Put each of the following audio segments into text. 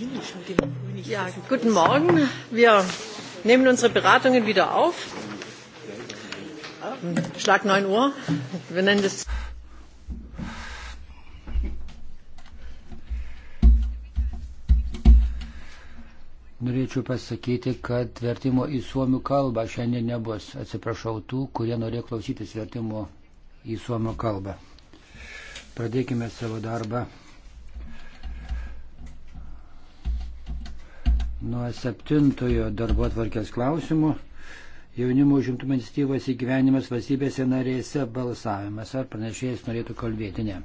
Finnisch mit dem Grün nicht. Ja, guten Morgen. Wir nehmen unsere Beratungen wieder auf. Schlag 9 Uhr. Wir nennen das. Norėčiau pasakyti, kad vertimo į suomių kalbą šiandien nebus. Atsiprašau tų, kurie norėjo klausytis vertimo į suomių kalbą. Pradėkime savo darbą. Nuo septintojo darbo atvarkės klausimų jaunimo užimtumo iniciatyvos įgyvenimas valstybėse narėse balsavimas. Ar pranešėjas norėtų kalbėti? Ne.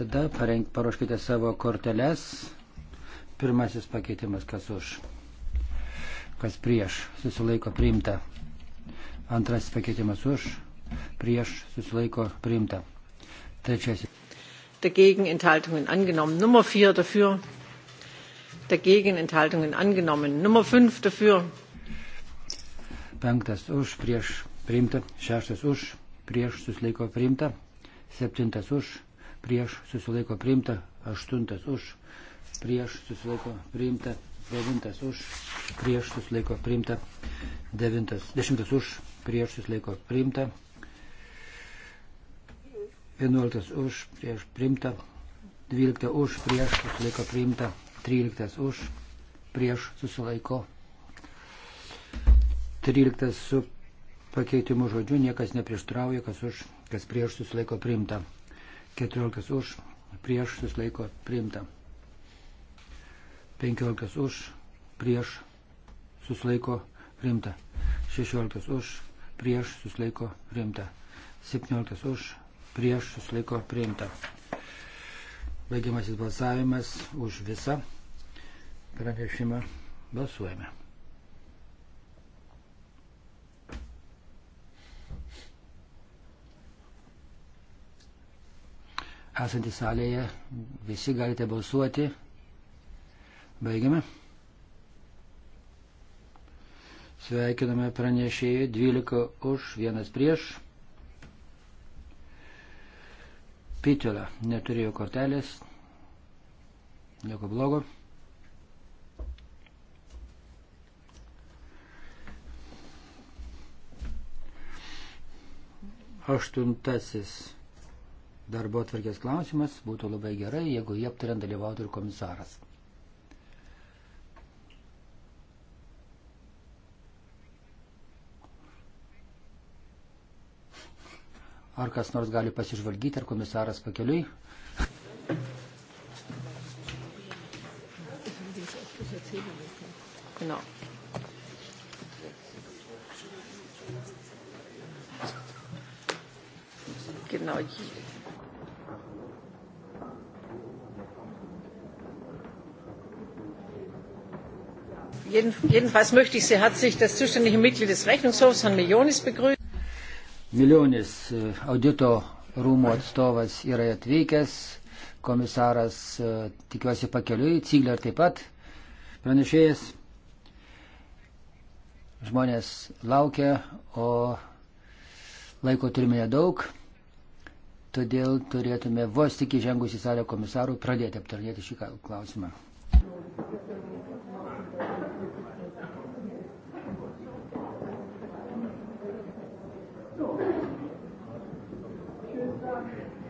Tada parenk, paruoškite savo korteles. Pirmasis pakeitimas, kas už, kas prieš, susilaiko priimta. Antrasis pakeitimas už, prieš, susilaiko priimta. Trečiasis. Dagegen Enthaltungen angenommen. Nummer 4 dafür dagegen Enthaltungen angenommen. Nummer 5 dafür. Penktas už, prieš priimta. Šeštas už, prieš susilaiko priimta. Septintas už, prieš susilaiko priimta. Aštuntas už, prieš susilaiko priimta. Devintas už, prieš susilaiko priimta. Devintas, dešimtas už, prieš susilaiko priimta. Vienuoltas už, prieš priimta. Dvylikta už, prieš susilaiko priimta. 13 už, prieš susilaiko. 13 su pakeitimu žodžiu, niekas neprieštrauja, kas už, kas prieš susilaiko priimta. 14 už, prieš susilaiko priimta. 15 už, prieš susilaiko priimta. 16 už, prieš susilaiko priimta. 17 už, prieš susilaiko priimta. Baigiamasis balsavimas už visą pranešimą. Balsuojame. Esantys salėje visi galite balsuoti. Baigiame. Sveikiname pranešėjai 12 už, 1 prieš. Pitelė neturėjo kortelės. Nieko blogo. aštuntasis darbo atvarkės klausimas. Būtų labai gerai, jeigu jie aptariant dalyvautų ir komisaras. Ar kas nors gali pasižvalgyti, ar komisaras pakeliui? No. genau Jedenfalls möchte ich sehr herzlich das zuständige Mitglied des Rechnungshofs, Herrn Milionis, begrüßen. Milionis, äh, audito rūmų atstovas yra atvykęs, komisaras äh, tikiuosi pakeliui, Cigler taip pat pranešėjas. Žmonės laukia, o laiko turime nedaug. Todėl turėtume vos tik įžengus į salę komisarų pradėti aptarnėti šį klausimą.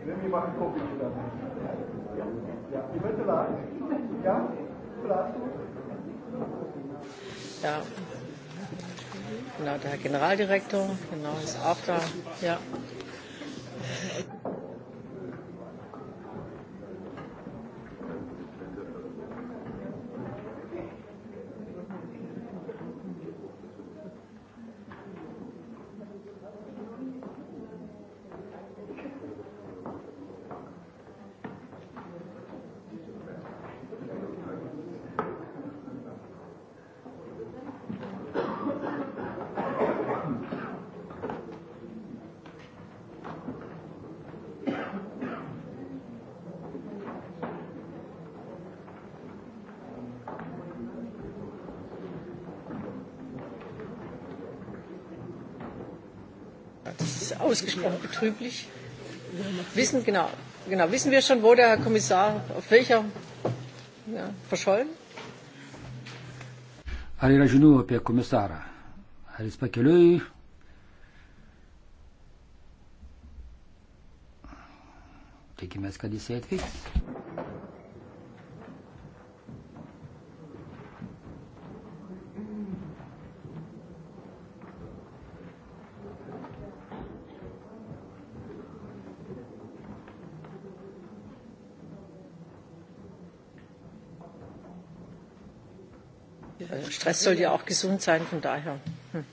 Wenn wir machen Kopie wieder. Ja, die Wette war. Ja, vielleicht. Ja. Genau, der Herr Generaldirektor, genau, ist auch da. Ja. ausgesprochen betrüblich. Wissen, genau, genau, wissen wir schon, wo der Herr Kommissar, auf welcher ja, verschollen? Ar yra žinių apie komisarą? Ar jis pakeliui? Tikimės, kad jis atvyks. Das soll ja auch gesund sein, von daher. Hm.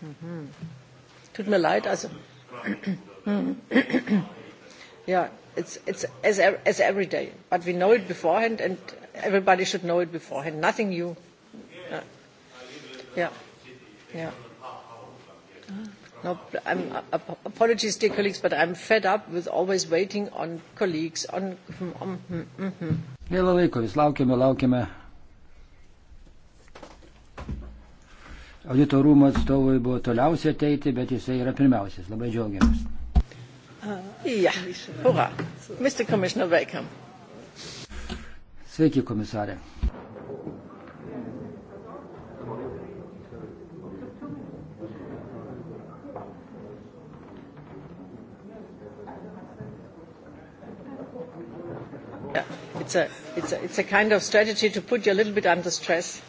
Mhm. Tut mir leid, also. yeah, it's, it's as, er, as every day. But we know it beforehand, and everybody should know it beforehand. Nothing new. Uh, yeah. Yeah. No, I'm, apologies, dear colleagues, but I'm fed up with always waiting on colleagues. On, on, on, on, on. Gaila laiko, vis laukiame, laukiame. Audito rūmų atstovui buvo toliausiai ateiti, bet jisai yra pirmiausias. Labai džiaugiamės. Ja, uh, hurra. Mr. Commissioner, welcome. Sveiki, komisarė. it's a, it's a, it's a kind of strategy to put you a little bit under stress.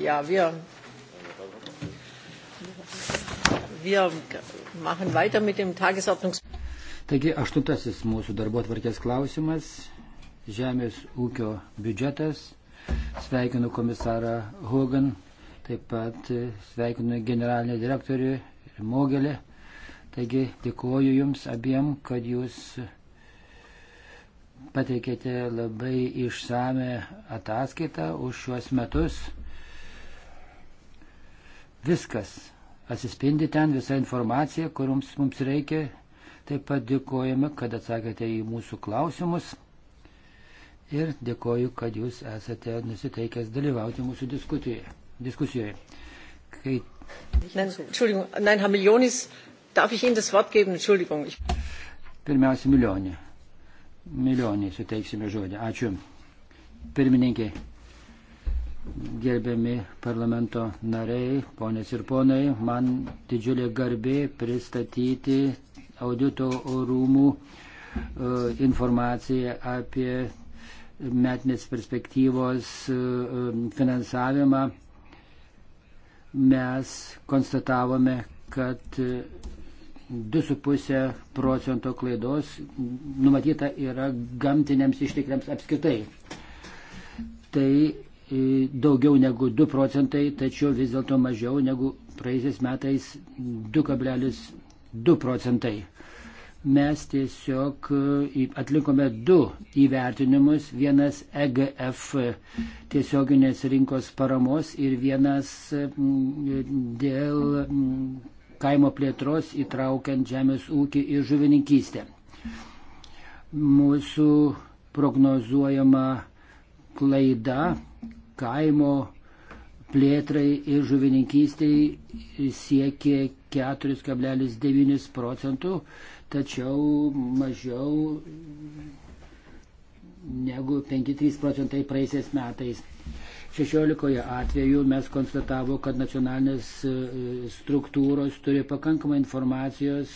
Ja, wir, wir machen weiter mit dem Tagesordnungspunkt. Taigi, aštuntasis mūsų darbo atvarkės klausimas - žemės ūkio biudžetas. Sveikinu komisarą Hogan, taip pat sveikinu generalinį direktorių Mogelį Taigi dėkuoju Jums abiem, kad Jūs pateikėte labai išsame ataskaitą už šiuos metus. Viskas atsispindi ten, visa informacija, kur mums, mums reikia. Taip pat dėkojame, kad atsakėte į mūsų klausimus. Ir dėkoju, kad jūs esate nusiteikęs dalyvauti mūsų diskusijoje. diskusijoje. Kai... Nein, Entschuldigung, nein, Herr Miljonis, Darf ich Ihnen das Wort geben? Entschuldigung. Ich... Pirmiausia, milijonė. Milijonė suteiksime žodį. Ačiū. Pirmininkė, gerbiami parlamento nariai, ponės ir ponai, man didžiulė garbė pristatyti audito rūmų e, informaciją apie metinės perspektyvos e, finansavimą. Mes konstatavome, kad 2,5 procento klaidos numatyta yra gamtiniams ištekliams apskritai. Tai e, daugiau negu 2 procentai, tačiau vis dėlto mažiau negu praeisiais metais 2,2 procentai. Mes tiesiog e, atlikome du įvertinimus, vienas EGF tiesioginės rinkos paramos ir vienas dėl kaimo plėtros įtraukiant žemės ūkį ir žuvininkystę. Mūsų prognozuojama klaida kaimo plėtrai ir žuvininkystėj siekė 4,9 procentų, tačiau mažiau negu 5,3 procentai praeisiais metais. 16 atvejų mes konstatavo, kad nacionalinės e, struktūros turi pakankamą informacijos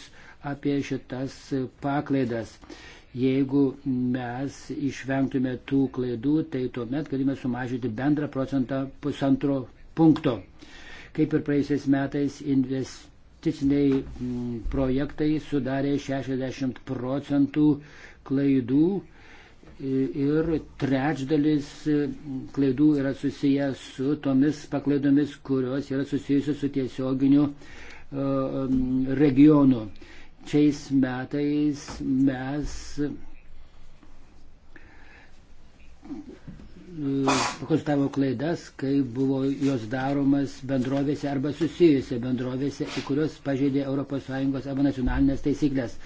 apie šitas paklaidas. Jeigu mes išvengtume tų klaidų, tai tuomet galime sumažinti bendrą procentą pusantro punkto. Kaip ir praeisiais metais investiciniai mm, projektai sudarė 60 procentų klaidų ir trečdalis klaidų yra susijęs su tomis paklaidomis, kurios yra susijusios su tiesioginiu e, regionu. Šiais metais mes pakonstavo e, klaidas, kai buvo jos daromas bendrovėse arba susijusiose bendrovėse, kurios pažeidė ES arba nacionalinės taisyklės.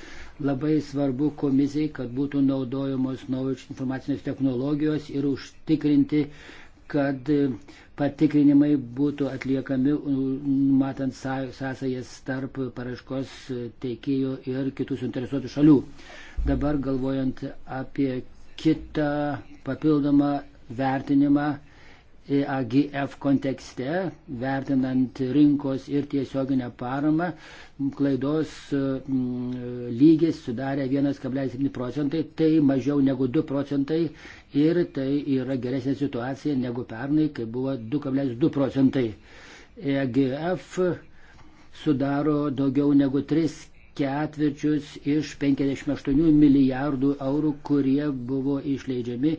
Labai svarbu komisijai, kad būtų naudojamos naujos informacinės technologijos ir užtikrinti, kad patikrinimai būtų atliekami, matant sąsajas tarp paraiškos teikėjų ir kitų suinteresuotų šalių. Dabar galvojant apie kitą papildomą vertinimą, EAGF kontekste, vertinant rinkos ir tiesioginę paramą, klaidos mm, lygis sudarė 1,7 procentai, tai mažiau negu 2 procentai ir tai yra geresnė situacija negu pernai, kai buvo 2,2 procentai. EAGF sudaro daugiau negu 3 ketvirčius iš 58 milijardų eurų, kurie buvo išleidžiami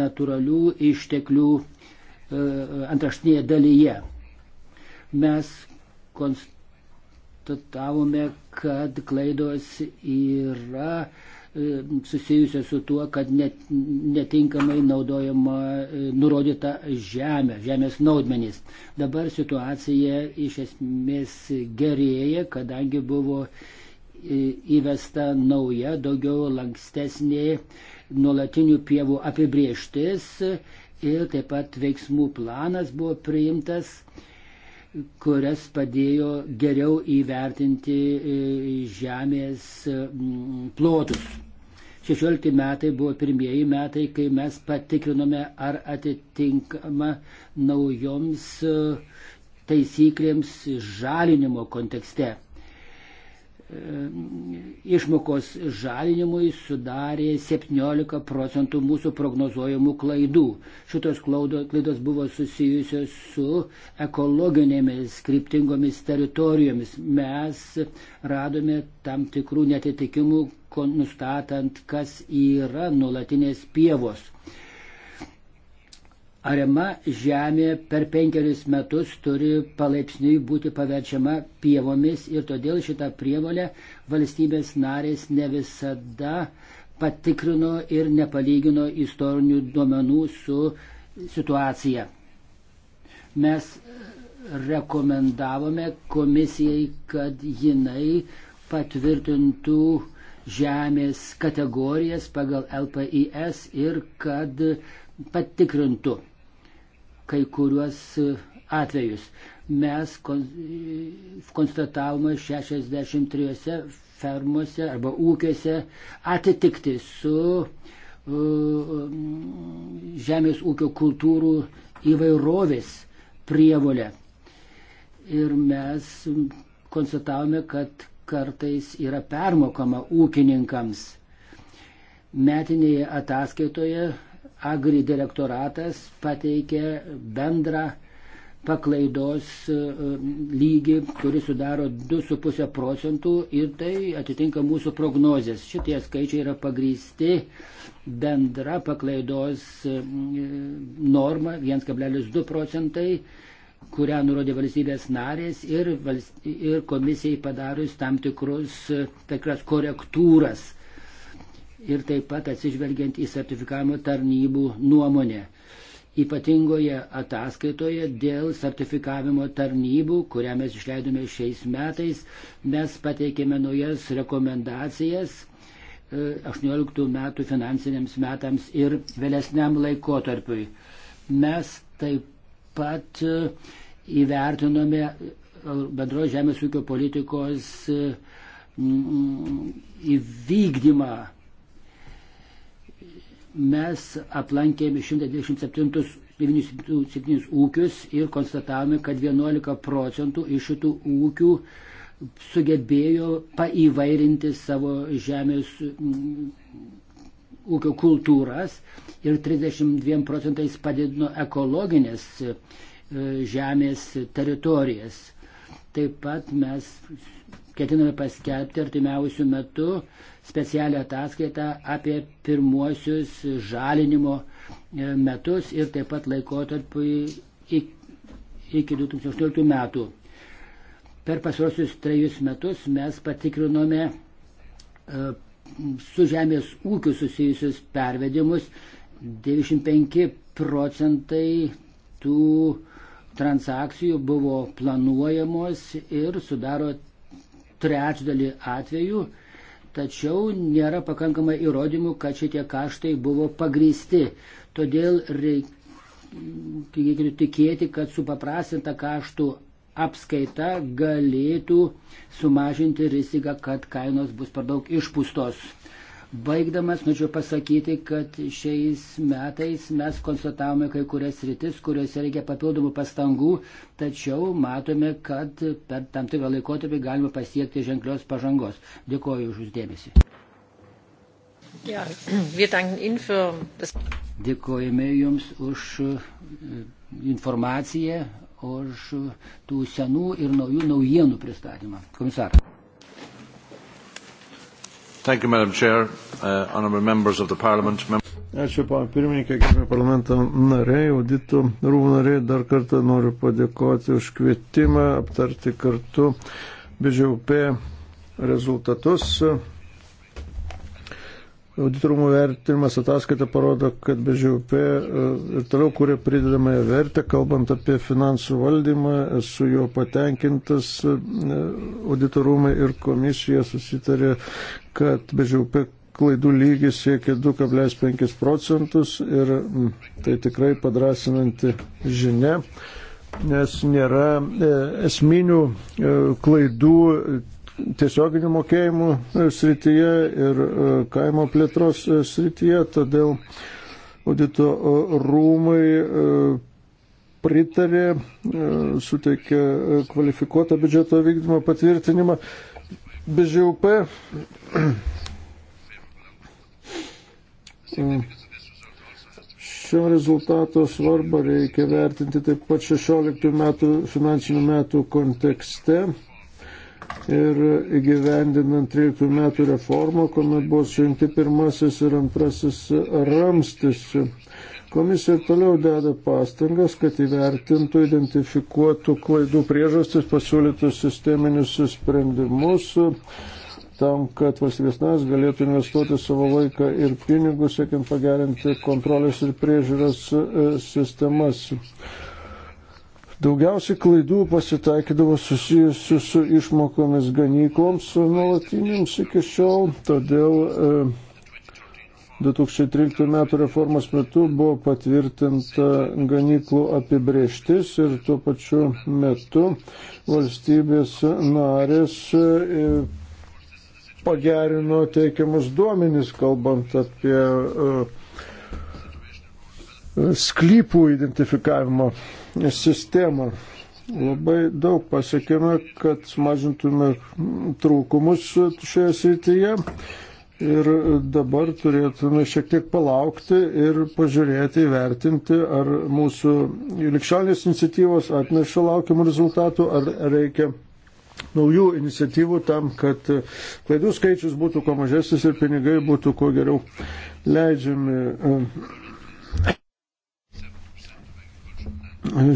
natūralių išteklių E, antraštinėje dalyje. Mes konstatavome, kad klaidos yra e, susijusios su tuo, kad net, netinkamai naudojama e, nurodyta žemė, žemės naudmenys. Dabar situacija iš esmės gerėja, kadangi buvo įvesta nauja, daugiau lankstesnė nuolatinių pievų apibrieštis ir taip pat veiksmų planas buvo priimtas, kurias padėjo geriau įvertinti e, žemės plotus. 16 metai buvo pirmieji metai, kai mes patikrinome, ar atitinkama naujoms e, taisyklėms žalinimo kontekste. E, išmokos žalinimui sudarė 17 procentų mūsų prognozuojamų klaidų. Šitos klaidos buvo susijusios su ekologinėmis kryptingomis teritorijomis. Mes radome tam tikrų netitikimų, nustatant, kas yra nulatinės pievos. Ariama žemė per penkerius metus turi palaipsniui būti paverčiama pievomis ir todėl šitą prievalę valstybės narės ne visada patikrino ir nepalygino istorinių duomenų su situacija. Mes rekomendavome komisijai, kad jinai patvirtintų žemės kategorijas pagal LPIS ir kad patikrintų kai kuriuos e, atvejus. Mes konstatavome 63 fermose arba ūkiuose atitikti su e, žemės ūkio kultūrų įvairovės prievolė. Ir mes konstatavome, kad kartais yra permokama ūkininkams. Metinėje ataskaitoje Agri direktoratas pateikė bendrą paklaidos e, lygį, kuris sudaro 2,5 procentų ir tai atitinka mūsų prognozės. Šitie skaičiai yra pagrysti bendra paklaidos e, norma 1,2 procentai, kurią nurodė valstybės narės ir, valst... ir komisijai padarius tam tikrus, e, tikras korektūras ir taip pat atsižvelgiant į sertifikavimo tarnybų nuomonę. Ypatingoje ataskaitoje dėl sertifikavimo tarnybų, kurią mes išleidome šiais metais, mes pateikėme naujas rekomendacijas 18 e, metų finansiniams metams ir vėlesniam laikotarpiui. Mes taip pat e, įvertinome e, bendro žemės ūkio politikos įvykdymą mes aplankėme 127 ūkius ir konstatavome, kad 11 procentų iš šitų ūkių sugebėjo paįvairinti savo žemės mm, ūkio kultūras ir 32 procentais padidino ekologinės e, žemės teritorijas. Taip pat mes ketiname paskelbti artimiausių metų uh, specialią ataskaitą apie pirmuosius žalinimo e, metus ir taip pat laikotarpį iki 2018 metų. Per pasruosius trejus metus mes patikrinome e, su žemės ūkiu susijusius pervedimus 95 procentai tų transakcijų buvo planuojamos ir sudaro trečdalį atvejų tačiau nėra pakankamai įrodymų, kad šitie kaštai buvo pagrysti. Todėl reikia tikėti, kad supaprastinta kaštų apskaita galėtų sumažinti riziką, kad kainos bus per daug išpūstos. Baigdamas, norėčiau pasakyti, kad šiais metais mes konstatavome kai kurias rytis, kuriuose reikia papildomų pastangų, tačiau matome, kad per tam tikrą laikotarpį galima pasiekti ženklios pažangos. Dėkuoju už Jūsų dėmesį. Ja, das... Dėkojame Jums už e, informaciją, už tų senų ir naujų naujienų pristatymą. Komisaras. Thank you, Madam Chair, uh, honourable members of the Parliament. Mem Ačiū, pana pirmininkė, gerbė parlamento nariai, auditų rūmų nariai. Dar kartą noriu padėkoti už kvietimą aptarti kartu BŽUP rezultatus. Auditorumų vertinimas ataskaita parodo, kad BŽUP e, ir toliau kūrė pridedamąją vertę, kalbant apie finansų valdymą, esu juo patenkintas. E, auditorumai ir komisija susitarė, kad BŽUP klaidų lygis siekia 2,5 procentus ir tai tikrai padrasinanti žinia, nes nėra e, esminių klaidų tiesioginių mokėjimų e, srityje ir e, kaimo plėtros e, srityje, todėl audito rūmai pritarė, suteikė kvalifikuotą biudžeto vykdymo patvirtinimą BŽUP. Šio rezultato svarbą reikia vertinti taip pat 16 metų finansinių metų kontekste ir įgyvendinant 13 metų reformą, kuomet buvo sujungti pirmasis ir antrasis ramstis. Komisija toliau deda pastangas, kad įvertintų, identifikuotų klaidų priežastis, pasiūlytų sisteminius sprendimus tam, kad valstybės nas galėtų investuoti savo laiką ir pinigus, siekiant pagerinti kontrolės ir priežiūros e, sistemas. Daugiausiai klaidų pasitaikydavo susijusių su išmokomis ganykloms nuolatinėms iki šiol, todėl 2013 e, metų reformos metu buvo patvirtinta ganyklų apibrieštis ir tuo pačiu metu valstybės narės e, pagerino teikiamus duomenys, kalbant apie e, sklypų identifikavimo sistemą. Labai daug pasiekėme, kad sumažintume trūkumus šioje srityje ir dabar turėtume šiek tiek palaukti ir pažiūrėti, įvertinti, ar mūsų likščionės iniciatyvos atneša laukiamų rezultatų, ar reikia naujų iniciatyvų tam, kad klaidų skaičius būtų kuo mažesnis ir pinigai būtų kuo geriau leidžiami.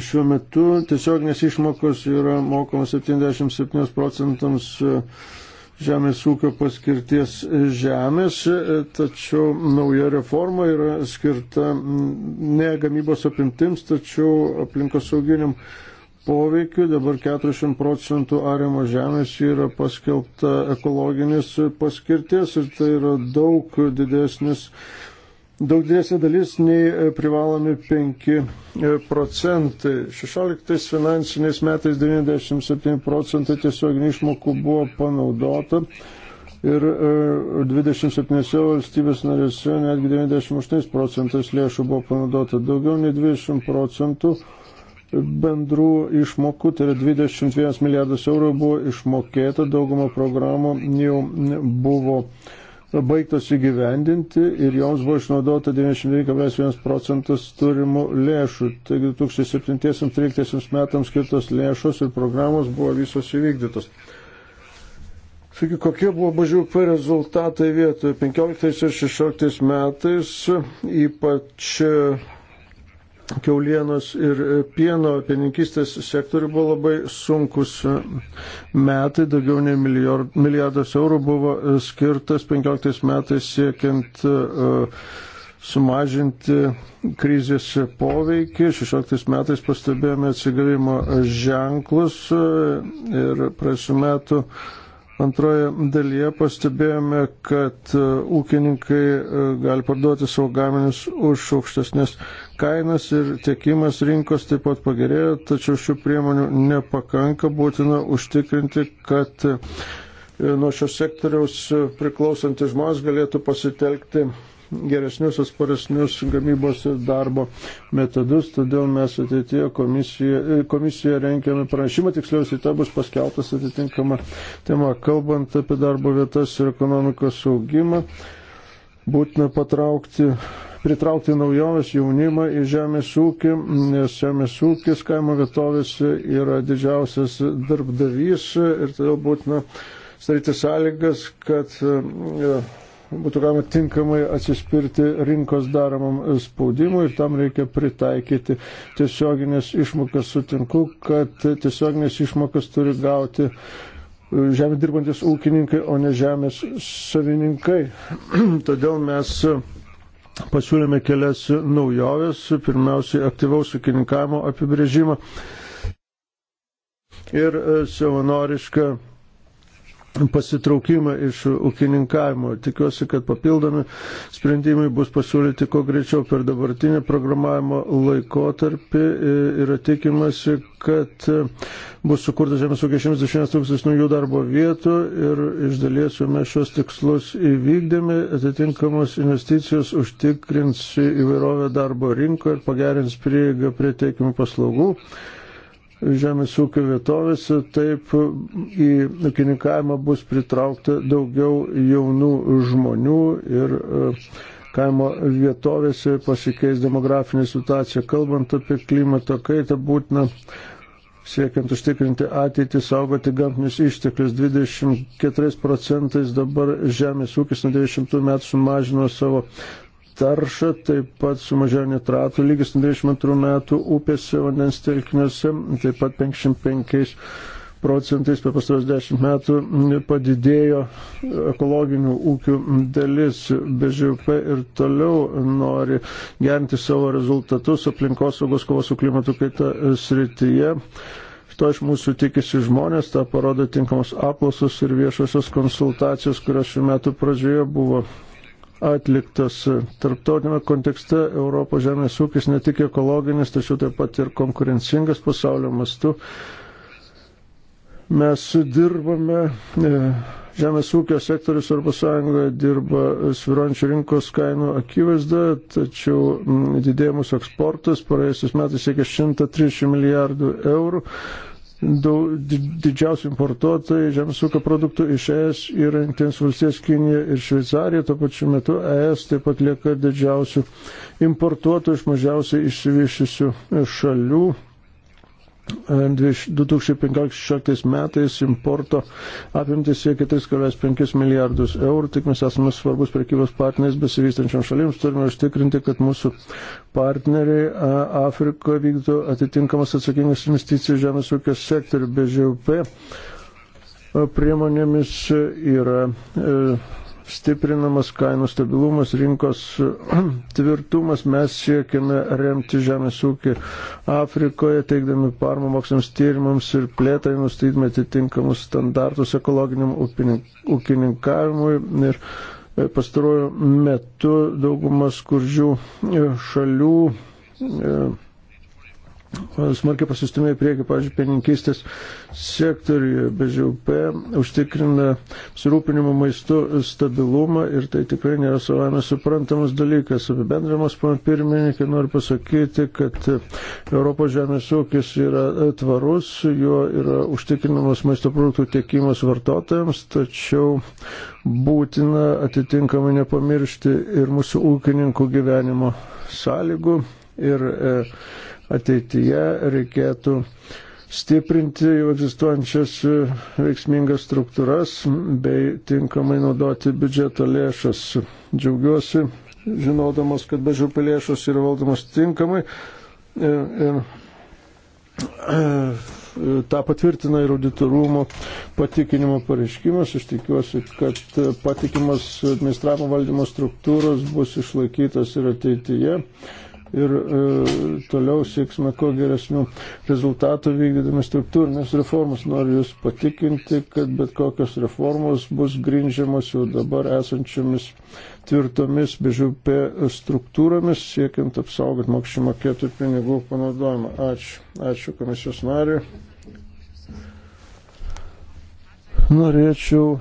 Šiuo metu tiesioginės išmokos yra mokamos 77 procentams e, žemės ūkio paskirties žemės, e, tačiau nauja reforma yra skirta ne gamybos apimtims, tačiau aplinkosauginiam poveikiu. Dabar 40 procentų arimo žemės yra paskelbta ekologinės paskirties ir tai yra daug didesnis daug didesnė dalis nei e, privalomi 5 e, procentai. 16 finansiniais metais 97 procentai tiesioginių išmokų buvo panaudota ir 27 e, valstybės narėse netgi 98 procentais lėšų buvo panaudota. Daugiau nei 20 procentų bendrų išmokų, tai yra 21 milijardus eurų buvo išmokėta, dauguma programų jau buvo baigtos įgyvendinti ir joms buvo išnaudota 99,1 procentus turimų lėšų. Taigi 2007-2013 metams skirtos lėšos ir programos buvo visos įvykdytos. Taigi, kokie buvo BŽP rezultatai vietoje 15 ir 16 metais, ypač keulienos ir e, pieno pieninkistės sektorių buvo labai sunkus e, metai, daugiau nei milijardas eurų buvo e, skirtas 15 metais siekiant sumažinti krizės poveikį. 16 metais pastebėjome atsigavimo ženklus ir praėjusiu metu Antroje dalyje pastebėjome, kad e, ūkininkai e, gali parduoti savo gaminius už aukštesnės kainas ir tiekimas rinkos taip pat pagerėjo, tačiau šių priemonių nepakanka, būtina užtikrinti, kad e, nuo šios sektoriaus priklausantis žmonės galėtų pasitelkti geresnius, atsparesnius gamybos ir darbo metodus, todėl mes ateityje komisijoje, komisijoje renkiame pranešimą, tiksliausiai ta bus paskeltas atitinkama tema, kalbant apie darbo vietas ir ekonomikos saugimą. Būtina patraukti, pritraukti naujoves jaunimą į žemės ūkį, nes žemės ūkis kaimo vietovėse yra didžiausias darbdavys ir todėl būtina staryti sąlygas, kad ja, e, būtų galima tinkamai atsispirti rinkos daromam spaudimui ir tam reikia pritaikyti tiesioginės išmokas. Sutinku, kad tiesioginės išmokas turi gauti e, žemė dirbantis ūkininkai, o ne žemės savininkai. Todėl mes pasiūlėme kelias naujoves, pirmiausiai aktyvaus ūkininkavimo apibrėžimą ir e, savanorišką pasitraukimą iš ūkininkavimo. Tikiuosi, kad papildomi sprendimai bus pasiūlyti kuo greičiau per dabartinį programavimo laikotarpį ir tikimasi, kad bus sukurtas žemės ūkio 121 tūkstančių naujų darbo vietų ir iš dalies jau mes šios tikslus įvykdėme, atitinkamos investicijos užtikrins įvairovę darbo rinkoje ir pagerins prieigą prie teikiamų paslaugų žemės ūkio vietovėse, taip į ūkininkavimą bus pritraukta daugiau jaunų žmonių ir e, kaimo vietovėse pasikeis demografinė situacija. Kalbant apie klimato kaitą, būtina siekiant užtikrinti ateitį, saugoti gamtinius išteklius. 24 procentais dabar žemės ūkis nuo 90 metų sumažino savo taršą, taip pat sumažėjo nitratų lygis 22 metų upėse, vandens telkiniuose, taip pat 55 procentais per pastaros 10 metų padidėjo ekologinių ūkių dalis. BŽP ir toliau nori gerinti savo rezultatus aplinkosaugos kovos su klimatu kaita srityje. To iš mūsų tikisi žmonės, tą parodo tinkamos aplausos ir viešosios konsultacijos, kurios šiuo metu pradžioje buvo atliktas tarptautinėme kontekste Europos žemės ūkis ne tik ekologinis, tačiau taip pat ir konkurencingas pasaulio mastu. Mes dirbame, e, žemės ūkio sektorius Europos Sąjungoje dirba sviruojančių rinkos kainų akivaizdoje, tačiau didėjimus eksportas praėjusiais metais siekia 130 milijardų eurų didžiausi importuotojai žemės ūkio produktų iš ES yra Jungtinės valstijos Kinija ir Šveicarija, tuo pačiu metu ES taip pat lieka didžiausių importuotojų iš mažiausiai išsivyščiusių šalių 2015 metais importo apimtis siekia 3,5 milijardus eurų, tik mes esame svarbus prekybos partneriais besivystančiam šalims, turime užtikrinti, kad mūsų partneriai Afrikoje vykdo atitinkamas atsakingas investicijų žemės ūkio sektorių, BŽUP priemonėmis yra. E, stiprinamas kainų stabilumas, rinkos tvirtumas. Mes siekime remti žemės ūkį Afrikoje, teikdami parmą moksliniams tyrimams ir plėtai nustatydami atitinkamus standartus ekologiniam ūkininkavimui. Ir e, pastaruoju metu daugumas skurdžių e, šalių e, smarkiai pasistumė į priekį, pažiūrėjau, pieninkistės sektoriuje, BŽUP užtikrina surūpinimo maistu stabilumą ir tai tikrai nėra savame suprantamas dalykas. Apibendrimas, pana pirmininkė, noriu pasakyti, kad Europos žemės ūkis yra tvarus, juo yra užtikrinamas maisto produktų tiekimas vartotojams, tačiau būtina atitinkamai nepamiršti ir mūsų ūkininkų gyvenimo sąlygų. Ir, e, ateityje reikėtų stiprinti jau egzistuojančias e, veiksmingas struktūras bei tinkamai naudoti biudžeto lėšas. Džiaugiuosi, žinodamas, kad bežupė lėšos yra valdomas tinkamai. E, ir, ir, e, tą patvirtina ir auditorumo patikinimo pareiškimas. Aš tikiuosi, kad patikimas administravimo valdymo struktūros bus išlaikytas ir ateityje ir e, toliau sieksime kuo geresnių rezultatų vykdydami struktūrinės reformas. Noriu Jūs patikinti, kad bet kokios reformos bus grindžiamas jau dabar esančiomis tvirtomis BŽP struktūromis, siekiant apsaugoti mokesčių mokėtų pinigų panaudojimą. Ačiū. Ačiū komisijos nariui. Norėčiau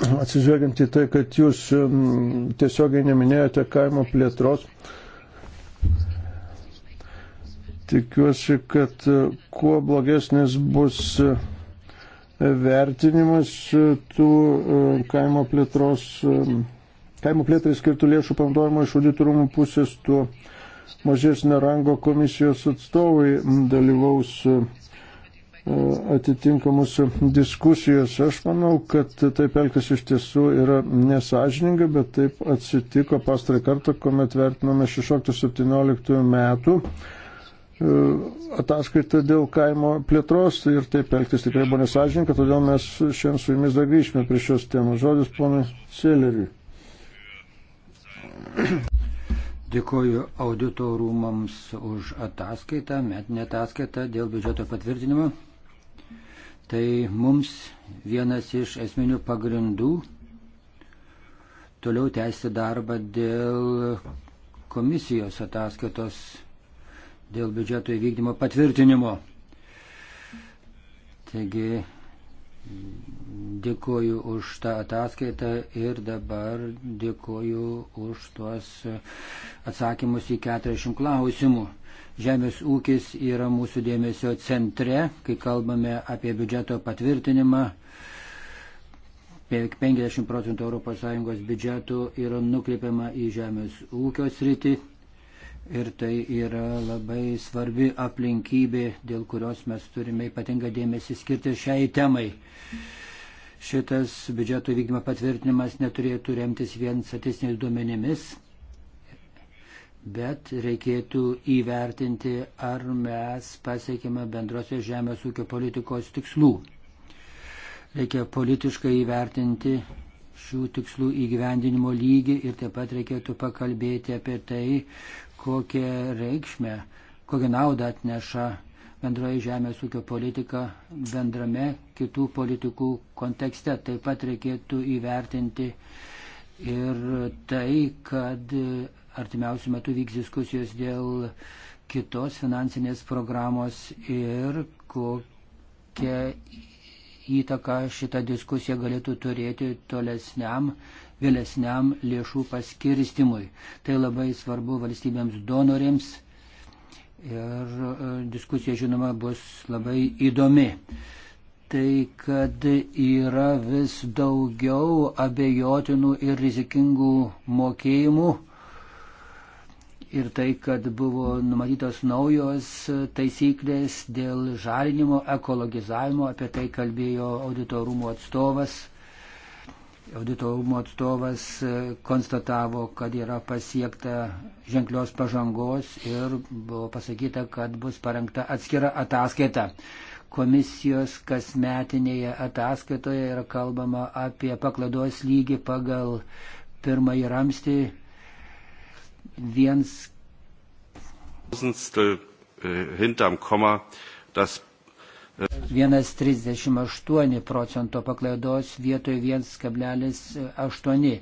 atsižvelgiant į tai, kad jūs mm, tiesiogiai neminėjote kaimo plėtros, tikiuosi, kad e, kuo blogesnis bus e, vertinimas e, tų kaimo plėtros, kaimo plėtrai skirtų lėšų panaudojimo iš auditorumų pusės, tuo mažesnio rango komisijos atstovai dalyvaus atitinkamus diskusijos. Aš manau, kad taip elgtis iš tiesų yra nesažininga, bet taip atsitiko pastarį kartą, kuomet vertinome 16-17 metų e, ataskaitą dėl kaimo plėtros ir taip elgtis tikrai buvo nesažininka, todėl mes šiandien su jumis dar grįžtume prie šios temos. Žodis ponui Seleriui. Dėkoju audito rūmams už ataskaitą, metinę ataskaitą dėl biudžeto patvirtinimo. Tai mums vienas iš esminių pagrindų toliau tęsti darbą dėl komisijos ataskaitos dėl biudžeto įvykdymo patvirtinimo. Taigi dėkoju už tą ataskaitą ir dabar dėkoju už tuos atsakymus į 40 klausimų. Žemės ūkis yra mūsų dėmesio centre, kai kalbame apie biudžeto patvirtinimą. Beveik 50 procentų ES biudžetų yra nukreipiama į žemės ūkio sritį. Ir tai yra labai svarbi aplinkybė, dėl kurios mes turime ypatingą dėmesį skirti šiai temai. Šitas biudžeto vykdymo patvirtinimas neturėtų remtis vien statistiniais duomenimis, bet reikėtų įvertinti, ar mes pasiekime bendrosios žemės ūkio politikos tikslų. Reikia politiškai įvertinti šių tikslų įgyvendinimo lygį ir taip pat reikėtų pakalbėti apie tai, kokią reikšmę, kokią naudą atneša bendroji žemės ūkio politika bendrame kitų politikų kontekste. Taip pat reikėtų įvertinti ir tai, kad artimiausių metų vyks diskusijos dėl kitos finansinės programos ir kokią įtaką šita diskusija galėtų turėti tolesniam, vėlesniam lėšų paskirstimui. Tai labai svarbu valstybėms donorėms ir e, diskusija, žinoma, bus labai įdomi. Tai, kad yra vis daugiau abejotinų ir rizikingų mokėjimų, ir tai, kad buvo numatytos naujos taisyklės dėl žalinimo, ekologizavimo, apie tai kalbėjo auditorumo atstovas. Auditorumo atstovas e, konstatavo, kad yra pasiekta ženklios pažangos ir buvo pasakyta, kad bus parengta atskira ataskaita komisijos kasmetinėje ataskaitoje yra kalbama apie paklados lygį pagal pirmąjį ramstį viens. Äh, äh, vienas 38 procento paklaidos vietoj 1,8. Äh,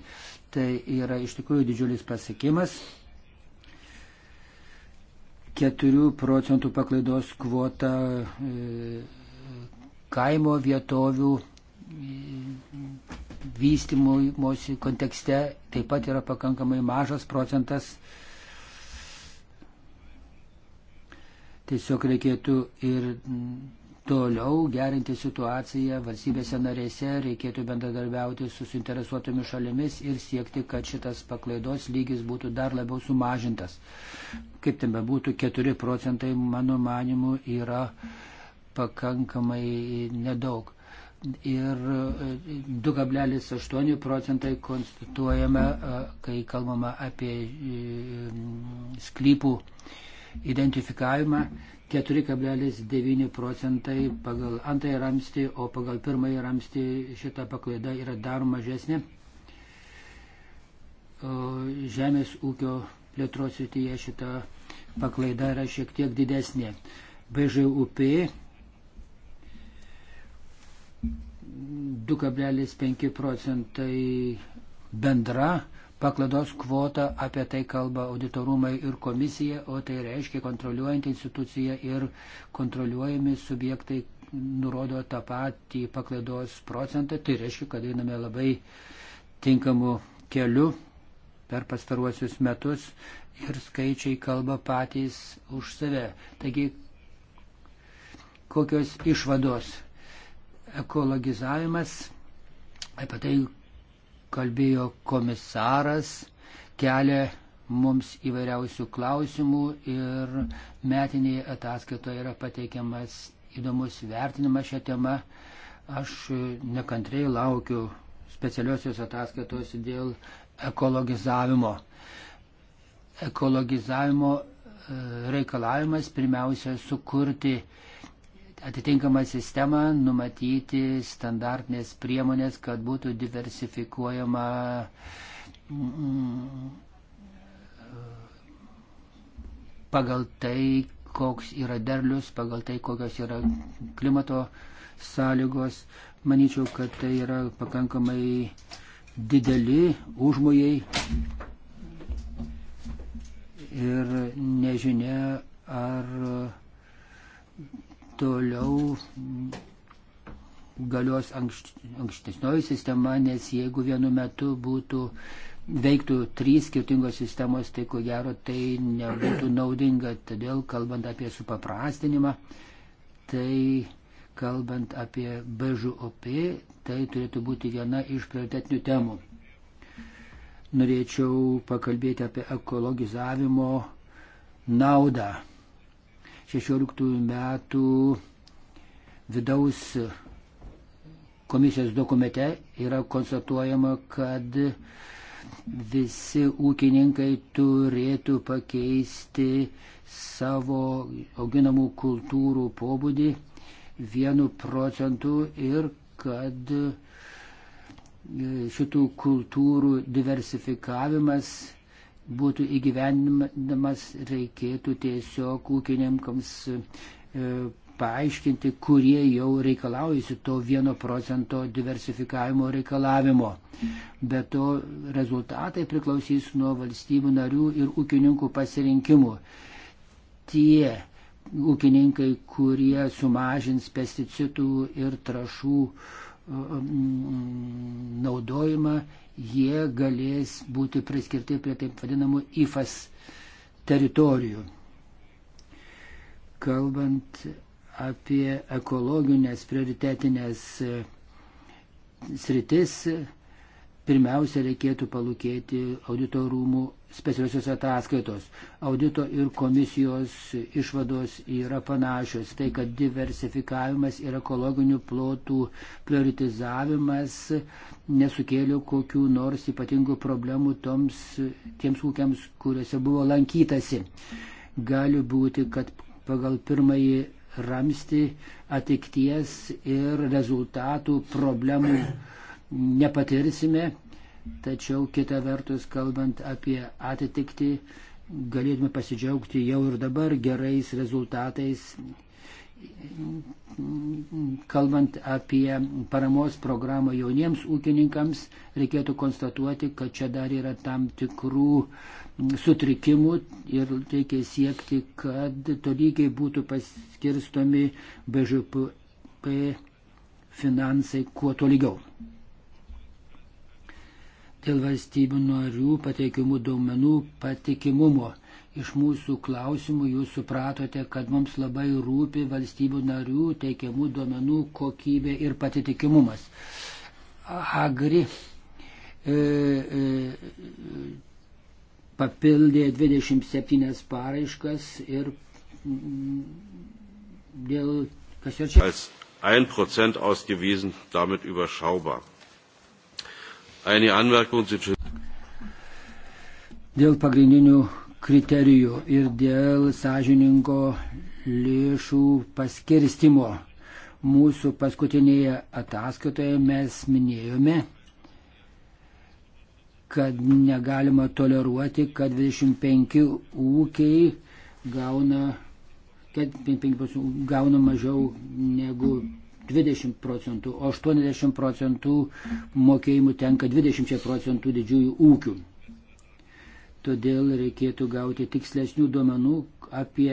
tai yra iš tikrųjų didžiulis pasiekimas. 4 procentų paklaidos kvota kaimo vietovių vystimosi kontekste taip pat yra pakankamai mažas procentas. Tiesiog reikėtų ir toliau gerinti situaciją valstybėse narėse, reikėtų bendradarbiauti su suinteresuotomis šalimis ir siekti, kad šitas paklaidos lygis būtų dar labiau sumažintas. Kaip ten bebūtų, 4 procentai, mano manimu, yra pakankamai nedaug ir 2,8 e, procentai konstatuojama, e, kai kalbama apie e, sklypų identifikavimą, 4,9 procentai pagal antrąjį ramstį, o pagal pirmąjį ramstį šita paklaida yra dar mažesnė. Žemės ūkio plėtros rytyje šita paklaida yra šiek tiek didesnė. BŽUP 2,5 procentai bendra paklados kvota, apie tai kalba auditorumai ir komisija, o tai reiškia kontroliuojant instituciją ir kontroliuojami subjektai nurodo tą patį paklaidos procentą, tai reiškia, kad einame labai tinkamu keliu per pastaruosius metus ir skaičiai kalba patys už save. Taigi, kokios išvados ekologizavimas, apie tai kalbėjo komisaras, kelia mums įvairiausių klausimų ir metinėje ataskaitoje yra pateikiamas įdomus vertinimas šią temą. Aš nekantrai laukiu specialiosios ataskaitos dėl ekologizavimo. Ekologizavimo e, reikalavimas pirmiausia sukurti uh, atitinkamą sistemą, numatyti standartinės priemonės, kad būtų diversifikuojama mm, pagal tai, koks yra derlius, pagal tai, kokios yra klimato sąlygos. Manyčiau, kad tai yra pakankamai dideli užmojai ir nežinia, ar toliau galios ankš, ankstesnioji sistema, nes jeigu vienu metu būtų veiktų trys skirtingos sistemos, tai ko gero tai nebūtų naudinga. Todėl, kalbant apie supaprastinimą, tai kalbant apie BŽOP, tai turėtų būti viena iš prioritetinių temų. Norėčiau pakalbėti apie ekologizavimo naudą 16 metų vidaus komisijos dokumente yra konstatuojama, kad visi ūkininkai turėtų pakeisti savo auginamų kultūrų pobūdį vienu procentu ir kad šitų kultūrų diversifikavimas būtų įgyvendinamas, reikėtų tiesiog ūkininkams e, paaiškinti, kurie jau reikalaujasi to vieno procento diversifikavimo reikalavimo. Be to rezultatai priklausys nuo valstybių narių ir ūkininkų pasirinkimų. Tie ūkininkai, kurie sumažins pesticidų ir trašų e, naudojimą, jie galės būti priskirti prie taip vadinamų IFAS teritorijų. Kalbant apie ekologinės prioritetinės e, sritis, pirmiausia reikėtų palūkėti auditorumų specialiosios ataskaitos. Audito ir komisijos išvados yra panašios. Tai, kad diversifikavimas ir ekologinių plotų prioritizavimas nesukėlė kokių nors ypatingų problemų toms, tiems ūkiams, kuriuose buvo lankytasi. Gali būti, kad pagal pirmąjį ramsti atikties ir rezultatų problemų nepatirsime tačiau kita vertus, kalbant apie atitikti, galėtume pasidžiaugti jau ir dabar gerais rezultatais, kalbant apie paramos programą jauniems ūkininkams, reikėtų konstatuoti, kad čia dar yra tam tikrų sutrikimų ir reikia siekti, kad tolygiai būtų paskirstomi BŽP finansai kuo tolygiau dėl valstybių narių pateikiamų duomenų patikimumo. Iš mūsų klausimų jūs supratote, kad mums labai rūpi valstybių narių teikiamų duomenų kokybė ir patitikimumas. Agri e, e, papildė 27 paraiškas ir m, mm, dėl kas ir čia. Als 1% ausgewiesen, damit überschaubar. Dėl pagrindinių kriterijų ir dėl sąžininko lėšų paskirstimo. Mūsų paskutinėje ataskaitoje mes minėjome, kad negalima toleruoti, kad 25 ūkiai gauna, kad 5 gauna mažiau negu 20 procentų, o 80 procentų mokėjimų tenka 20 procentų didžiųjų ūkių. Todėl reikėtų gauti tikslesnių duomenų apie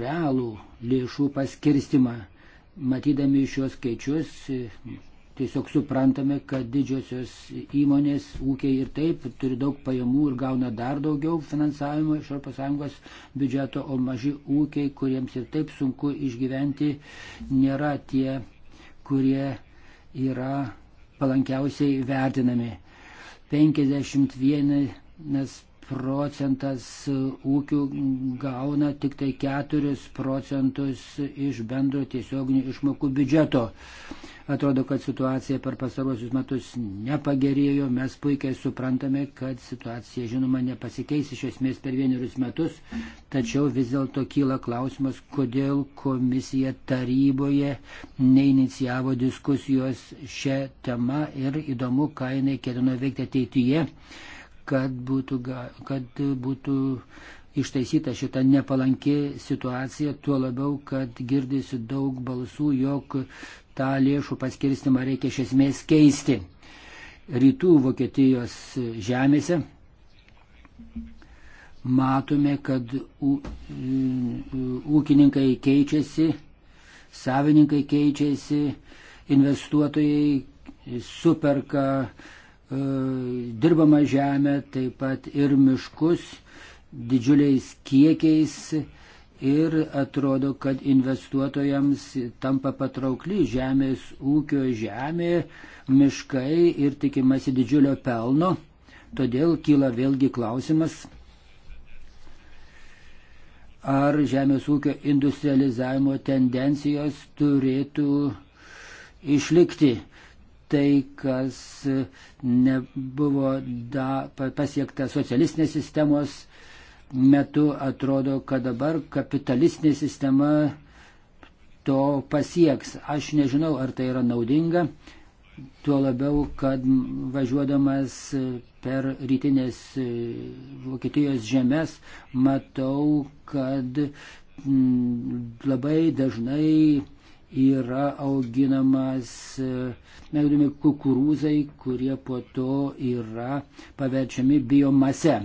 realų lėšų paskirstimą. Matydami šios skaičius, tiesiog suprantame, kad didžiosios įmonės, ūkiai ir taip turi daug pajamų ir gauna dar daugiau finansavimo iš ES biudžeto, o maži ūkiai, kuriems ir taip sunku išgyventi, nėra tie, kurie yra palankiausiai vertinami. 51 procentas ūkių gauna tik tai 4 procentus iš bendro tiesioginių išmokų biudžeto. Atrodo, kad situacija per pasarosius metus nepagerėjo. Mes puikiai suprantame, kad situacija, žinoma, nepasikeis iš esmės per vienerius metus. Tačiau vis dėlto kyla klausimas, kodėl komisija taryboje neinicijavo diskusijos šią temą ir įdomu, ką jinai ketino veikti ateityje, kad būtų. Kad būtų ištaisyta šita nepalanki situacija, tuo labiau, kad girdisi daug balsų, jog tą lėšų paskirstimą reikia iš esmės keisti. Rytų Vokietijos žemėse matome, kad ūkininkai keičiasi, savininkai keičiasi, investuotojai superka e, dirbamą žemę, taip pat ir miškus didžiuliais kiekiais ir atrodo, kad investuotojams tampa patraukli žemės ūkio žemė, miškai ir tikimasi didžiulio pelno. Todėl kyla vėlgi klausimas, ar žemės ūkio industrializavimo tendencijos turėtų išlikti. Tai, kas nebuvo da, pasiekta socialistinės sistemos metu atrodo, kad dabar kapitalistinė sistema to pasieks. Aš nežinau, ar tai yra naudinga, tuo labiau, kad važiuodamas per rytinės e, Vokietijos žemės matau, kad mm, labai dažnai yra auginamas, e, naudojami kukurūzai, kurie po to yra paverčiami biomase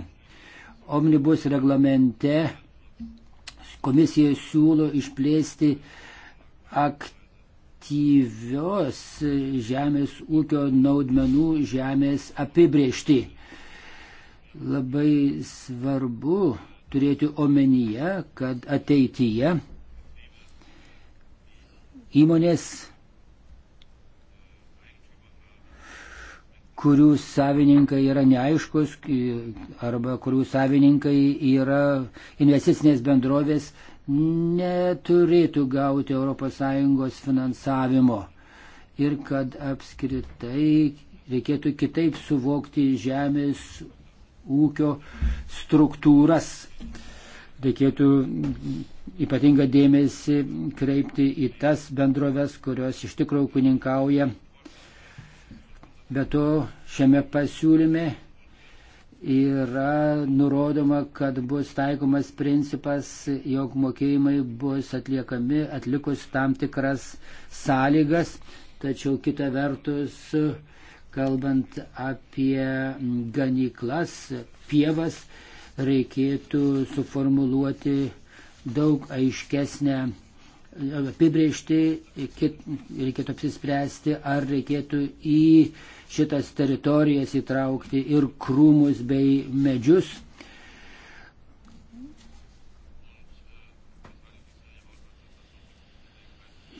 omnibus reglamente komisija siūlo išplėsti aktyvios žemės ūkio naudmenų žemės apibriežti. Labai svarbu turėti omenyje, kad ateityje įmonės kurių savininkai yra neaiškus arba kurių savininkai yra investicinės bendrovės, neturėtų gauti ES finansavimo ir kad apskritai reikėtų kitaip suvokti žemės ūkio struktūras. Reikėtų ypatingą dėmesį kreipti į tas bendroves, kurios iš tikrųjų kuninkauja Be to, šiame pasiūlyme yra nurodoma, kad bus taikomas principas, jog mokėjimai bus atliekami atlikus tam tikras sąlygas, tačiau kita vertus, kalbant apie ganyklas, pievas, reikėtų suformuluoti daug aiškesnę apibriežti, reikėtų apsispręsti, ar reikėtų į šitas teritorijas įtraukti ir krūmus bei medžius.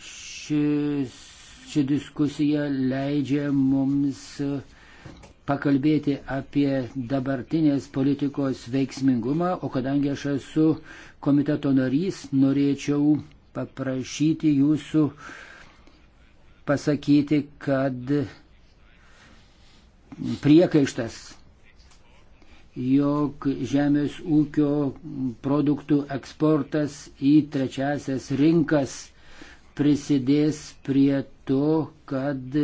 Šis, ši diskusija leidžia mums pakalbėti apie dabartinės politikos veiksmingumą, o kadangi aš esu komiteto narys, norėčiau paprašyti jūsų pasakyti, kad priekaištas, jog žemės ūkio produktų eksportas į trečiasias rinkas prisidės prie to, kad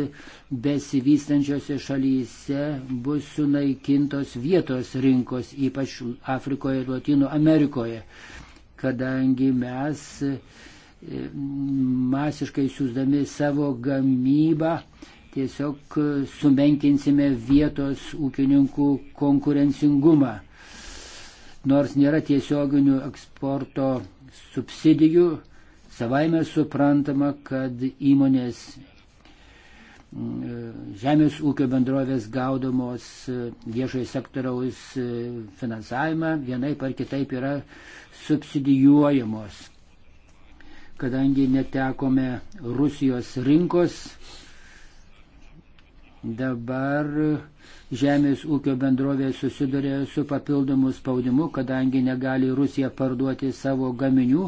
besivystančiose šalyse bus sunaikintos vietos rinkos, ypač Afrikoje ir Latino Amerikoje, kadangi mes e, masiškai siūsdami savo gamybą tiesiog sumenkinsime vietos ūkininkų konkurencingumą. Nors nėra tiesioginių eksporto subsidijų, savaime suprantama, kad įmonės mm, žemės ūkio bendrovės gaudamos e, viešojo sektoriaus e, finansavimą vienaip ar kitaip yra subsidijuojamos. Kadangi netekome Rusijos rinkos, Dabar žemės ūkio bendrovė susiduria su papildomu spaudimu, kadangi negali Rusija parduoti savo gaminių,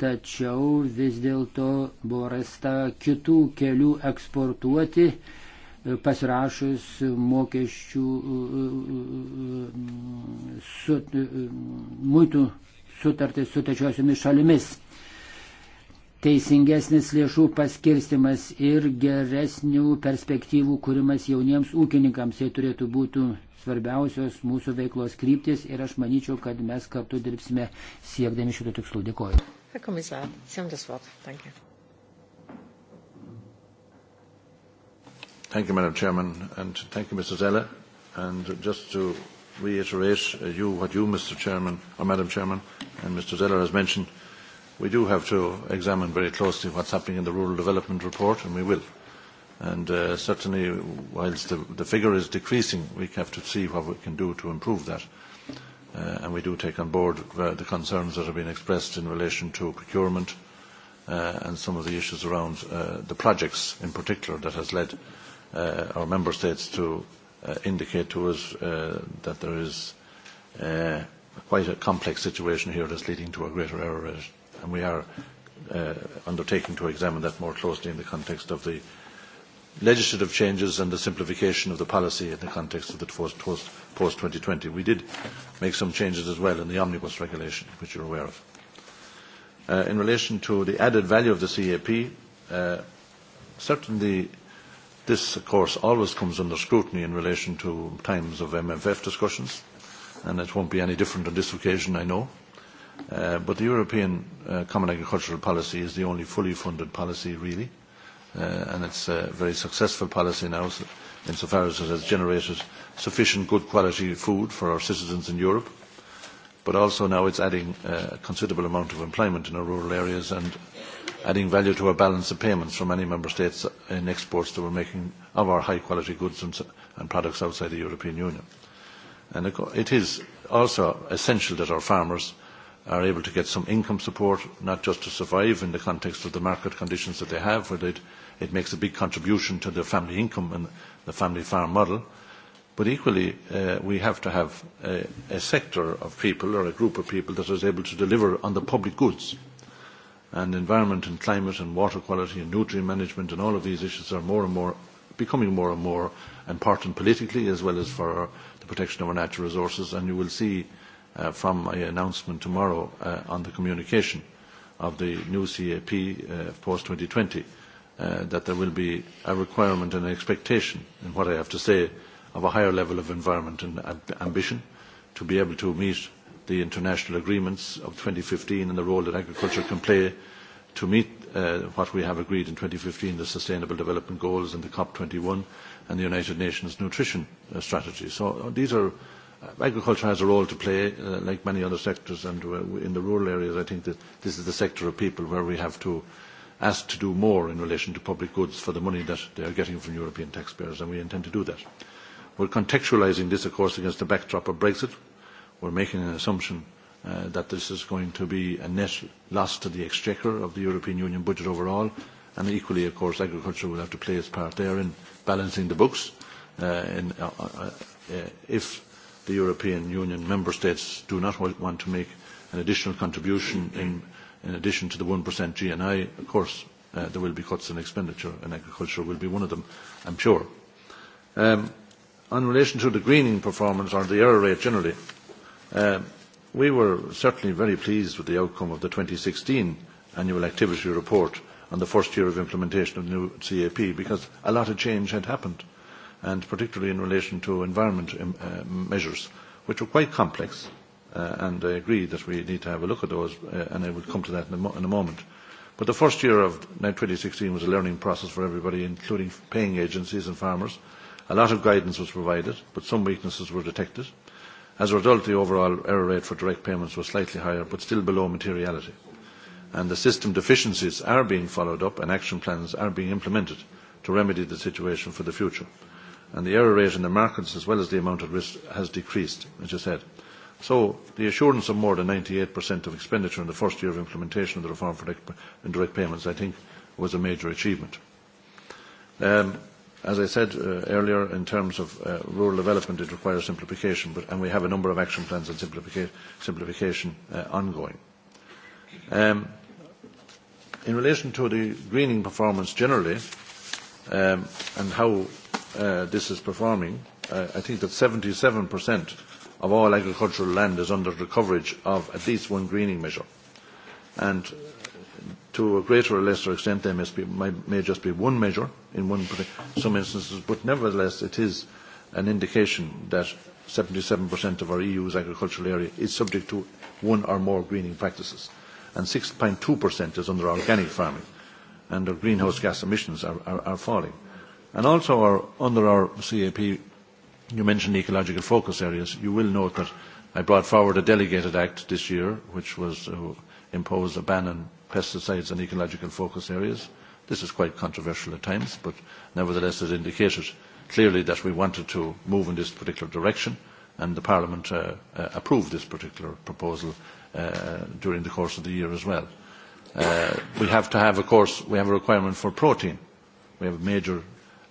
tačiau vis dėlto buvo rasta kitų kelių eksportuoti, pasirašus mokesčių su, muitų sutartį su trečiosiomis šalimis teisingesnis lėšų paskirstimas ir geresnių perspektyvų kūrimas jauniems ūkininkams. Tai turėtų būti svarbiausios mūsų veiklos kryptis ir aš manyčiau, kad mes kartu dirbsime siekdami šitų tikslų. Dėkoju. Herr Kommissar, Sie haben das Wort. Danke. Thank you, Madam Chairman, and thank you, Mr. Zeller. And just to reiterate uh, you, what you, Mr. Chairman, or Madam Chairman, and Mr. Zeller has mentioned, uh, we do have to examine very closely what's happening in the rural development report, and we will. And uh, certainly, whilst the, the figure is decreasing, we have to see what we can do to improve that. Uh, and we do take on board uh, the concerns that have been expressed in relation to procurement uh, and some of the issues around uh, the projects in particular that has led uh, our member states to uh, indicate to us uh, that there is uh, quite a complex situation here that's leading to a greater error rate and we are uh, undertaking to examine that more closely in the context of the legislative changes and the simplification of the policy in the context of the post-2020. We did make some changes as well in the omnibus regulation, which you're aware of. Uh, in relation to the added value of the CAP, uh, certainly this, of course, always comes under scrutiny in relation to times of MFF discussions, and it won't be any different on this occasion, I know. Uh, but the European uh, Common Agricultural Policy is the only fully funded policy, really, uh, and it's a very successful policy now so, insofar as it has generated sufficient good quality food for our citizens in Europe, but also now it's adding uh, a considerable amount of employment in our rural areas and adding value to our balance of payments from many member states in exports that we're making of our high quality goods and, and products outside the European Union. And it is also essential that our farmers are able to get some income support, not just to survive in the context of the market conditions that they have, where it, it makes a big contribution to their family income and the family farm model. But equally, uh, we have to have a, a sector of people or a group of people that is able to deliver on the public goods. And environment and climate and water quality and nutrient management and all of these issues are more and more becoming more and more important politically as well as for the protection of our natural resources. And you will see uh, uh, from my announcement tomorrow uh, on the communication of the new CAP uh, post-2020, uh, that there will be a requirement and an expectation, in what I have to say, of a higher level of environment and ab- ambition to be able to meet the international agreements of 2015 and the role that agriculture can play to meet uh, what we have agreed in 2015, the Sustainable Development Goals and the COP21 and the United Nations Nutrition uh, Strategy. So uh, these are agriculture has a role to play, uh, like many other sectors, and uh, in the rural areas, I think that this is the sector of people where we have to ask to do more in relation to public goods for the money that they are getting from European taxpayers, and we intend to do that. We're contextualising this, of course, against the backdrop of Brexit. We're making an assumption uh, that this is going to be a net loss to the exchequer of the European Union budget overall, and equally, of course, agriculture will have to play its part there in balancing the books. Uh, in, uh, uh, uh if the European Union member states do not want to make an additional contribution in, in addition to the 1% GNI, of course, uh, there will be cuts in expenditure and agriculture will be one of them, I'm sure. Um, on relation to the greening performance or the error rate generally, uh, we were certainly very pleased with the outcome of the 2016 annual activity report on the first year of implementation of the new CAP because a lot of change had happened and particularly in relation to environment um, uh, measures, which are quite complex, uh, and I agree that we need to have a look at those, uh, and I will come to that in a, mo- in a moment. But the first year of 2016 was a learning process for everybody, including paying agencies and farmers. A lot of guidance was provided, but some weaknesses were detected. As a result, the overall error rate for direct payments was slightly higher, but still below materiality. And the system deficiencies are being followed up, and action plans are being implemented to remedy the situation for the future. Uh, and the error rate in the markets as well as the amount at risk has decreased, as I said. So the assurance of more than 98% of expenditure in the first year of implementation of the reform for direct payments, I think, was a major achievement. Um, as I said uh, earlier, in terms of uh, rural development, it requires simplification, but, and we have a number of action plans on simplifica simplification uh, ongoing. Um, in relation to the greening performance generally, um, and how uh, this is performing, uh, I think that 77% of all agricultural land is under the coverage of at least one greening measure. And to a greater or lesser extent, there must be, might, may just be one measure in one, some instances, but nevertheless, it is an indication that 77% of our EU's agricultural area is subject to one or more greening practices, and 6.2% is under organic farming, and our greenhouse gas emissions are, are, are falling. And also our, under our CAP, you mentioned ecological focus areas. You will note that I brought forward a delegated act this year, which was uh, imposed a ban on pesticides and ecological focus areas. This is quite controversial at times, but nevertheless it indicated clearly that we wanted to move in this particular direction, and the Parliament uh, uh, approved this particular proposal uh, during the course of the year as well. Uh, we have to have, of course, we have a requirement for protein. We have a major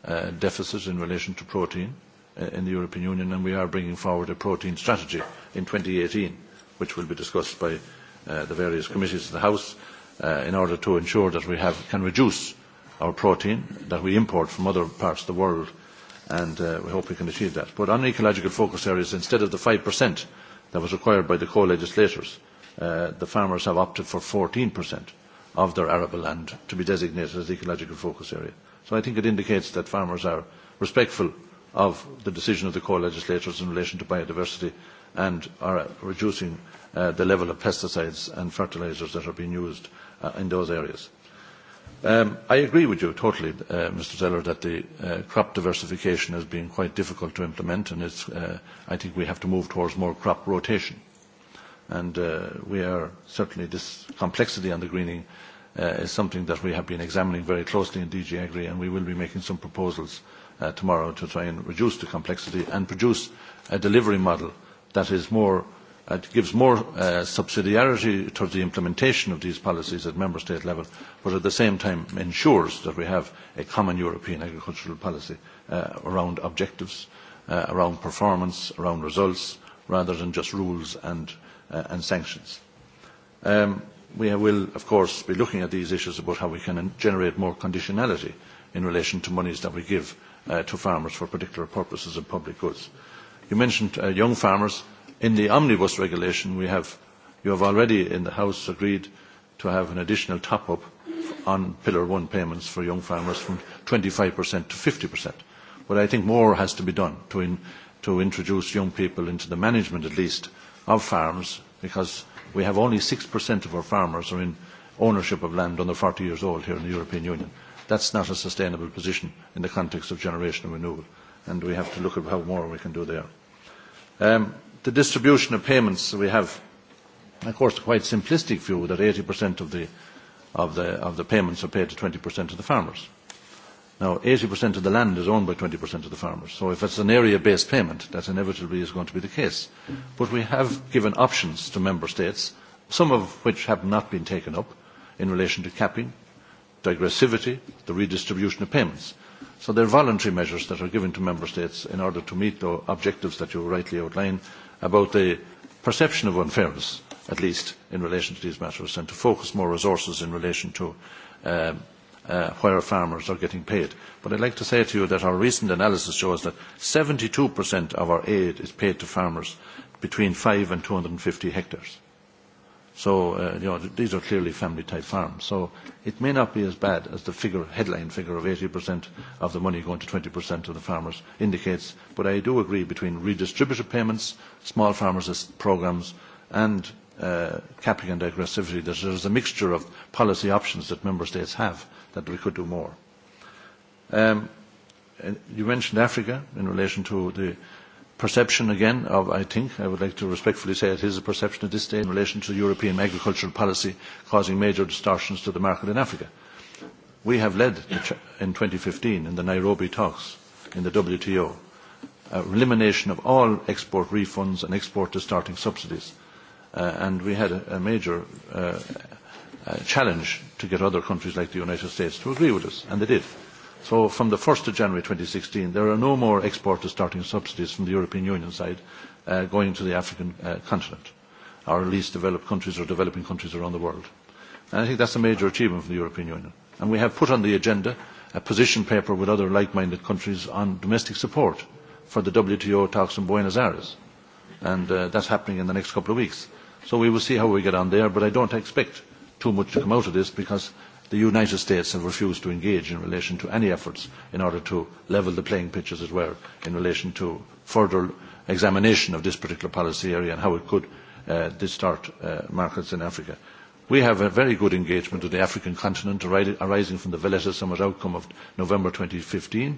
uh, deficit in relation to protein uh, in the European Union, and we are bringing forward a protein strategy in 2018, which will be discussed by uh, the various committees of the House uh, in order to ensure that we have, can reduce our protein that we import from other parts of the world, and uh, we hope we can achieve that. But on ecological focus areas, instead of the 5% that was required by the co-legislators, uh, the farmers have opted for 14% of their arable land to be designated as ecological focus area. So I think it indicates that farmers are respectful of the decision of the co-legislators in relation to biodiversity and are reducing uh, the level of pesticides and fertilisers that are being used uh, in those areas. Um, I agree with you totally, uh, Mr Zeller, that the uh, crop diversification has been quite difficult to implement and it's, uh, I think we have to move towards more crop rotation. Uh, and uh, we are certainly this complexity on the greening uh, is something that we have been examining very closely in DG Agri, and we will be making some proposals uh, tomorrow to try and reduce the complexity and produce a delivery model that is more uh, gives more uh, subsidiarity towards the implementation of these policies at member state level, but at the same time ensures that we have a common European agricultural policy uh, around objectives, uh, around performance, around results, rather than just rules and uh, uh, and sanctions. Um, we will, of course, be looking at these issues about how we can generate more conditionality in relation to monies that we give uh, to farmers for particular purposes of public goods. You mentioned uh, young farmers. In the omnibus regulation, we have, you have already in the House agreed to have an additional top-up on Pillar 1 payments for young farmers from 25% to 50%. But I think more has to be done to, in, to introduce young people into the management, at least, of farms because we have only 6% of our farmers are in ownership of land under 40 years old here in the European Union. That's not a sustainable position in the context of generational renewal, and we have to look at how more we can do there. Um, the distribution of payments we have, of course, quite simplistic view that 80% of the, of, the, of the payments are paid to 20% of the farmers. Uh, Now, 80% of the land is owned by 20% of the farmers, so if it's an area-based payment, that inevitably is going to be the case. But we have given options to member states, some of which have not been taken up, in relation to capping, digressivity, the redistribution of payments. So they're voluntary measures that are given to member states in order to meet the objectives that you rightly outline about the perception of unfairness, at least in relation to these matters, and to focus more resources in relation to um, uh, where farmers are getting paid. But I'd like to say to you that our recent analysis shows that 72% of our aid is paid to farmers between 5 and 250 hectares. So, uh, you know, these are clearly family-type farms. So it may not be as bad as the figure, headline figure of 80% of the money going to 20% of the farmers indicates. But I do agree between redistributive payments, small farmers' programs, and uh, capping and digressivity, that there is a mixture of policy options that member states have that we could do more. Um, you mentioned Africa in relation to the perception again of, I think, I would like to respectfully say it is a perception at this stage in relation to European agricultural policy causing major distortions to the market in Africa. We have led in 2015 in the Nairobi talks in the WTO uh, elimination of all export refunds and export distorting subsidies. Uh, and we had a, a major uh, uh, challenge to get other countries like the United States to agree with us, and they did. So from the 1st of January 2016, there are no more exporters starting subsidies from the European Union side uh, going to the African uh, continent, or at least developed countries or developing countries around the world. And I think that's a major achievement for the European Union. And we have put on the agenda a position paper with other like-minded countries on domestic support for the WTO talks in Buenos Aires. And uh, that's happening in the next couple of weeks. So we will see how we get on there, but I don't expect too much to come out of this because the United States have refused to engage in relation to any efforts in order to level the playing pitch, as it were, in relation to further examination of this particular policy area and how it could uh, distort uh, markets in Africa. We have a very good engagement with the African continent arising from the Valletta Summit outcome of November 2015,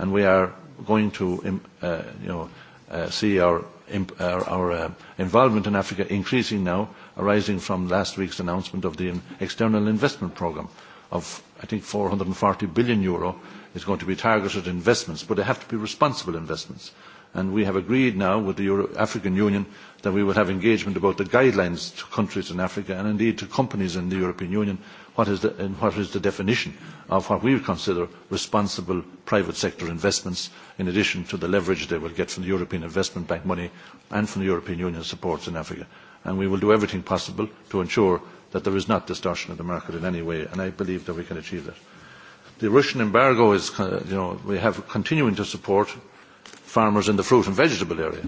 and we are going to um, uh, you know, uh, see our, um, our, our uh, involvement in Africa increasing now arising from last week's announcement of the external investment programme of, I think, 440 billion euro is going to be targeted investments, but they have to be responsible investments. And we have agreed now with the Euro African Union that we will have engagement about the guidelines to countries in Africa and indeed to companies in the European Union what is the, and what is the definition of what we would consider responsible private sector investments in addition to the leverage they will get from the European Investment Bank money and from the European Union supports in Africa and we will do everything possible to ensure that there is not distortion of the market in any way, and I believe that we can achieve that. The Russian embargo is, uh, you know, we have continuing to support farmers in the fruit and vegetable area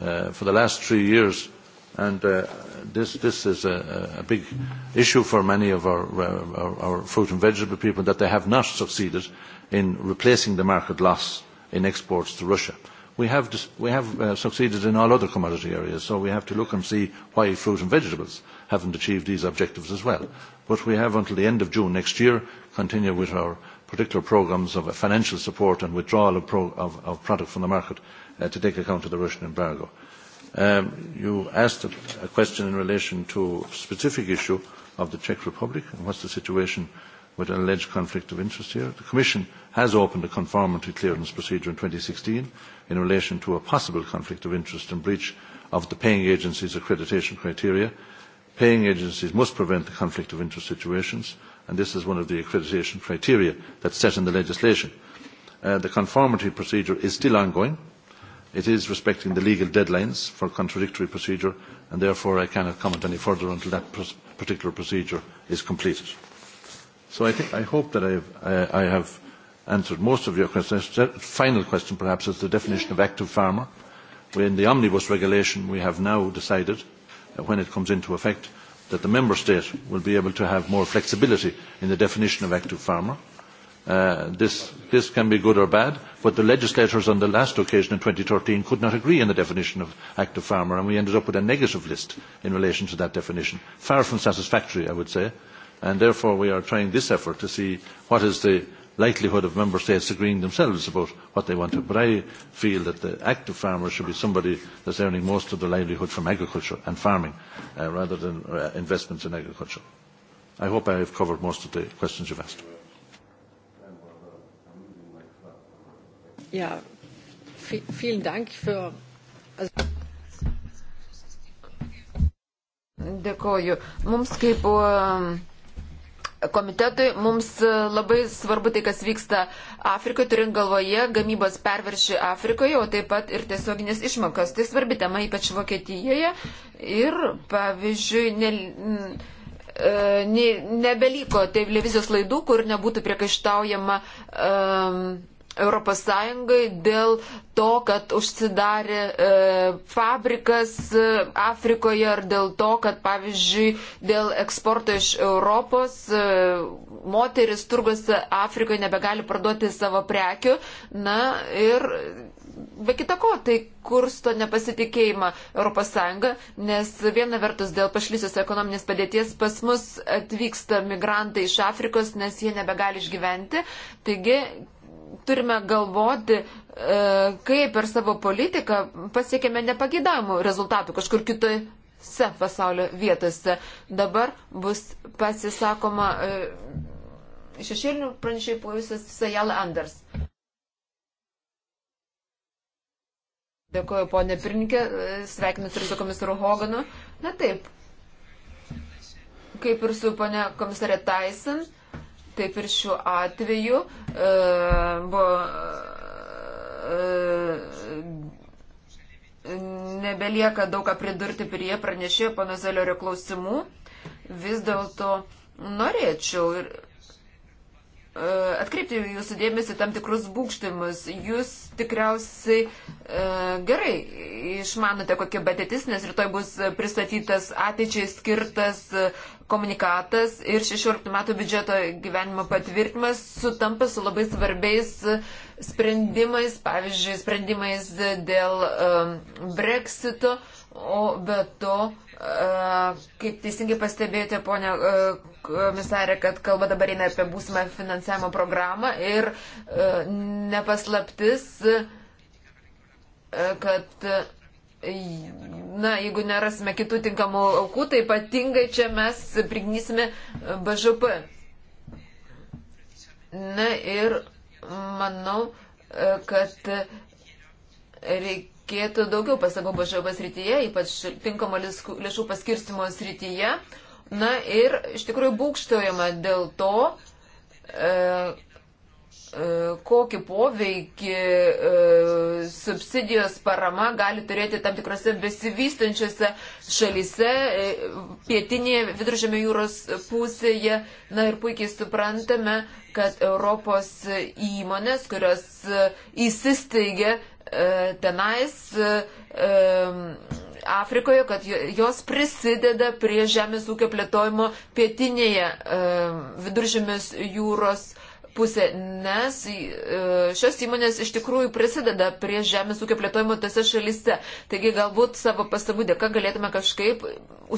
uh, for the last three years, and uh, this, this is a, a big issue for many of our, uh, our, our fruit and vegetable people that they have not succeeded in replacing the market loss in exports to Russia. Uh, we have, dis- we have uh, succeeded in all other commodity areas, so we have to look and see why fruit and vegetables haven't achieved these objectives as well. But we have until the end of June next year continue with our particular programmes of financial support and withdrawal of, pro- of, of product from the market uh, to take account of the Russian embargo. Um, you asked a, a question in relation to a specific issue of the Czech Republic and what's the situation with an alleged conflict of interest here. The Commission has opened a conformity clearance procedure in 2016 in relation to a possible conflict of interest and breach of the paying agency's accreditation criteria. Paying agencies must prevent the conflict of interest situations, and this is one of the accreditation criteria that's set in the legislation. Uh, the conformity procedure is still ongoing. It is respecting the legal deadlines for contradictory procedure, and therefore I cannot comment any further until that particular procedure is completed. So I, think, I hope that I have, I, uh, I have answered most of your questions. Final question perhaps is the definition of active farmer. In the omnibus regulation we have now decided, uh, when it comes into effect, that the member state will be able to have more flexibility in the definition of active farmer. Uh, this, this can be good or bad, but the legislators on the last occasion in 2013 could not agree on the definition of active farmer, and we ended up with a negative list in relation to that definition. Far from satisfactory, I would say, and therefore we are trying this effort to see what is the likelihood of member states agreeing themselves about what they want to. But I feel that the active farmer should be somebody that's earning most of their livelihood from agriculture and farming uh, rather than uh, investments in agriculture. I hope I have covered most of the questions you've asked. Ja, vielen Dank für. Also Dėkoju. Mums kaip um, komitetui mums e, labai svarbu tai, kas vyksta Afrikoje, turint galvoje gamybos perviršį Afrikoje, o taip pat ir tiesioginės išmokas. Tai svarbi tema, ypač Vokietijoje. Ir, pavyzdžiui, ne, e, ne, nebeliko televizijos laidų, kur nebūtų priekaištaujama um, ES dėl to, kad užsidarė e, fabrikas e, Afrikoje ar dėl to, kad pavyzdžiui dėl eksporto iš Europos e, moteris turguose Afrikoje nebegali parduoti savo prekių. Na ir be kita ko, tai kursto nepasitikėjimą ES, nes viena vertus dėl pašlysios ekonominės padėties pas mus atvyksta migrantai iš Afrikos, nes jie nebegali išgyventi. Taigi turime galvoti, e, kaip per savo politiką pasiekėme nepagidavimų rezultatų kažkur kitose pasaulio vietose. Dabar bus pasisakoma e, šešėlinių pranešėjų puvusias Sajala Anders. Dėkuoju, ponė Pirninkė, e, sveikinu su komisaru Hoganu. Na taip, kaip ir su ponė komisarė Tyson Taip ir šiuo atveju e, buvo e, nebelieka daug ką pridurti prie pranešėjo pana Zeliorio klausimų. Vis dėlto norėčiau ir E, atkreipti jūsų dėmesį tam tikrus būkštimus. Jūs tikriausiai e, gerai išmanote, kokia batėtis, nes rytoj bus pristatytas ateičiai skirtas komunikatas ir 16 metų biudžeto gyvenimo patvirtimas sutampa su labai svarbiais sprendimais, pavyzdžiui, sprendimais dėl e, Brexito, o be to Kaip teisingai pastebėjote, ponia e, komisarė, kad kalba dabar eina apie būsimą finansavimo programą ir e, nepaslaptis, e, kad, na, jeigu nerasime kitų tinkamų aukų, tai ypatingai čia mes prignysime BŽP. Na ir manau, kad reikia reikėtų daugiau pastabų BŽV srityje, ypač tinkamo lėšų paskirstimo srityje. Na ir iš tikrųjų būkštojama dėl to, e, e, kokį poveikį e, subsidijos parama gali turėti tam tikrose besivystančiose šalyse, e, pietinėje viduržėmio jūros pusėje. Na ir puikiai suprantame, kad Europos įmonės, kurios e, įsisteigia E, tenais e, e, Afrikoje, kad jos prisideda prie žemės ūkio plėtojimo pietinėje viduržėmės jūros pusė, nes šios įmonės iš tikrųjų prisideda prie žemės ūkio plėtojimo tose šalyse. Taigi galbūt savo pastabų dėka galėtume kažkaip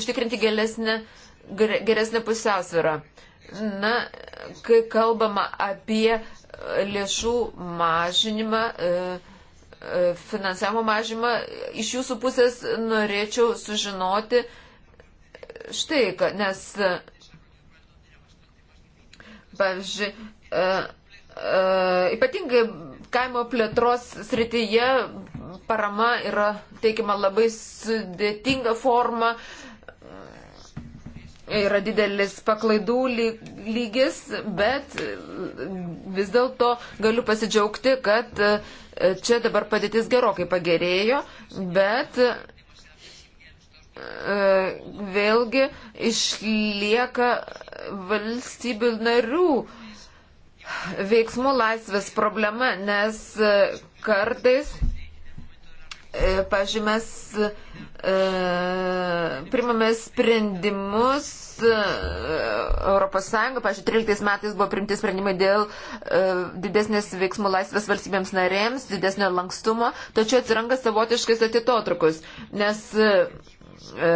užtikrinti geresnę, geresnę pusiausvyrą. Na, kai kalbama apie lėšų mažinimą, e, finansavimo mažymą, iš jūsų pusės norėčiau sužinoti štai, kad, nes, pavyzdžiui, e, e, ypatingai kaimo plėtros srityje parama yra teikiama labai sudėtinga forma, yra didelis paklaidų lygis, bet vis dėlto galiu pasidžiaugti, kad uh, Čia dabar padėtis gerokai pagerėjo, bet e, vėlgi išlieka valstybių narių veiksmų laisvės problema, nes e, kartais, e, pažiūrėjau, mes primame sprendimus ES, pažiūrėjau, 13 metais buvo primti sprendimai dėl e, didesnės veiksmų laisvės valstybėms narėms, didesnio lankstumo, tačiau atsiranda savotiškas atitotrukus, nes e, e,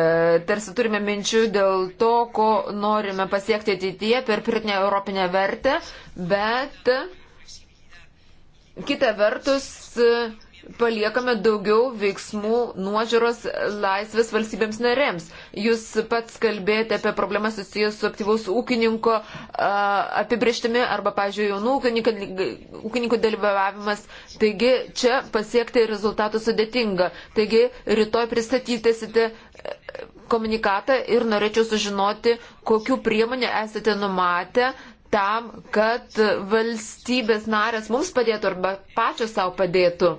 tarsi turime minčių dėl to, ko norime pasiekti ateityje per pritinę europinę vertę, bet kita vertus paliekame daugiau veiksmų nuožiūros laisvės valstybėms narėms. Jūs pats kalbėjote apie problemą susijęs su aktyvaus ūkininko apibrieštimi arba, pažiūrėjau, jaunų ūkininkų dalyvavimas. Taigi čia pasiekti rezultatų sudėtinga. Taigi rytoj pristatytėsite komunikatą ir norėčiau sužinoti, kokiu priemonė esate numatę tam, kad valstybės narės mums padėtų arba pačios savo padėtų.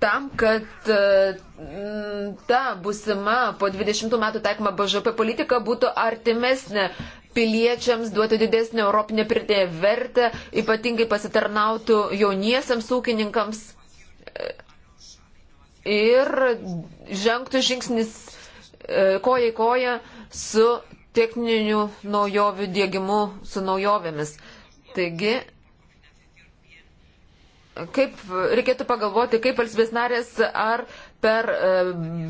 tam, kad e, ta busima po 20 metų taikoma BŽP politika būtų artimesnė piliečiams, duotų didesnį europinę pridėję vertę, ypatingai pasitarnautų jauniesiams ūkininkams e, ir žengtų žingsnis e, koja į koją su techninių naujovių dėgymu, su naujovėmis. Taigi, kaip reikėtų pagalvoti, kaip valstybės narės ar per e,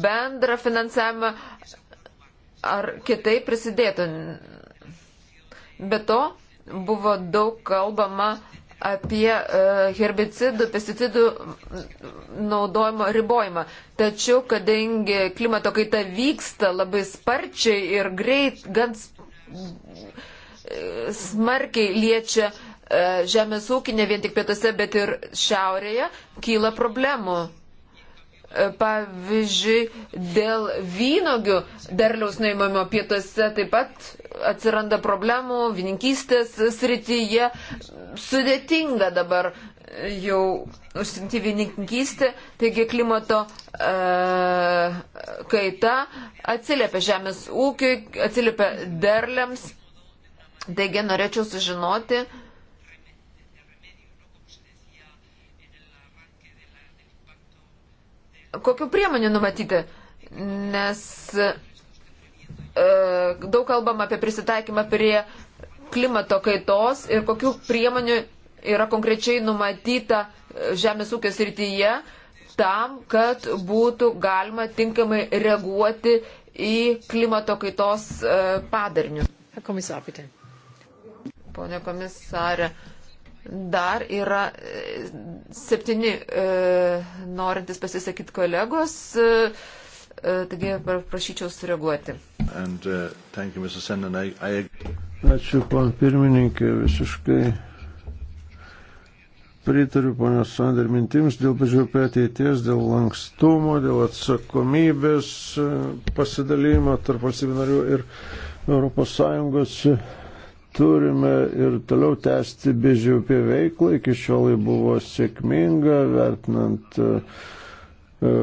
bendrą finansavimą ar kitai prisidėtų. Be to buvo daug kalbama apie e, herbicidų, pesticidų naudojimo ribojimą. Tačiau, kadangi klimato kaita vyksta labai sparčiai ir greit, gan e, smarkiai liečia uh, E, žemės ūkį, ne vien tik pietuose, bet ir šiaurėje, kyla problemų. E, pavyzdžiui, dėl vynogių derliaus nuimamo pietuose taip pat atsiranda problemų, vininkystės srityje sudėtinga dabar jau užsimti vininkystę, taigi klimato e, kaita atsiliepia žemės ūkiui, atsiliepia derliams. Taigi norėčiau sužinoti, e, kokiu priemonių numatyti, nes e, daug kalbam apie prisitaikymą prie klimato kaitos ir kokiu priemonių yra konkrečiai numatyta e, žemės ūkio srityje tam, kad būtų galima tinkamai reaguoti į klimato kaitos e, padarnius. Komisar, Pone komisarė, dar yra e, septyni e, norintys pasisakyti kolegos. E, e taigi prašyčiau sureaguoti. And, uh, you, Senden, I, I... Ačiū, pan pirmininkė, visiškai pritariu ponios Sander mintims dėl BŽP ateities, dėl lankstumo, dėl atsakomybės e, pasidalymo tarp valstybių narių ir ES turime ir toliau tęsti bežiaupį veiklą. Iki šiol ji buvo sėkminga, vertinant e, e,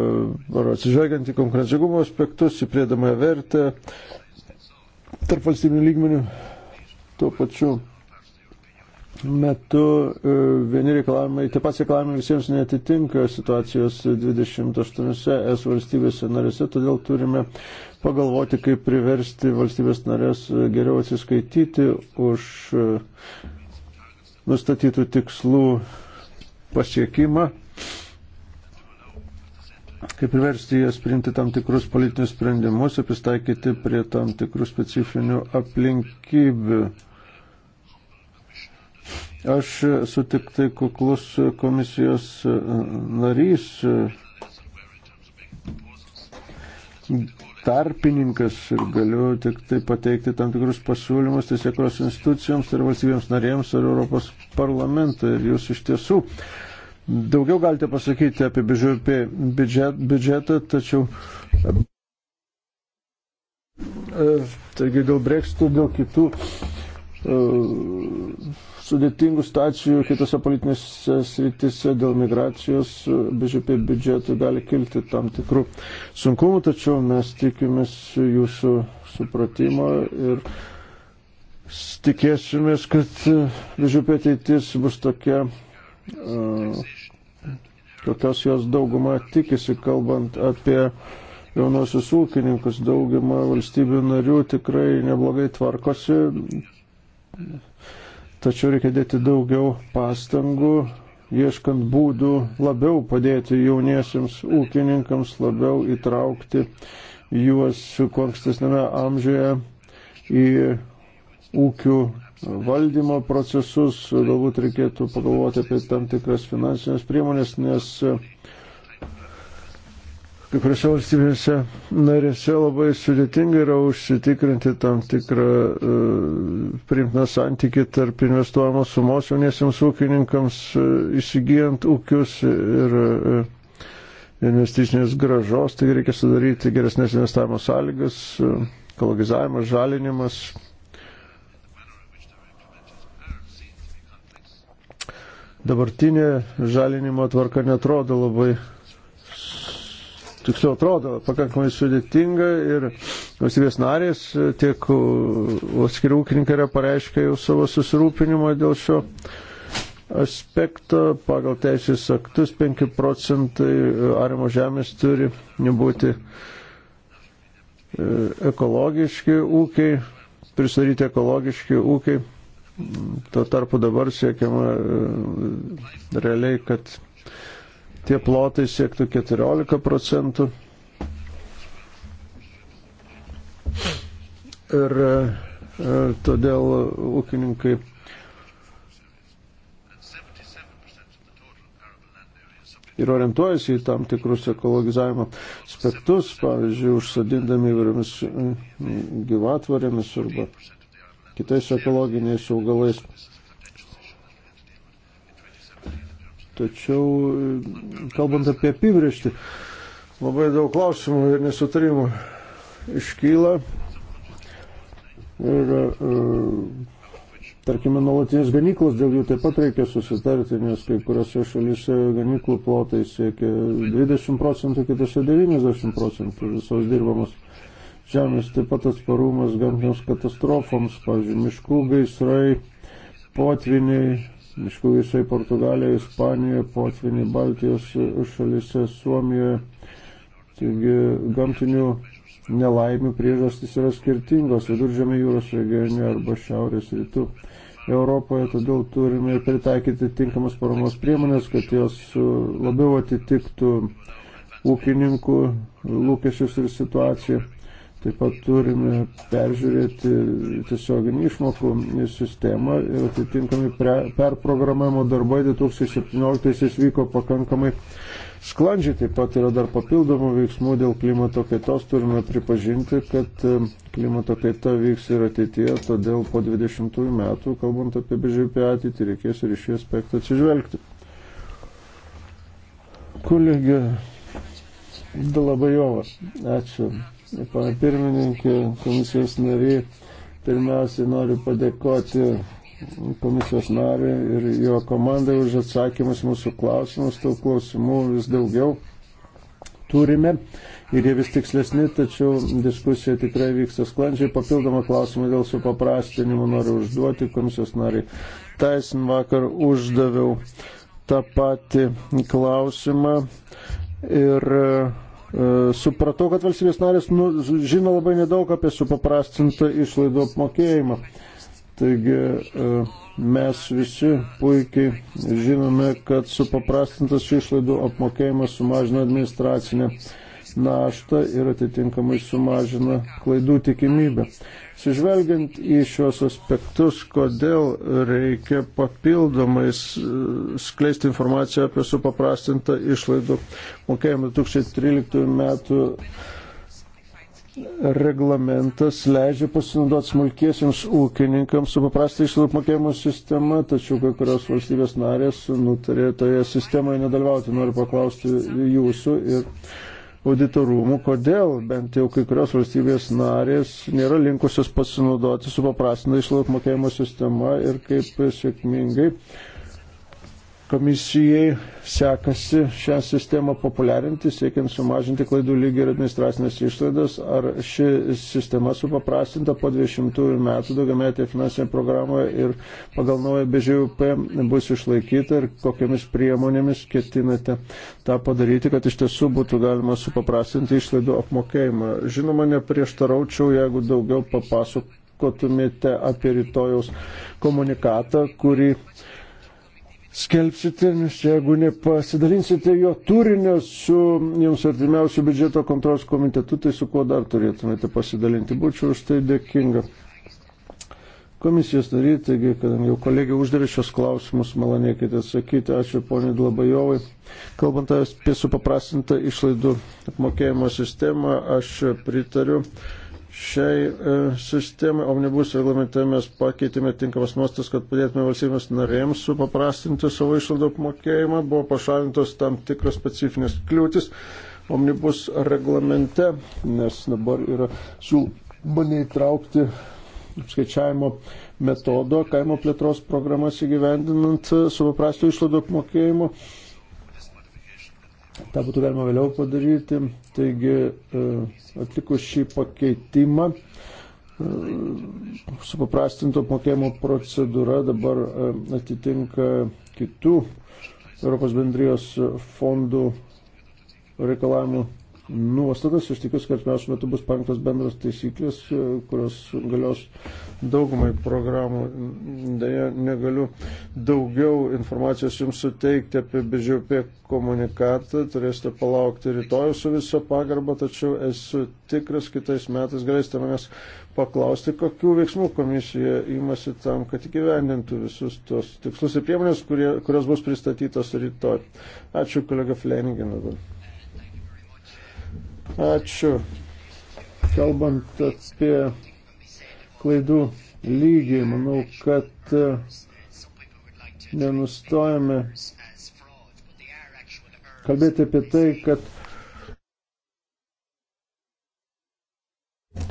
ar atsižvelgiant į konkurencingumo aspektus, į priedamą vertę tarp valstybinių lygmenių. Tuo pačiu metu e, vieni reikalavimai, tie pats reikalavimai visiems netitinka situacijos 28 es valstybėse narėse, todėl turime pagalvoti, kaip priversti valstybės narės e, geriau atsiskaityti už e, nustatytų tikslų pasiekimą, kaip priversti jas priimti tam tikrus politinius sprendimus ir pristaikyti prie tam tikrų specifinių aplinkybių. Aš esu tik tai kuklus komisijos e, narys tarpininkas ir galiu tik tai pateikti tam tikrus pasiūlymus tiesiekos institucijoms ir valstybėms narėms ir Europos parlamentui. Ir jūs iš tiesų daugiau galite pasakyti apie biudžet, biudžetą, tačiau. E, taigi dėl breksitų, dėl kitų e, sudėtingų stacijų kitose politinėse sritise dėl migracijos BŽP biudžetų gali kilti tam tikrų sunkumų, tačiau mes tikimės jūsų supratimo ir tikėsimės, kad BŽP ateitis bus tokia, kokios jos dauguma tikisi, kalbant apie jaunosius ūkininkus. Dauguma valstybių narių tikrai neblogai tvarkosi tačiau reikia dėti daugiau pastangų, ieškant būdų labiau padėti jauniesiams ūkininkams, labiau įtraukti juos kuo ankstesnėme amžiuje į ūkių valdymo procesus, galbūt reikėtų pagalvoti apie tam tikras finansinės priemonės, nes kai kuriuose valstybėse narėse labai sudėtinga yra užsitikrinti tam tikrą uh, e, primtiną santykį tarp investuojamos sumos jauniesiams ūkininkams uh, įsigijant ūkius ir uh, investicinės gražos, tai reikia sudaryti geresnės investavimo sąlygas, uh, ekologizavimas, žalinimas. Dabartinė žalinimo tvarka netrodo labai tiksliau atrodo pakankamai sudėtinga ir valstybės narės, e, tiek atskiri ūkininkai yra pareiškę jau savo susirūpinimą dėl šio aspekto. Pagal teisės aktus 5 procentai e, arimo žemės turi būti e, ekologiški ūkiai, prisaryti ekologiški ūkiai. Tuo tarpu dabar siekiama realiai, kad tie plotai siektų 14 procentų. Ir e, todėl ūkininkai ir orientuojasi į tam tikrus ekologizavimo aspektus, pavyzdžiui, užsadindami įvairiomis gyvatvarėmis arba kitais ekologiniais augalais. Tačiau, kalbant apie apibrėžtį, labai daug klausimų ir nesutarimų iškyla. Ir, e, tarkime, nuolatinės ganyklos dėl jų taip pat reikia susitarti, nes kai kuriuose šalyse ganyklų plotai siekia 20 procentų, kitose 90 procentų visos dirbamos žemės, taip pat atsparumas gamtiniams katastrofoms, pavyzdžiui, miškų gaisrai, potviniai, miškų visai Portugalijoje, Ispanijoje, potvinį Baltijos šalyse, Suomijoje. Taigi gamtinių nelaimių priežastys yra skirtingos viduržėme jūros regione arba šiaurės rytų. Europoje, todėl turime pritaikyti tinkamas paramos priemonės, kad jos e, labiau atitiktų ūkininkų lūkesčius ir situaciją. Taip pat turime peržiūrėti tiesioginį išmokų sistemą ir atitinkami perprogramavimo darbai 2017 vyko pakankamai sklandžiai. Taip pat yra dar papildomų veiksmų dėl klimato kaitos. Turime pripažinti, kad klimato kaita vyks ir ateityje, todėl po 20 metų, kalbant apie BŽP ateitį, reikės ir iš šį aspektą atsižvelgti. Kolegė Dalabajovas, ačiū. Pane pirmininkė, komisijos nariai, pirmiausiai noriu padėkoti komisijos nariai ir jo komandai už atsakymus mūsų klausimus. Tų klausimų vis daugiau turime ir jie vis tikslesni, tačiau diskusija tikrai vyksta sklandžiai. Papildomą klausimą dėl supaprastinimo noriu užduoti komisijos nariai. Taisin vakar uždaviau tą patį klausimą ir E, supratau, kad valstybės narės nu, žino labai nedaug apie supaprastintą išlaidų apmokėjimą. Taigi e, mes visi puikiai žinome, kad supaprastintas išlaidų apmokėjimas sumažina administracinę naštą ir atitinkamai sumažina klaidų tikimybę. Sižvelgiant į šios aspektus, kodėl reikia papildomai e, skleisti informaciją apie supaprastintą išlaidų mokėjimą 2013 metų reglamentas leidžia pasinaudoti smulkiesiams ūkininkams su paprastai išlaikmokėjimo sistema, tačiau kai kurios valstybės narės nutarė toje sistemoje nedalyvauti. Noriu paklausti jūsų ir auditorumų, kodėl bent jau kai kurios valstybės narės nėra linkusios pasinaudoti supaprastinta išlaidų apmokėjimo sistema ir kaip sėkmingai uh, Komisijai sekasi šią sistemą populiarinti, siekiant sumažinti klaidų lygį ir administracinės išlaidas. Ar ši sistema supaprastinta po 20 metų daugiametėje finansinėje programoje ir pagal naują BŽUP bus išlaikyta ir kokiamis priemonėmis ketinate tą padaryti, kad iš tiesų būtų galima supaprastinti išlaidų apmokėjimą. Žinoma, neprieštaraučiau, jeigu daugiau papasakotumėte apie rytojaus komunikatą, kurį skelbsite, nes jeigu nepasidalinsite jo turinio su jums artimiausiu biudžeto kontrolos komitetu, tai su kuo dar turėtumėte pasidalinti. Būčiau už tai dėkinga. Komisijos nariai, taigi, kadangi jau kolegė uždavė šios klausimus, malonėkite atsakyti. Ačiū poniai Dlabajovai. Kalbant apie supaprastintą išlaidų apmokėjimo sistemą, aš pritariu šiai e, sistemai. Omnibus reglamente mes pakeitėme tinkamas nuostas, kad padėtume valstybės narėms supaprastinti savo išlaidų apmokėjimą. Buvo pašalintos tam tikras specifinės kliūtis omnibus reglamente, nes dabar yra siūloma neįtraukti apskaičiavimo metodo kaimo plėtros programas įgyvendinant supaprastų išlaidų apmokėjimo tą būtų galima vėliau padaryti. Taigi, e, atlikus šį pakeitimą, e, supaprastinto apmokėjimo procedūra dabar e, atitinka kitų Europos bendrijos fondų reikalavimų nuostatas. Aš tikiuosi, kad mes metu bus penktas bendras taisyklės, e, kurios galios daugumai programų. Deja, negaliu daugiau informacijos jums suteikti apie BGP komunikatą. Turėsite palaukti rytojų su viso pagarba, tačiau esu tikras, kitais metais galėsite manęs paklausti, kokiu veiksmu komisija įmasi tam, kad įgyvendintų visus tos tikslus ir priemonės, kurie, kurios bus pristatytos rytoj. Ačiū kolega Flanagan dabar. Ačiū. Kalbant apie klaidų lygį, manau, kad e, nenustojame kalbėti apie tai, kad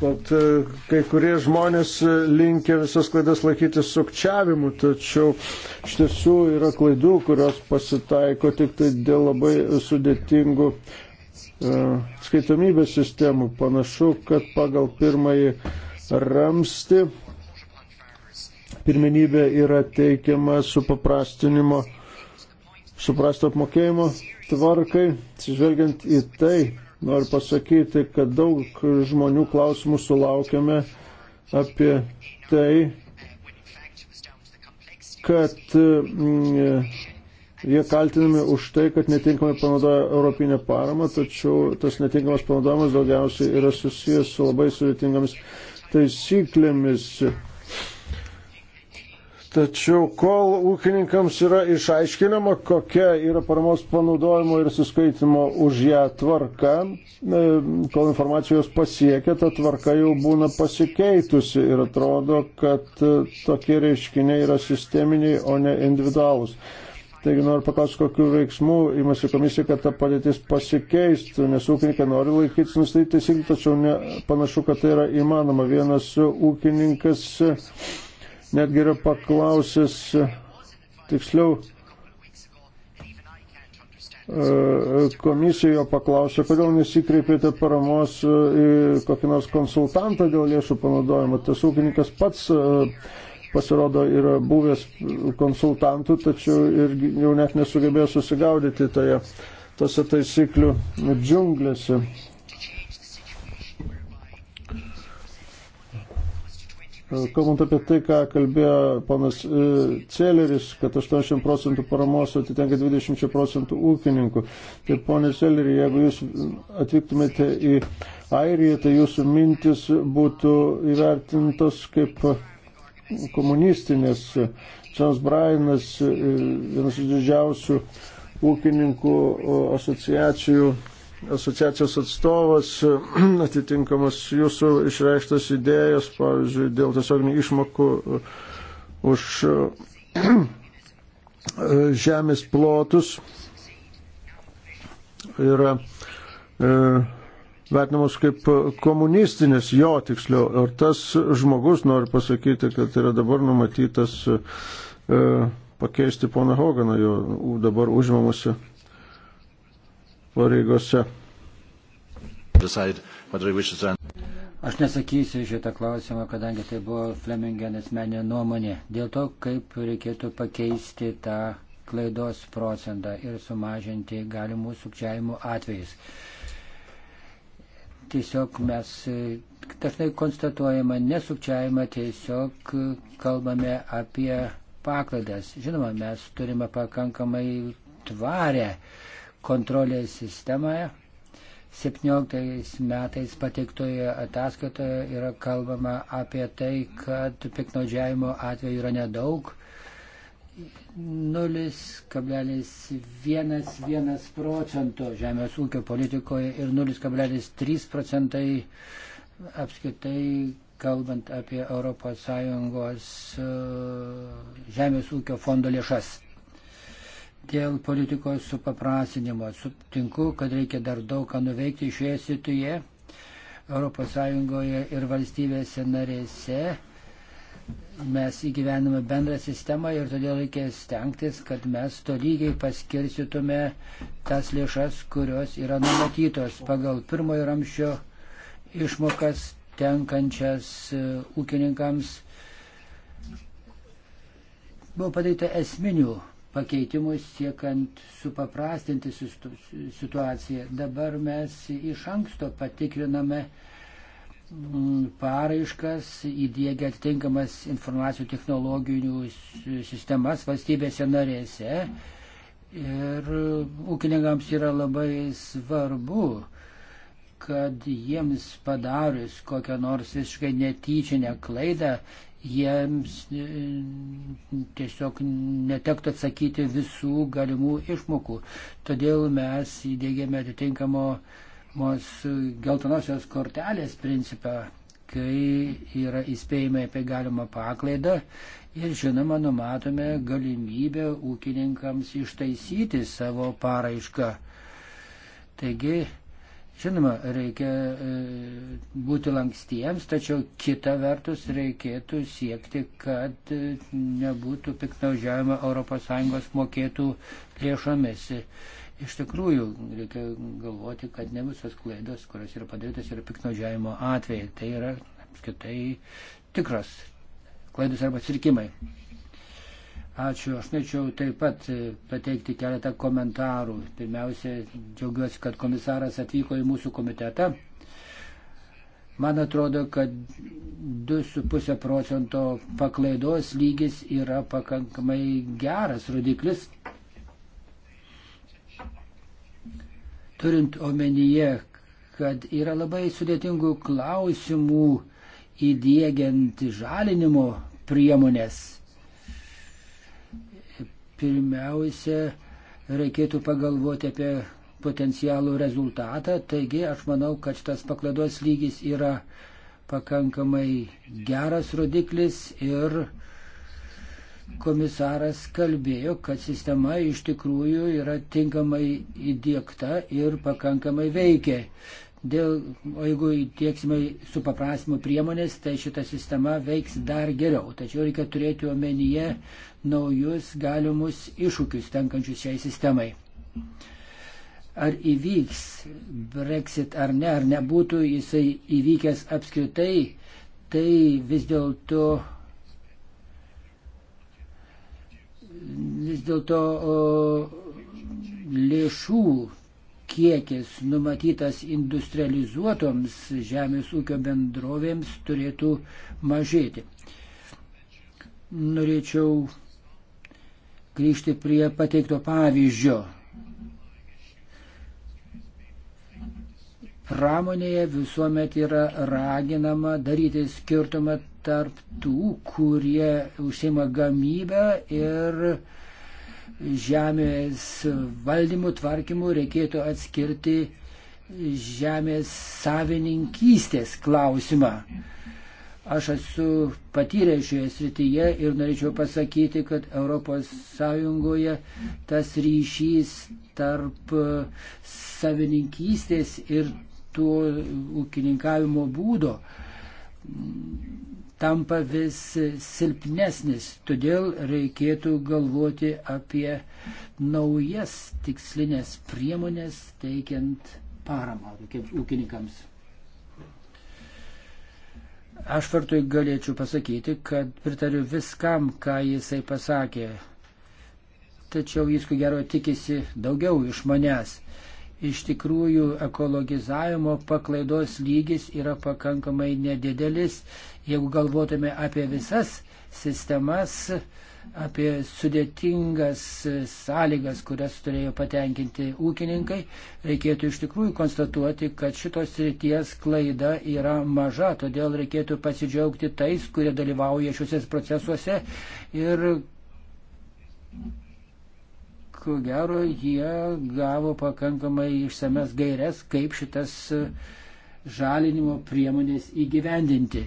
kad e, kai kurie žmonės e, linkia visas klaidas laikyti sukčiavimu, tačiau iš tiesų yra klaidų, kurios pasitaiko tik tai dėl labai sudėtingų E, skaitomybės sistemų. Panašu, kad pagal pirmąjį ramsti pirmenybė yra teikiama su paprastinimo, su prasto apmokėjimo tvarkai. Atsižvelgiant į tai, noriu pasakyti, kad daug žmonių klausimų sulaukėme apie tai, kad mm, Jie kaltinami už tai, kad netinkamai panaudoja europinę paramą, tačiau tas netinkamas panaudojimas daugiausiai yra susijęs su labai sudėtingomis taisyklėmis. Tačiau kol ūkininkams yra išaiškinama, kokia yra paramos panaudojimo ir suskaitimo už ją tvarka, e, kol informacijos pasiekia, ta tvarka jau būna pasikeitusi ir atrodo, kad tokie reiškiniai yra sisteminiai, o ne individualūs. Taigi noriu paklausti, kokiu veiksmu imasi komisija, kad ta padėtis pasikeistų, nes ūkininkai nori laikytis nustatyti taisyklių, tačiau ne, panašu, kad tai yra įmanoma. Vienas ūkininkas netgi yra paklausęs, tiksliau, e, komisijoje paklausė, kodėl nesikreipėte paramos e, į kokį nors konsultantą dėl lėšų panaudojimo. Tas ūkininkas pats uh, pasirodo yra buvęs konsultantų, tačiau ir jau net nesugebėjo susigaudyti toje, tose taisyklių džiunglėse. Kalbant apie tai, ką kalbėjo panas e, Celeris, kad 80 procentų paramos atitenka 20 procentų ūkininkų. Tai ponė Celeri, jeigu jūs atvyktumėte į Airiją, tai jūsų mintis būtų įvertintos kaip komunistinės. Čans Brainas, vienas iš didžiausių ūkininkų asociacijų, asociacijos atstovas, atitinkamas jūsų išreikštas idėjas, pavyzdžiui, dėl tiesioginių išmokų uh, už uh, žemės plotus yra e, vertinamos kaip komunistinis jo tiksliau. Ir tas žmogus nori pasakyti, kad yra dabar numatytas e, pakeisti poną Hoganą jo dabar užimamuose pareigose. Aš nesakysiu šitą klausimą, kadangi tai buvo Flemingenas menė nuomonė dėl to, kaip reikėtų pakeisti tą klaidos procentą ir sumažinti galimų sukčiavimų atvejus. Tiesiog mes e, dažnai konstatuojama nesukčiavimą, tiesiog e, kalbame apie paklaidas. Žinoma, mes turime pakankamai tvarę kontrolės sistemoje. 17 metais pateiktoje ataskaitoje yra kalbama apie tai, kad piknaudžiavimo atveju yra nedaug, 0,11 procento žemės ūkio politikoje ir 0,3 procentai apskritai kalbant apie ES e, žemės ūkio fondo lėšas. Dėl politikos supaprasinimo sutinku, kad reikia dar daug ką nuveikti šioje situje ES ir valstybėse narėse mes įgyvename bendrą sistemą ir todėl reikės stengtis, kad mes tolygiai paskirstytume tas lėšas, kurios yra numatytos pagal pirmojo ramščio išmokas tenkančias e, ūkininkams. Buvo padaryta esminių pakeitimų siekant supaprastinti situaciją. Dabar mes iš anksto patikriname Mm, paraiškas, įdėgia atitinkamas informacijų technologinių sistemas valstybėse narėse. Ir ūkininkams yra labai svarbu, kad jiems padarius kokią nors visiškai netyčinę klaidą, jiems e, tiesiog netektų atsakyti visų galimų išmokų. Todėl mes įdėgėme atitinkamo uh, mos geltonosios kortelės principą, kai yra įspėjimai apie galimą paklaidą ir žinoma numatome galimybę ūkininkams ištaisyti savo paraišką. Taigi, žinoma, reikia e, būti lankstiems, tačiau kita vertus reikėtų siekti, kad e, nebūtų piknaudžiavimo ES mokėtų lėšomis. Iš tikrųjų, reikia galvoti, kad ne visos klaidos, kurios yra padarytos, yra piknaudžiavimo atvejai. Tai yra apskaitai tikros klaidos arba atsirkimai. Ačiū. Aš norėčiau taip pat e, pateikti keletą komentarų. Pirmiausia, džiaugiuosi, kad komisaras atvyko į mūsų komitetą. Man atrodo, kad 2,5 procento paklaidos lygis yra pakankamai geras rodiklis. turint omenyje, kad yra labai sudėtingų klausimų įdėgiant žalinimo priemonės. Pirmiausia, reikėtų pagalvoti apie potencialų rezultatą, taigi aš manau, kad šitas paklaidos lygis yra pakankamai geras rodiklis ir komisaras kalbėjo, kad sistema iš tikrųjų yra tinkamai įdėkta ir pakankamai veikia. Dėl, o jeigu įtieksime su paprasimo priemonės, tai šita sistema veiks dar geriau. Tačiau reikia turėti omenyje naujus galimus iššūkius tenkančius šiai sistemai. Ar įvyks Brexit ar ne, ar nebūtų jisai įvykęs apskritai, tai vis dėlto vis dėlto lėšų kiekis numatytas industrializuotoms žemės ūkio bendrovėms turėtų mažėti. Norėčiau grįžti prie pateikto pavyzdžio. Pramonėje visuomet yra raginama daryti skirtumą tarp tų, kurie užsima gamybę ir žemės valdymų tvarkymų reikėtų atskirti žemės savininkystės klausimą. Aš esu patyręs šioje srityje ir norėčiau pasakyti, kad ES tas ryšys tarp savininkystės ir tuo ūkininkavimo būdo tampa vis silpnesnis, todėl reikėtų galvoti apie naujas tikslinės priemonės teikiant paramą tokiems ūkininkams. Aš vartui galėčiau pasakyti, kad pritariu viskam, ką jisai pasakė, tačiau jis ko gero tikisi daugiau iš manęs iš tikrųjų ekologizavimo paklaidos lygis yra pakankamai nedidelis Jeigu galvotume apie visas sistemas, apie sudėtingas sąlygas, kurias turėjo patenkinti ūkininkai, reikėtų iš tikrųjų konstatuoti, kad šitos srities klaida yra maža, todėl reikėtų pasidžiaugti tais, kurie dalyvauja šiuose procesuose ir ko gero jie gavo pakankamai išsames gairias, kaip šitas žalinimo priemonės įgyvendinti.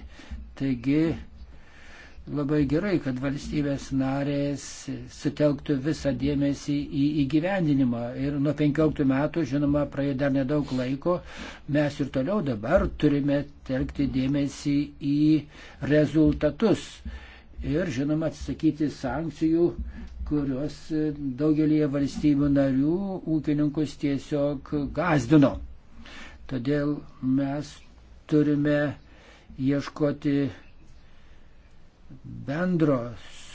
Taigi labai gerai, kad valstybės narės sutelktų visą dėmesį į įgyvendinimą. Ir nuo 15 metų, žinoma, praėjo dar nedaug laiko, mes ir toliau dabar turime telkti dėmesį į rezultatus. Ir, žinoma, atsisakyti sankcijų, kurios daugelie valstybių narių ūkininkus tiesiog gazdino. Todėl mes turime ieškoti bendro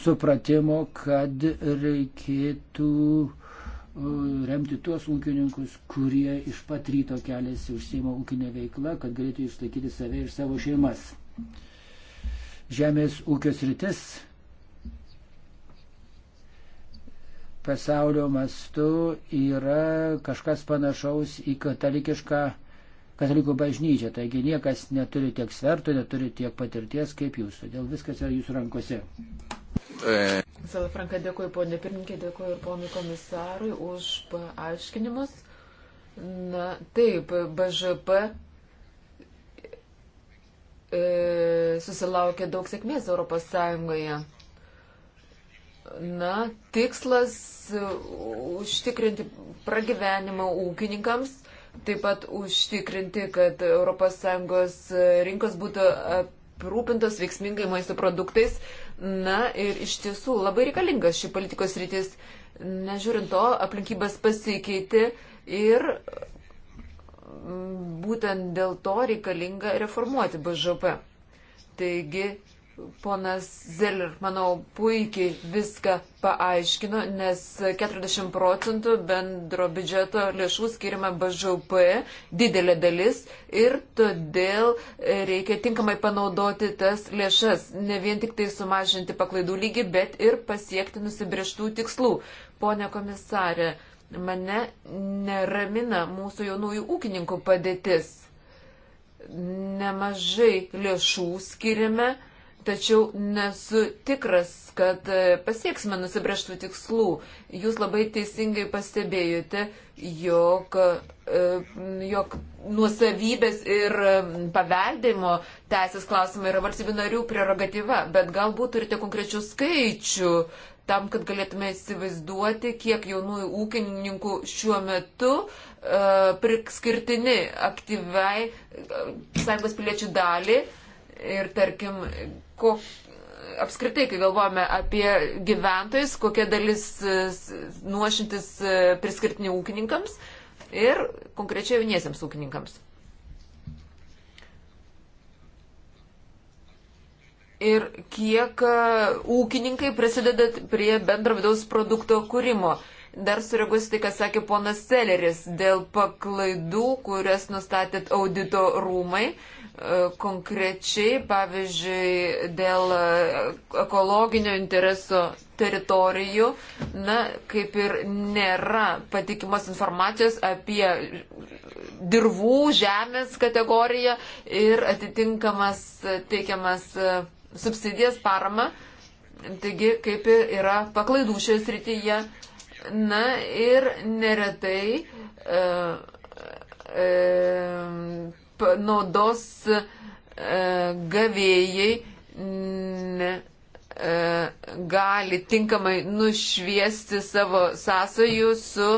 supratimo, kad reikėtų uh, remti tuos ūkininkus, kurie iš pat ryto keliasi užsima ūkinę veiklą, kad galėtų išlaikyti save ir savo šeimas. Žemės ūkio sritis pasaulio mastu yra kažkas panašaus į katalikišką katalikų bažnyčia, taigi niekas neturi tiek svertų, neturi tiek patirties kaip jūs, todėl viskas yra jūsų rankose. E. Salafranka, dėkuoju ponė pirmininkė, dėkuoju ir ponui komisarui už paaiškinimus. Na, taip, BŽP e, susilaukė daug sėkmės Europos Sąjungoje. Na, tikslas užtikrinti pragyvenimą ūkininkams taip pat užtikrinti, kad ES rinkos būtų aprūpintos veiksmingai maisto produktais. Na ir iš tiesų labai reikalingas ši politikos rytis. Nežiūrint to, aplinkybės pasikeitė ir būtent dėl to reikalinga reformuoti BŽP. Taigi Ponas Zeller, manau, puikiai viską paaiškino, nes 40 procentų bendro biudžeto lėšų skirima BŽP, didelė dalis, ir todėl reikia tinkamai panaudoti tas lėšas, ne vien tik tai sumažinti paklaidų lygį, bet ir pasiekti nusibrieštų tikslų. Pone komisarė, mane neramina mūsų jaunųjų ūkininkų padėtis. Nemažai lėšų skiriame tačiau nesu tikras, kad e, pasieksime nusibrieštų tikslų. Jūs labai teisingai pastebėjote, jog, e, jog nuosavybės ir e, paveldimo teisės klausimai yra valstybių narių prerogatyva, bet galbūt turite konkrečių skaičių tam, kad galėtume įsivaizduoti, kiek jaunųjų ūkininkų šiuo metu uh, priskirtini aktyviai uh, sąjungos piliečių dalį ir tarkim, kok, apskritai, kai galvojame apie gyventojus, kokia dalis e, nuošintis e, priskirtinių ūkininkams ir konkrečiai jauniesiams ūkininkams. Ir kiek e, ūkininkai prisideda prie bendro vidaus produkto kūrimo. Dar sureaguosiu tai, ką sakė ponas Celeris dėl paklaidų, kurias nustatėt audito rūmai. Uh, konkrečiai, pavyzdžiui, dėl e, ekologinio intereso teritorijų, na, kaip ir nėra patikimos informacijos apie dirvų žemės kategoriją ir atitinkamas teikiamas e, subsidijas parama. Taigi, kaip ir yra paklaidų šioje srityje. Na ir neretai. Uh, e, uh, e, kaip naudos e, gavėjai ne, e, gali tinkamai nušviesti savo sąsajų su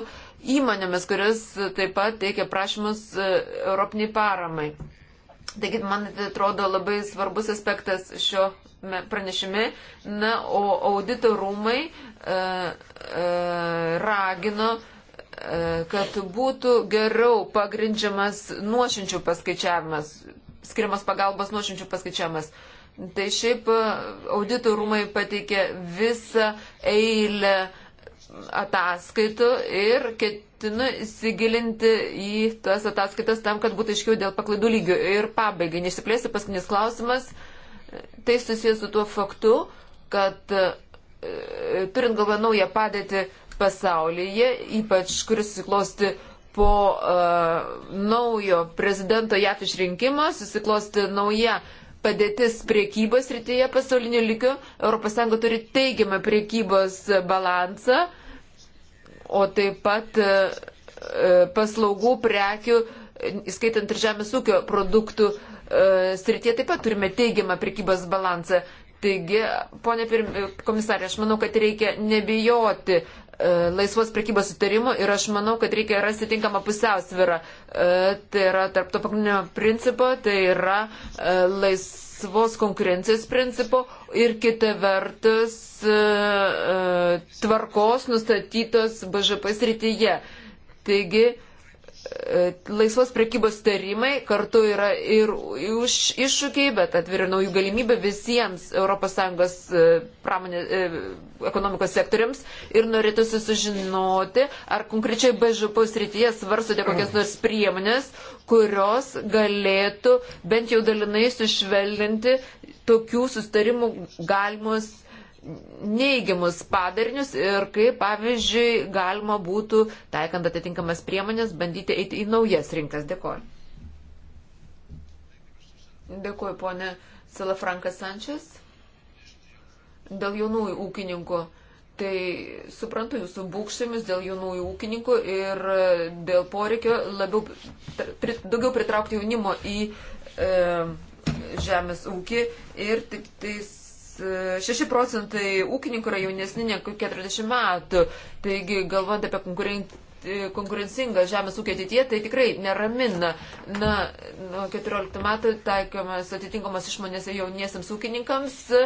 įmonėmis, kuris taip pat teikia prašymus e, Europiniai paramai. Taigi, man tai atrodo labai svarbus aspektas šio pranešime. Na, o audito rūmai e, e, ragino e, E, kad būtų geriau pagrindžiamas nuošinčių paskaičiavimas, skiriamas pagalbos nuošinčių paskaičiavimas. Tai šiaip e, auditų rūmai pateikė visą eilę ataskaitų ir ketinu įsigilinti į tas ataskaitas tam, kad būtų aiškiau dėl paklaidų lygių. Ir pabaigai, nesiplėsiu paskutinis klausimas, tai susijęs su tuo faktu, kad e, turint galvą naują padėtį pasaulyje, ypač kuris siklosti po uh, naujo prezidento JAF išrinkimo, susiklosti nauja padėtis priekybos rytyje pasauliniu lygiu. ES turi teigiamą priekybos balansą, o taip pat uh, uh, paslaugų, prekių, įskaitant ir žemės ūkio produktų uh, srityje taip pat turime teigiamą priekybos balansą. Taigi, ponė komisarė, aš manau, kad reikia nebijoti E, laisvos prekybos sutarimų ir aš manau, kad reikia rasti tinkamą pusiausvyrą. E, tai yra tarp to pagrindinio principo, tai yra e, laisvos konkurencijos principo ir kita vertus tvarkos nustatytos BŽP srityje. Taigi, E, laisvos prekybos tarimai kartu yra ir už iššūkiai, bet atveria naujų galimybių visiems ES e, pramonė, e, ekonomikos sektoriams ir norėtųsi sužinoti, ar konkrečiai BŽP srityje svarstote kokias nors priemonės, kurios galėtų bent jau dalinai sušvelninti tokių sustarimų galimus neigiamus padarinius ir kaip, pavyzdžiui, galima būtų, taikant atitinkamas priemonės, bandyti eiti į naujas rinkas. Dėkoju. Dėkoju, ponė Salafrankas Sančias. Dėl jaunųjų ūkininkų. Tai suprantu jūsų būkščiamis dėl jaunųjų ūkininkų ir dėl poreikio labiau, pri, daugiau pritraukti jaunimo į e, žemės ūkį ir tik tais 6 procentai ūkininkų yra jaunesni negu 40 metų. Taigi, galvojant apie konkurenciją konkurencingą žemės ūkio ateityje, tai tikrai neramina. Na, nuo 14 metų taikomas atitinkamas išmonės jauniesiams ūkininkams, e,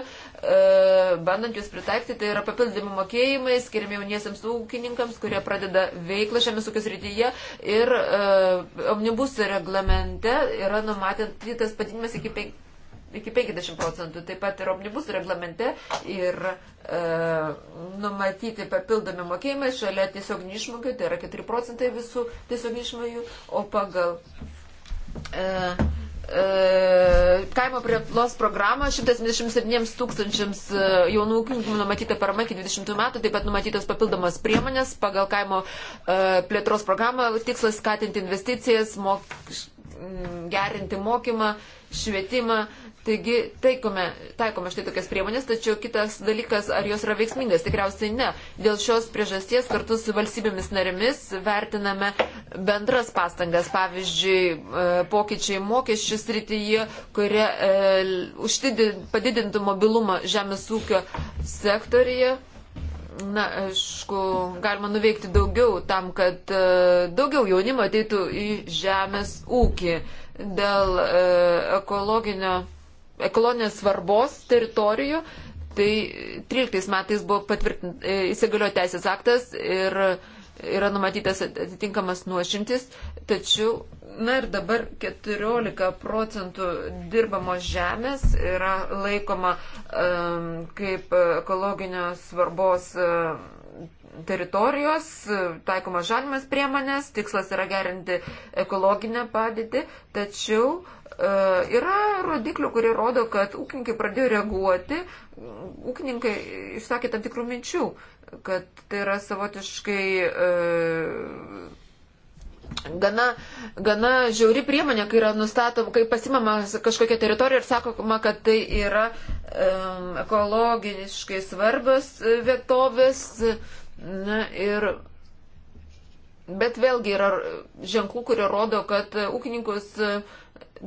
bandant juos pritaikyti, tai yra papildomi mokėjimai skiriami jauniesiams ūkininkams, kurie pradeda veiklą žemės ūkio srityje ir e, omnibus reglamente yra numatytas padidinimas iki 5 iki 50 procentų. Taip pat ir omnibus reglamente ir e, numatyti papildomi mokėjimai šalia tiesiog neišmokių, tai yra 4 procentai visų tiesiog neišmokų, o pagal. E, e kaimo prieplos programą 127 tūkstančiams e, jaunų ūkininkų numatyta parama iki 20 metų, taip pat numatytos papildomas priemonės pagal kaimo e, plėtros programą, tikslas skatinti investicijas, mok, gerinti mokymą, švietimą, Taigi taikome, taikome štai tokias priemonės, tačiau kitas dalykas, ar jos yra veiksmingas, tikriausiai ne. Dėl šios priežasties kartu su valstybėmis narėmis vertiname bendras pastangas, pavyzdžiui, e, pokyčiai mokesčių srityje, kurie e, užtidi, padidintų mobilumą žemės ūkio sektorija. Na, aišku, galima nuveikti daugiau tam, kad e, daugiau jaunimo ateitų į žemės ūkį dėl e, ekologinio ekologinės svarbos teritorijų. Tai 13 metais buvo e, įsigalio teisės aktas ir yra numatytas atitinkamas nuošimtis, tačiau, na ir dabar 14 procentų dirbamos žemės yra laikoma um, kaip ekologinio svarbos um, teritorijos, taikomas žalimas priemonės, tikslas yra gerinti ekologinę padėtį, tačiau e, yra rodiklių, kurie rodo, kad ūkininkai pradėjo reaguoti, ūkininkai išsakė tam tikrų minčių, kad tai yra savotiškai e, gana, gana žiauri priemonė, kai yra nustatoma, kai pasimama kažkokia teritorija ir sakoma, kad tai yra e, ekologiškai svarbios e, vietovės. E, Na ir. Bet vėlgi yra ženklų, kurie rodo, kad ūkininkus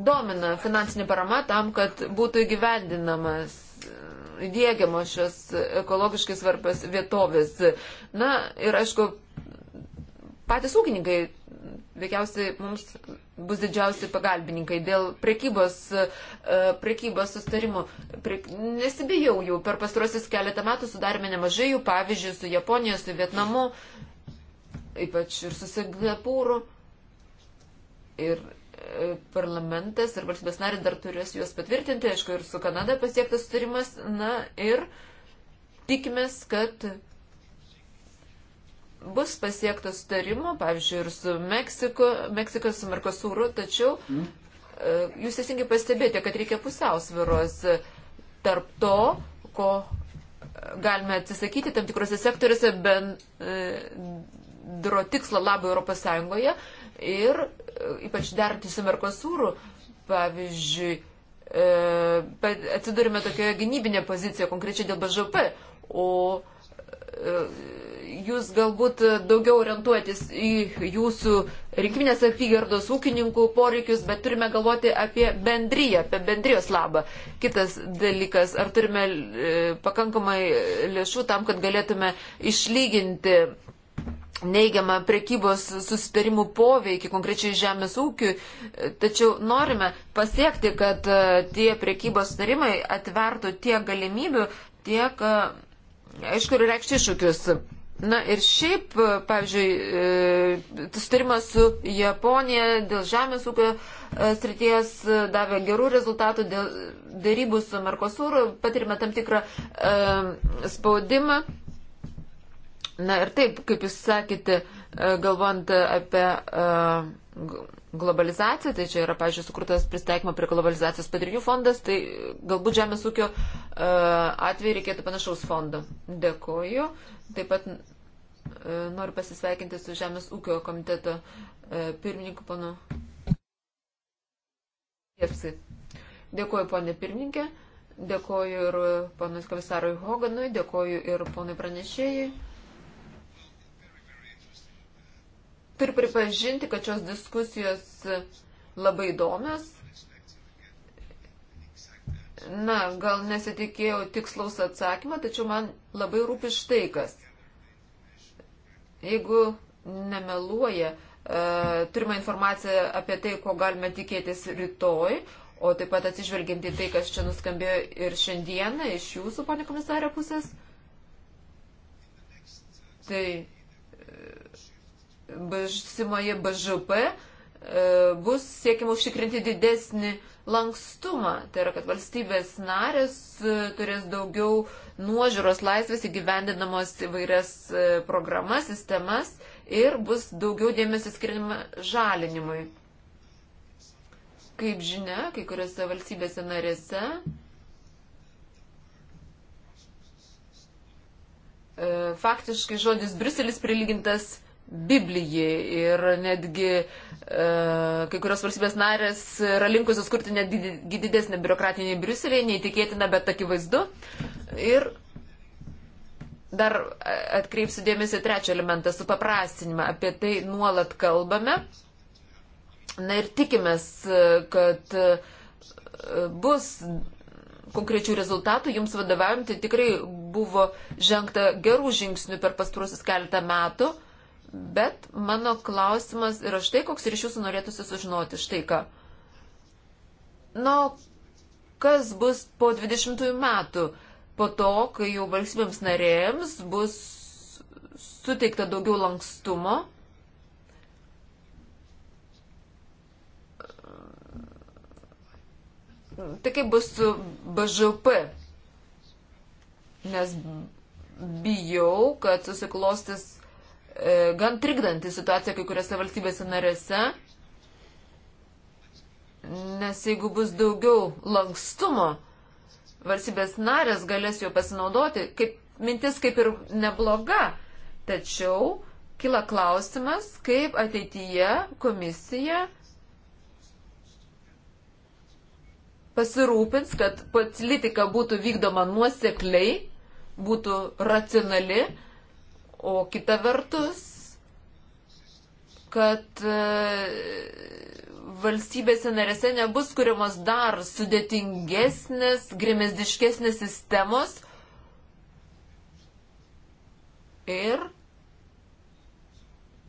domina finansinė parama tam, kad būtų įgyvendinamas dėgiamos šios ekologiškai svarbios vietovės. Na ir aišku, patys ūkininkai veikiausiai mums bus didžiausi pagalbininkai dėl prekybos, e, prekybos sustarimų. Pre... Nesibijau jų, per pastrosius keletą metų sudarėme nemažai jų, pavyzdžiui, su Japonija, su Vietnamu, ypač ir su Singapūru. Ir e, parlamentas ir valstybės narė dar turės juos patvirtinti, aišku, ir su Kanada pasiektas sutarimas. Na ir tikimės, kad bus pasiektas tarimo, pavyzdžiui, ir su Meksiko, Meksikos, su Merkosūru, tačiau mm. e, jūs teisingai pastebėjote, kad reikia pusiausviros tarp to, ko e, galime atsisakyti tam tikrose sektoriuose bendro e, tikslo labai Europos Sąjungoje ir ypač derinti su Merkosūru, pavyzdžiui, atsidurime tokioje gynybinėje pozicijoje, konkrečiai dėl BŽP, o jūs galbūt e, daugiau orientuotis į jūsų rinkiminės apygardos ūkininkų poreikius, bet turime galvoti apie bendryją, apie bendrijos labą. Kitas dalykas, ar turime e, pakankamai lėšų tam, kad galėtume išlyginti neigiamą prekybos susitarimų poveikį konkrečiai žemės ūkiui, e, tačiau norime pasiekti, kad tie prekybos susitarimai atvertų tiek galimybių, tiek, aišku, ir reikšti iššūkius. Na ir šiaip, pavyzdžiui, e, sutarimas su Japonija dėl žemės ūkio e, srities e, davė gerų rezultatų, dėl darybų su Merkosūru patirime tam tikrą spaudimą. Na ir taip, kaip jūs sakėte, galvant apie globalizaciją, tai čia yra, pažiūrėjau, sukurtas pristaikymo prie globalizacijos padarinių fondas, tai galbūt žemės ūkio atveju reikėtų panašaus fondo. Dėkoju. Taip pat e, noriu pasisveikinti su Žemės ūkio komiteto e, pirmininku panu Jevsai. Dėkuoju, ponė pirmininkė, dėkuoju ir ponui komisarui Hoganui, dėkuoju ir ponui pranešėjai. Turiu pripažinti, kad šios diskusijos labai įdomios, Na, gal nesitikėjau tikslaus atsakymą, tačiau man labai rūpi štai kas. Jeigu nemeluoja, e, turime informaciją apie tai, ko galime tikėtis rytoj, o taip pat atsižvelgiant į tai, kas čia nuskambėjo ir šiandieną iš jūsų, ponė komisarė, pusės. Tai e, BŽP E, bus siekiama užtikrinti didesnį lankstumą. Tai yra, kad valstybės narės e, turės daugiau nuožiūros laisvės įgyvendinamos įvairias e, programas, sistemas ir bus daugiau dėmesio skirima žalinimui. Kaip žinia, kai kuriuose valstybėse narėse faktiškai žodis Briuselis prilygintas Biblijai ir netgi e, kai kurios valstybės narės yra linkusios kurti netgi didesnį biurokratinį Briuselį, neįtikėtina, bet akivaizdu. Ir dar e, atkreipsiu dėmesį trečią elementą - supaprastinimą. Apie tai nuolat kalbame. Na ir tikimės, e, kad e, bus konkrečių rezultatų jums vadovaujant, tai tikrai buvo žengta gerų žingsnių per pastaruosius keletą metų. Bet mano klausimas yra štai, koks ir iš jūsų norėtųsi sužinoti štai ką. Na, kas bus po 20 metų, po to, kai jau valstybėms narėms bus suteikta daugiau lankstumo? Tai kaip bus su BŽP? Nes bijau, kad susiklostis E, gan trikdanti situacija kai kuriuose valstybėse narėse, nes jeigu bus daugiau lankstumo, valstybės narės galės jo pasinaudoti, kaip mintis kaip ir nebloga, tačiau kila klausimas, kaip ateityje komisija pasirūpins, kad politika būtų vykdoma nuosekliai, būtų racionali O kita vertus, kad e, valstybėse narėse nebus kuriamos dar sudėtingesnės, grimesdiškesnės sistemos ir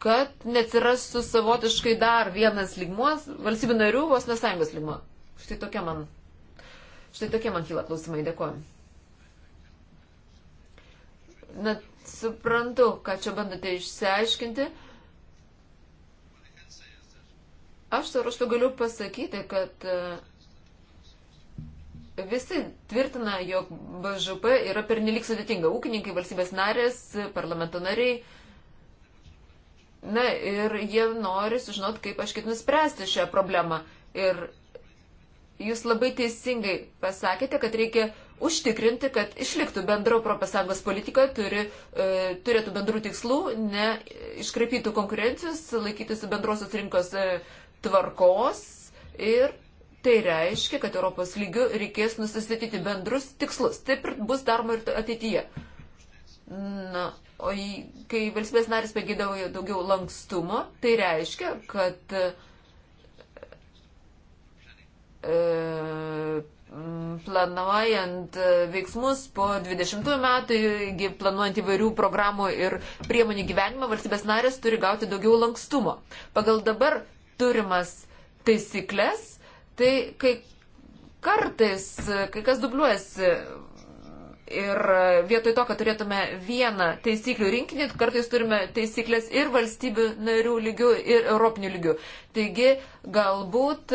kad neatsirastų savotiškai dar vienas lygmuos valstybių narių vos nesąjungos lygmuo. Štai tokia man, štai tokia man kyla klausimai. Dėkuoju. Na, Suprantu, ką čia bandote išsiaiškinti. Aš savo ruoštų galiu pasakyti, kad e, visi tvirtina, jog BŽP yra pernelik sudėtinga. Ūkininkai, valstybės narės, parlamento nariai. Na ir jie nori sužinoti, kaip aš ketinu spręsti šią problemą. Ir jūs labai teisingai pasakėte, kad reikia užtikrinti, kad išliktų bendro profsąjungos politika, turi, e, turėtų bendrų tikslų, neiškraipytų konkurencijos, laikytųsi bendrosios rinkos e, tvarkos ir Tai reiškia, kad Europos lygių reikės nusistatyti bendrus tikslus. Taip ir bus daroma ir ateityje. Na, o į, kai valstybės narys pagėdavo daugiau lankstumo, tai reiškia, kad e, planuojant e, veiksmus po 20 metų, planuojant įvairių programų ir priemonių gyvenimą, valstybės narės turi gauti daugiau lankstumo. Pagal dabar turimas taisyklės, tai kai kartais, kai kas dubliuojasi Ir vietoj to, kad turėtume vieną taisyklių rinkinį, kartais turime taisyklės ir valstybių narių lygių, ir europinių lygių. Taigi galbūt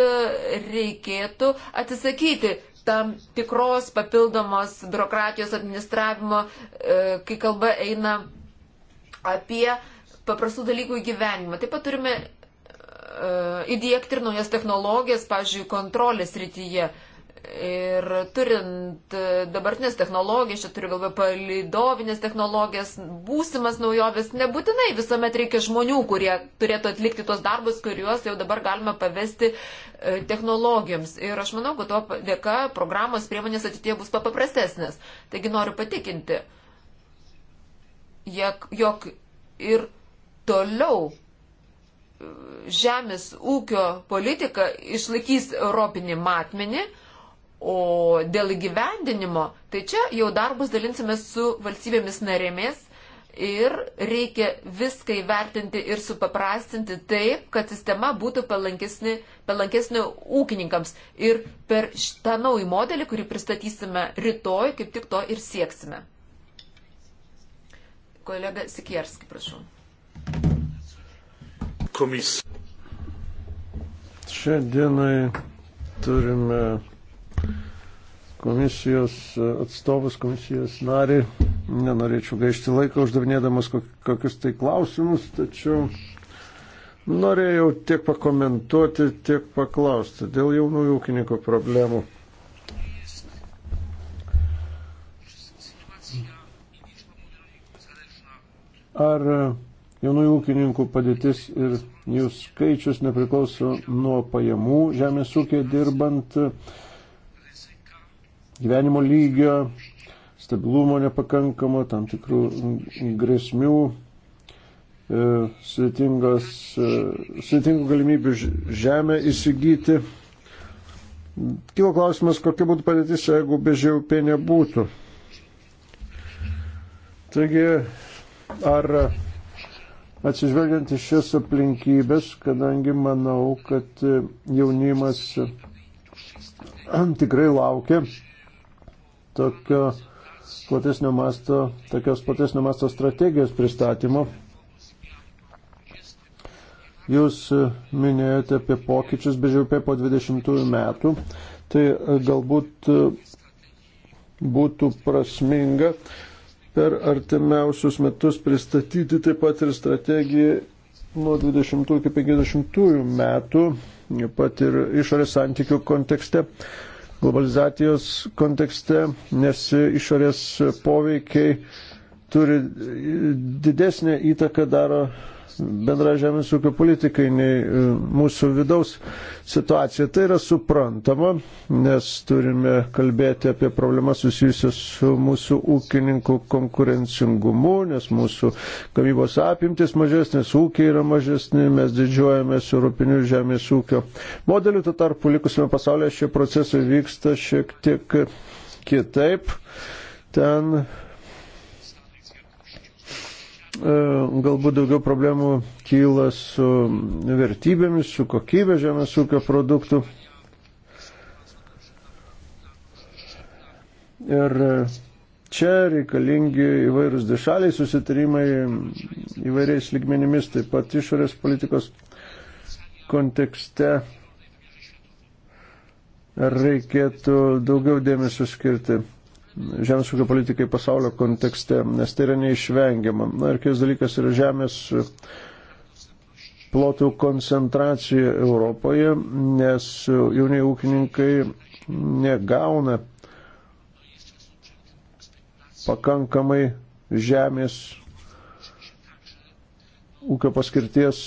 reikėtų atsisakyti tam tikros papildomos biurokratijos administravimo, e, kai kalba eina apie paprastų dalykų įgyvenimą. Taip pat turime e, įdėkti ir naujas technologijas, pavyzdžiui, kontrolės rytyje. Uh, Ir turint dabartinės technologijas, čia turiu galvoje palidovinės technologijas, būsimas naujovės, nebūtinai visuomet reikia žmonių, kurie turėtų atlikti tuos darbus, kuriuos jau dabar galima pavesti e, technologijoms. Ir aš manau, kad to dėka programos priemonės ateitie bus paprastesnės. Taigi noriu patikinti, jog ir toliau e, žemės ūkio politika išlaikys europinį matmenį O dėl įgyvendinimo, tai čia jau darbus dalinsime su valstybėmis narėmis ir reikia viską įvertinti ir supaprastinti taip, kad sistema būtų palankesnė, palankesnė ūkininkams. Ir per šitą naują modelį, kurį pristatysime rytoj, kaip tik to ir sieksime. Kolega Sikierski, prašau. Komisija. Šiandienai turime komisijos e, atstovus, komisijos narį. Nenorėčiau gaišti laiko uždavinėdamas kokius tai klausimus, tačiau norėjau tiek pakomentuoti, tiek paklausti dėl jaunųjų ūkininkų problemų. Ar e, jaunųjų ūkininkų padėtis ir jų skaičius nepriklauso nuo pajamų žemės ūkė dirbant? gyvenimo lygio, stabilumo nepakankamo, tam tikrų grėsmių, e, e, sudėtingų galimybių žemę įsigyti. Kilo klausimas, kokia būtų padėtis, jeigu be ŽUP nebūtų. Taigi, ar atsižvelgiant į šias aplinkybės, kadangi manau, kad jaunimas e, tikrai laukia tokio platesnio masto, tokios platesnio masto strategijos pristatymo. Jūs minėjote apie pokyčius bežiūrpė po 20 metų, tai galbūt būtų prasminga per artimiausius metus pristatyti taip pat ir strategiją nuo 20 iki 50 metų, taip pat ir išorės santykių kontekste globalizacijos kontekste, nes išorės poveikiai turi didesnę įtaką daro bendra žemės ūkio politikai, nei e, mūsų vidaus situacija. Tai yra suprantama, nes turime kalbėti apie problemas susijusias su mūsų ūkininkų konkurencingumu, nes mūsų gamybos apimtis mažesnės, ūkiai yra mažesni, mes didžiuojamės europiniu žemės ūkio modeliu, tuo tarpu likusime pasaulyje šie procesai vyksta šiek tiek kitaip. Ten E, galbūt daugiau problemų kyla su vertybėmis, su kokybė žemės ūkio produktų. Ir čia reikalingi įvairūs dešaliai susitarimai įvairiais ligmenimis, taip pat išorės politikos kontekste reikėtų daugiau dėmesio skirti žemės ūkio politikai pasaulio kontekste, nes tai yra neišvengiama. Na ir kitas dalykas yra žemės plotų koncentracija Europoje, nes jauni ūkininkai negauna pakankamai žemės ūkio paskirties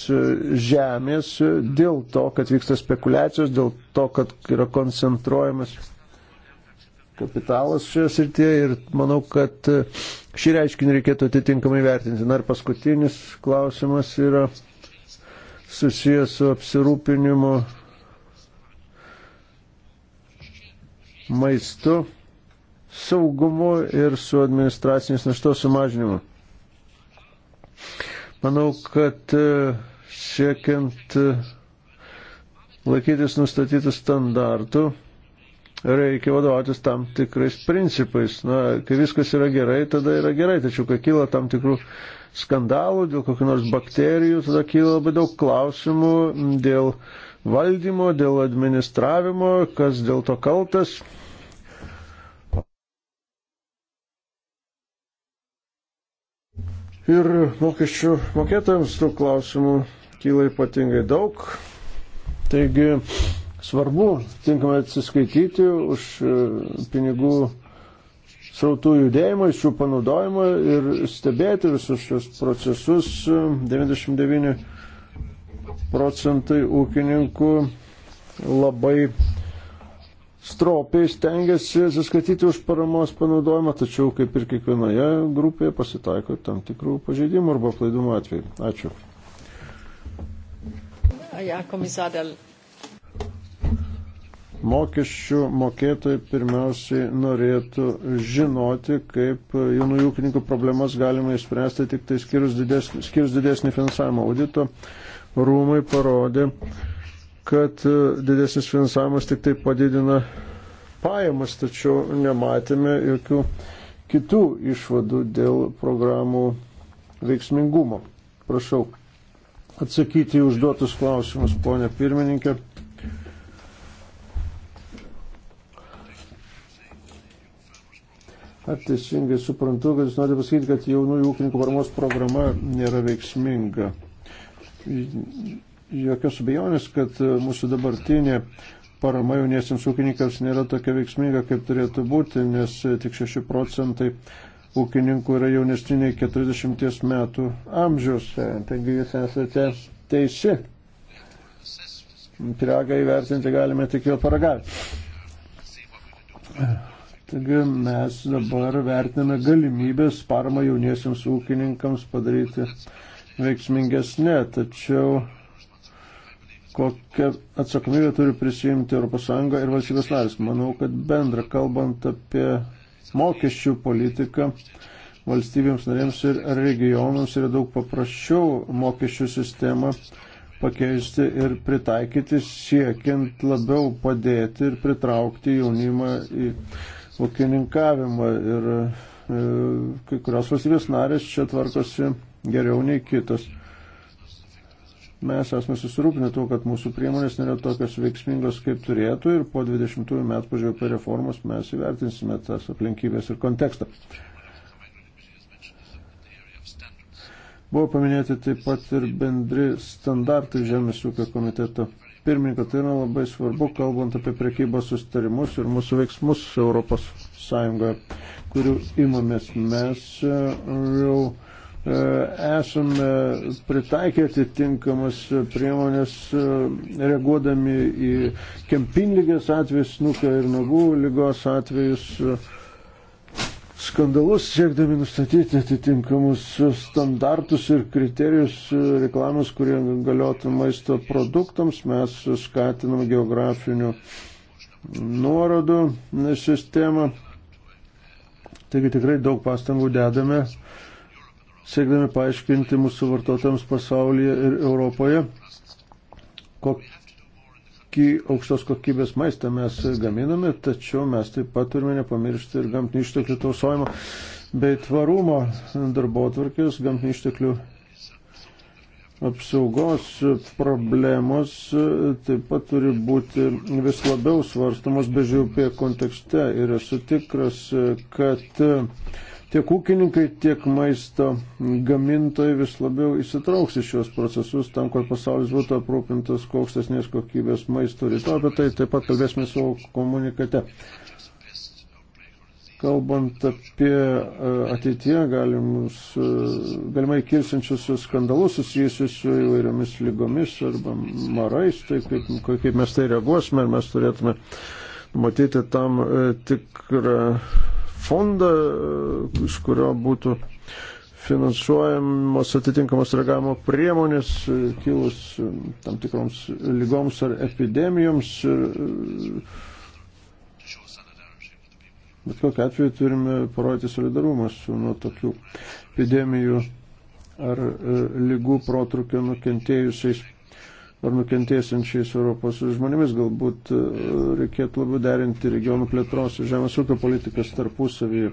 žemės dėl to, kad vyksta spekulacijos, dėl to, kad yra koncentruojamas kapitalas šioje srityje ir manau, kad e, šį reiškinį reikėtų atitinkamai vertinti. Na ir paskutinis klausimas yra susijęs su apsirūpinimu maistu, saugumu ir su administracinės naštos sumažinimu. Manau, kad e, siekiant e, laikytis nustatytų standartų, reikia vadovautis tam tikrais principais. Na, kai viskas yra gerai, tada yra gerai, tačiau kai kyla tam tikrų skandalų dėl kokių nors bakterijų, tada kyla labai daug klausimų dėl valdymo, dėl administravimo, kas dėl to kaltas. Ir mokesčių mokėtojams tų klausimų kyla ypatingai daug. Taigi, svarbu tinkamai atsiskaityti už e, pinigų srautų judėjimą, iš jų panaudojimą ir stebėti visus šios procesus. 99 e, procentai ūkininkų labai stropiai stengiasi atsiskaityti už paramos panaudojimą, tačiau kaip ir kiekvienoje grupėje pasitaiko tam tikrų pažeidimų arba klaidumų atveju. Ačiū. Ja, komisar, dėl mokesčių mokėtojai pirmiausiai norėtų žinoti, kaip jaunųjų ūkininkų problemas galima išspręsti tik tai skirius didesnį, skirius didesnį finansavimą. Audito rūmai parodė, kad didesnis finansavimas tik tai padidina pajamas, tačiau nematėme jokių kitų išvadų dėl programų veiksmingumo. Prašau atsakyti į užduotus klausimus, ponė pirmininkė. Ar teisingai suprantu, kad jūs norite pasakyti, kad jaunųjų ūkininkų paramos programa nėra veiksminga? Jokios abejonės, kad mūsų dabartinė parama jauniesiams ūkininkams nėra tokia veiksminga, kaip turėtų būti, nes tik 6 procentai ūkininkų yra jaunesniniai 40 metų amžiaus. Taigi jūs esate teisi. Pyragą įvertinti galime tik jo paragauti. Taigi mes dabar vertiname galimybės paramą jauniesiams ūkininkams padaryti veiksmingesnė, tačiau kokią atsakomybę turi prisijimti ES ir valstybės narės. Manau, kad bendra kalbant apie mokesčių politiką valstybėms narėms ir regionams yra daug paprasčiau mokesčių sistemą pakeisti ir pritaikyti siekiant labiau padėti ir pritraukti jaunimą į ūkininkavimą ir e, kai kurios valstybės narės čia tvarkosi geriau nei kitos. Mes esame susirūpinę tuo, kad mūsų priemonės nėra tokios veiksmingos, kaip turėtų ir po 20 metų pažiūrėjau per reformas mes įvertinsime tas aplinkybės ir kontekstą. Buvo paminėti taip pat ir bendri standartai Žemės ūkio komiteto pirmininko, tai yra labai svarbu, kalbant apie prekybos sustarimus ir mūsų veiksmus Europos Sąjungoje, kurių imamės mes e, jau e, esame pritaikę atitinkamas priemonės, e, reaguodami į kempinlygės atvejus, nuka ir nagų lygos atvejus skandalus, siekdami nustatyti atitinkamus standartus ir kriterijus e, reklamos, kurie galiotų maisto produktams. Mes skatinam geografinių nuorodų e, sistemą. Taigi tikrai daug pastangų dedame, siekdami paaiškinti mūsų vartotojams pasaulyje ir Europoje, kokį aukštos kokybės maistą mes gaminame, tačiau mes taip pat turime nepamiršti ir gamtinių išteklių tausojimo bei tvarumo darbo atvarkės, gamtinių išteklių apsaugos problemos taip pat turi būti vis labiau svarstamos bežiaupė kontekste ir esu tikras, kad tiek ūkininkai, tiek maisto gamintojai vis labiau įsitrauks į šios procesus tam, kad pasaulis būtų aprūpintas kokstasnės kokybės maisto rytoj, apie tai taip pat kalbėsime savo komunikate. Kalbant apie e, ateitie galimus, e, galimai kilsinčius skandalus susijusius su įvairiomis lygomis arba marais, tai kaip, kaip mes tai reaguosime, ar mes turėtume matyti tam e, tikrą fondą, e, iš kurio būtų finansuojamos atitinkamos reagavimo priemonės e, kilus e, tam tikroms lygoms ar epidemijoms. Bet kokiu atveju turime parodyti solidarumą su nuo tokių epidemijų ar lygų protrukio nukentėjusiais ar nukentėsiančiais Europos žmonėmis. Galbūt e, reikėtų labiau derinti regionų plėtros ir žemės ūkio politikas tarpusavyje.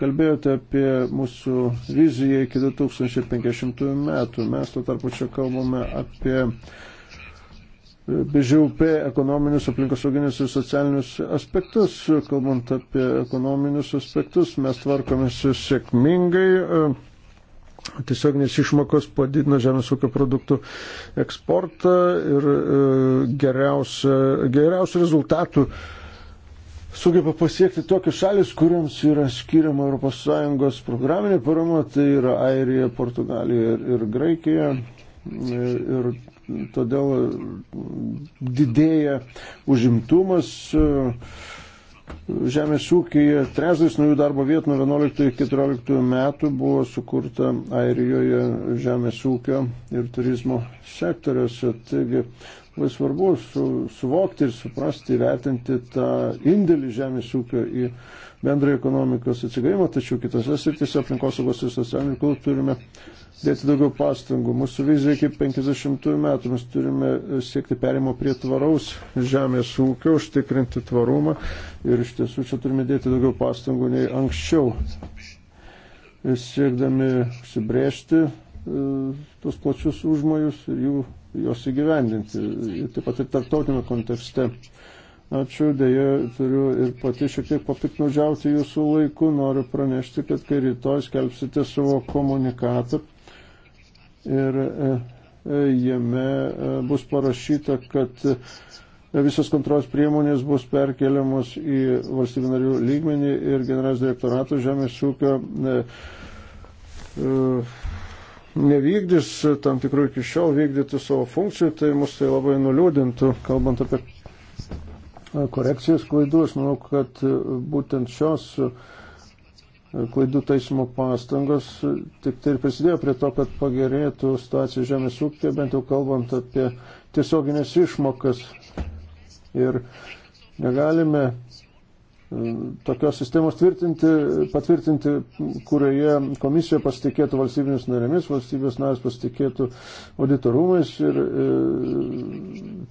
Kalbėjote apie mūsų viziją iki 2050 metų. Mes tuo tarpu čia kalbame apie e, BŽUP ekonominius, aplinkosauginius ir socialinius aspektus. Kalbant apie ekonominius aspektus, mes tvarkomės sėkmingai e, tiesioginės išmokos padidino žemės ūkio produktų eksportą ir e, geriausia, geriausių rezultatų sugeba pasiekti tokias šalis, kuriams yra skiriama ES programinė parama, tai yra Airija, Portugalija ir, ir Graikija. Ir todėl didėja užimtumas. Uh, Žemės ūkija trečdalis naujų darbo vietų nuo 11-14 metų buvo sukurta Airijoje žemės ūkio ir turizmo sektoriuose. Taigi labai svarbu su, suvokti ir suprasti, įvertinti tą indėlį žemės ūkio į bendrą ekonomikos atsigavimą, tačiau kitose srityse aplinkosaugos ir socialinių reikalų turime dėti daugiau pastangų. Mūsų vizija iki 50 metų mes turime e, siekti perimo prie tvaraus žemės ūkio, užtikrinti tvarumą ir iš tiesų čia turime dėti daugiau pastangų nei anksčiau. Ir e, siekdami užsibrėžti e, tos plačius užmojus ir jų, juos įgyvendinti, e, taip pat ir tarptautinio kontekste. Ačiū, dėja turiu ir pati šiek tiek papiknaudžiauti jūsų laiku. Noriu pranešti, kad kai rytoj skelbsite savo komunikatą ir e, e, jame e, bus parašyta, kad visas kontrolės priemonės bus perkeliamos į valstybių narių lygmenį ir generalinis direktorato žemės ūkio nevykdys tam tikrų iki šiol vykdyti savo funkcijų, tai mus tai labai nuliūdintų, kalbant apie korekcijas klaidų. Aš manau, kad būtent šios klaidų taisymo pastangos tik tai ir prisidėjo prie to, kad pagerėtų situacija žemės ūkė, bent jau kalbant apie tiesioginės išmokas. Ir negalime tokios sistemos tvirtinti, patvirtinti, kurioje komisija pasitikėtų valstybinius narėmis, valstybės narės pasitikėtų auditorumais ir e,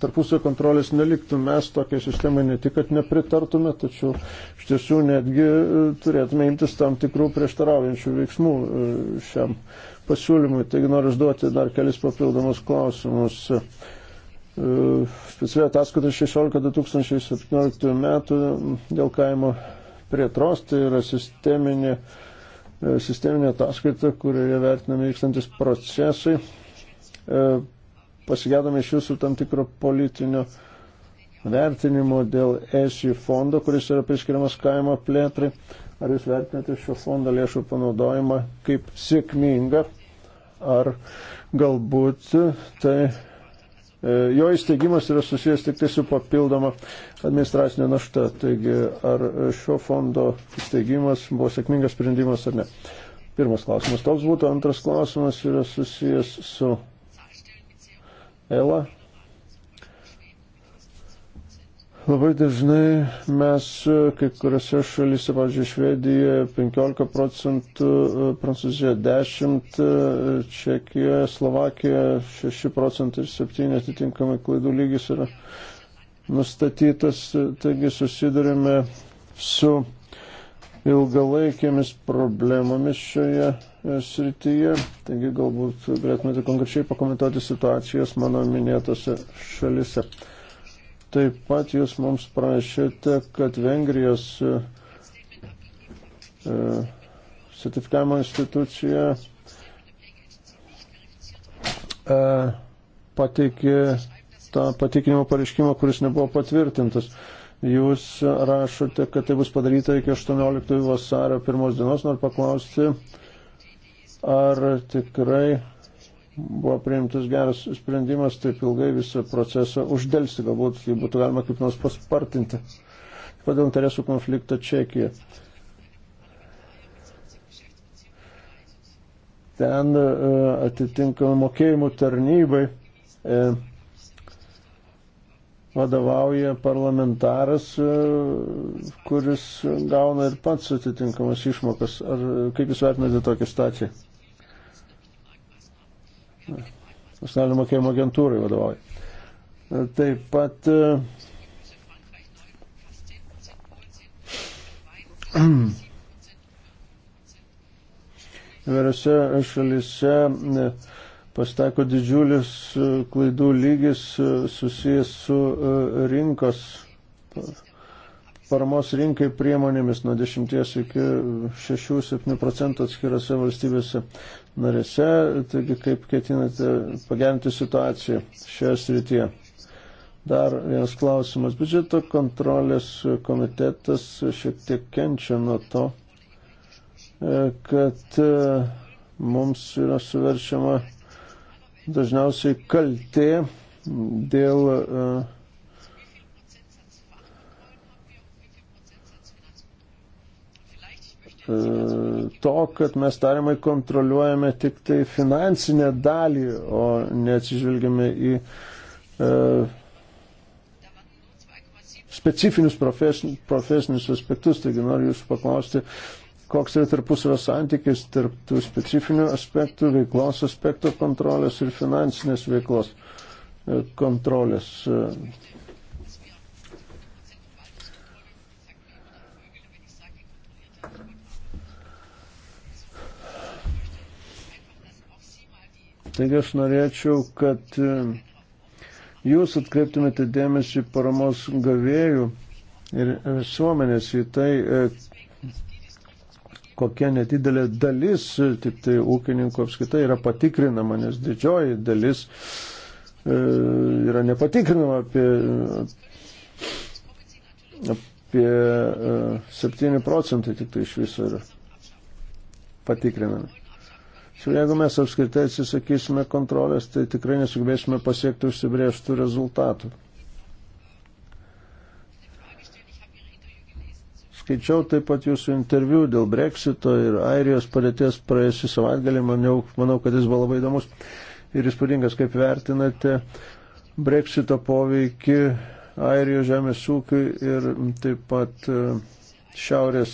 tarpusio kontrolės neliktų. Mes tokiai sistemai ne tik, kad nepritartume, tačiau iš tiesų netgi e, turėtume imtis tam tikrų prieštaraujančių veiksmų e, šiam pasiūlymui. Taigi noriu užduoti dar kelis papildomus klausimus. E, specialiai ataskaita 16-2017 metų dėl kaimo prietros, tai yra sisteminė, e, sisteminė ataskaita, kurioje vertinami vykstantis procesai. E, Pasigėdame iš jūsų tam tikro politinio vertinimo dėl ESI fondo, kuris yra priskiriamas kaimo plėtrai. Ar jūs vertinate šio fondo lėšų panaudojimą kaip sėkmingą, ar galbūt tai E, jo įsteigimas yra susijęs tik tai su papildoma administracinė našta. Taigi, ar šio fondo įsteigimas buvo sėkmingas sprendimas ar ne? Pirmas klausimas toks būtų, antras klausimas yra susijęs su ELA Labai dažnai mes e, kai kuriuose šalyse, pavyzdžiui, Švedijoje 15 procentų, e, Prancūzijoje 10, e, Čekijoje, Slovakijoje 6 procentai ir 7 atitinkamai klaidų lygis yra nustatytas. Taigi susidurime su ilgalaikėmis problemomis šioje srityje. Taigi galbūt galėtumėte konkrečiai pakomentuoti situacijos mano minėtose šalise. Taip pat jūs mums prašėte, kad Vengrijos e, e, sertifikavimo institucija e, pateikė tą patikinimo pareiškimą, kuris nebuvo patvirtintas. Jūs rašote, kad tai bus padaryta iki 18 vasario pirmos dienos. Noriu paklausti, ar tikrai buvo priimtas geras sprendimas taip ilgai visą procesą uždelsti, galbūt jį būtų galima kaip nors paspartinti. Kodėl interesų konfliktą Čekija? Ten e, atitinkamai mokėjimų tarnybai e, vadovauja parlamentaras, e, kuris gauna ir pats atitinkamas išmokas. Ar kaip jūs vertinate tokią staciją? nacionalinio mokėjimo agentūrai vadovauja. Taip pat e, įvairiose šalise pastako didžiulis e, klaidų lygis e, susijęs su rinkos, paramos rinkai priemonėmis nuo 10 iki 6-7 procentų atskirose valstybėse narėse, taigi kaip ketinate pagerinti situaciją šioje srityje. Dar vienas klausimas. Biudžeto kontrolės komitetas šiek tiek kenčia nuo to, e, kad e, mums yra suverčiama dažniausiai kaltė dėl uh, E, to, kad mes tariamai kontroliuojame tik tai finansinę dalį, o neatsižvelgiame į e, specifinius profesinius, profesinius aspektus. Taigi noriu Jūsų paklausti, koks yra tarpusavio santykis tarp tų specifinių aspektų, veiklos aspekto kontrolės ir finansinės veiklos e, kontrolės. Taigi aš norėčiau, kad e, jūs atkreiptumėte dėmesį paramos gavėjų ir visuomenės į tai, e, kokia nedidelė dalis e, tik tai ūkininkų apskaitai yra patikrinama, nes didžioji dalis yra nepatikrinama apie, apie 7 procentai tik tai iš viso yra patikrinami. Jeigu mes apskritai atsisakysime kontrolės, tai tikrai nesugebėsime pasiekti užsibrėžtų rezultatų. Skaičiau taip pat jūsų interviu dėl Brexito ir Airijos padėties praėjusį savaitgalį, maniau, manau, kad jis buvo labai įdomus ir įspūdingas, kaip vertinate Brexito poveikį Airijos žemės ūkiui ir taip pat e, šiaurės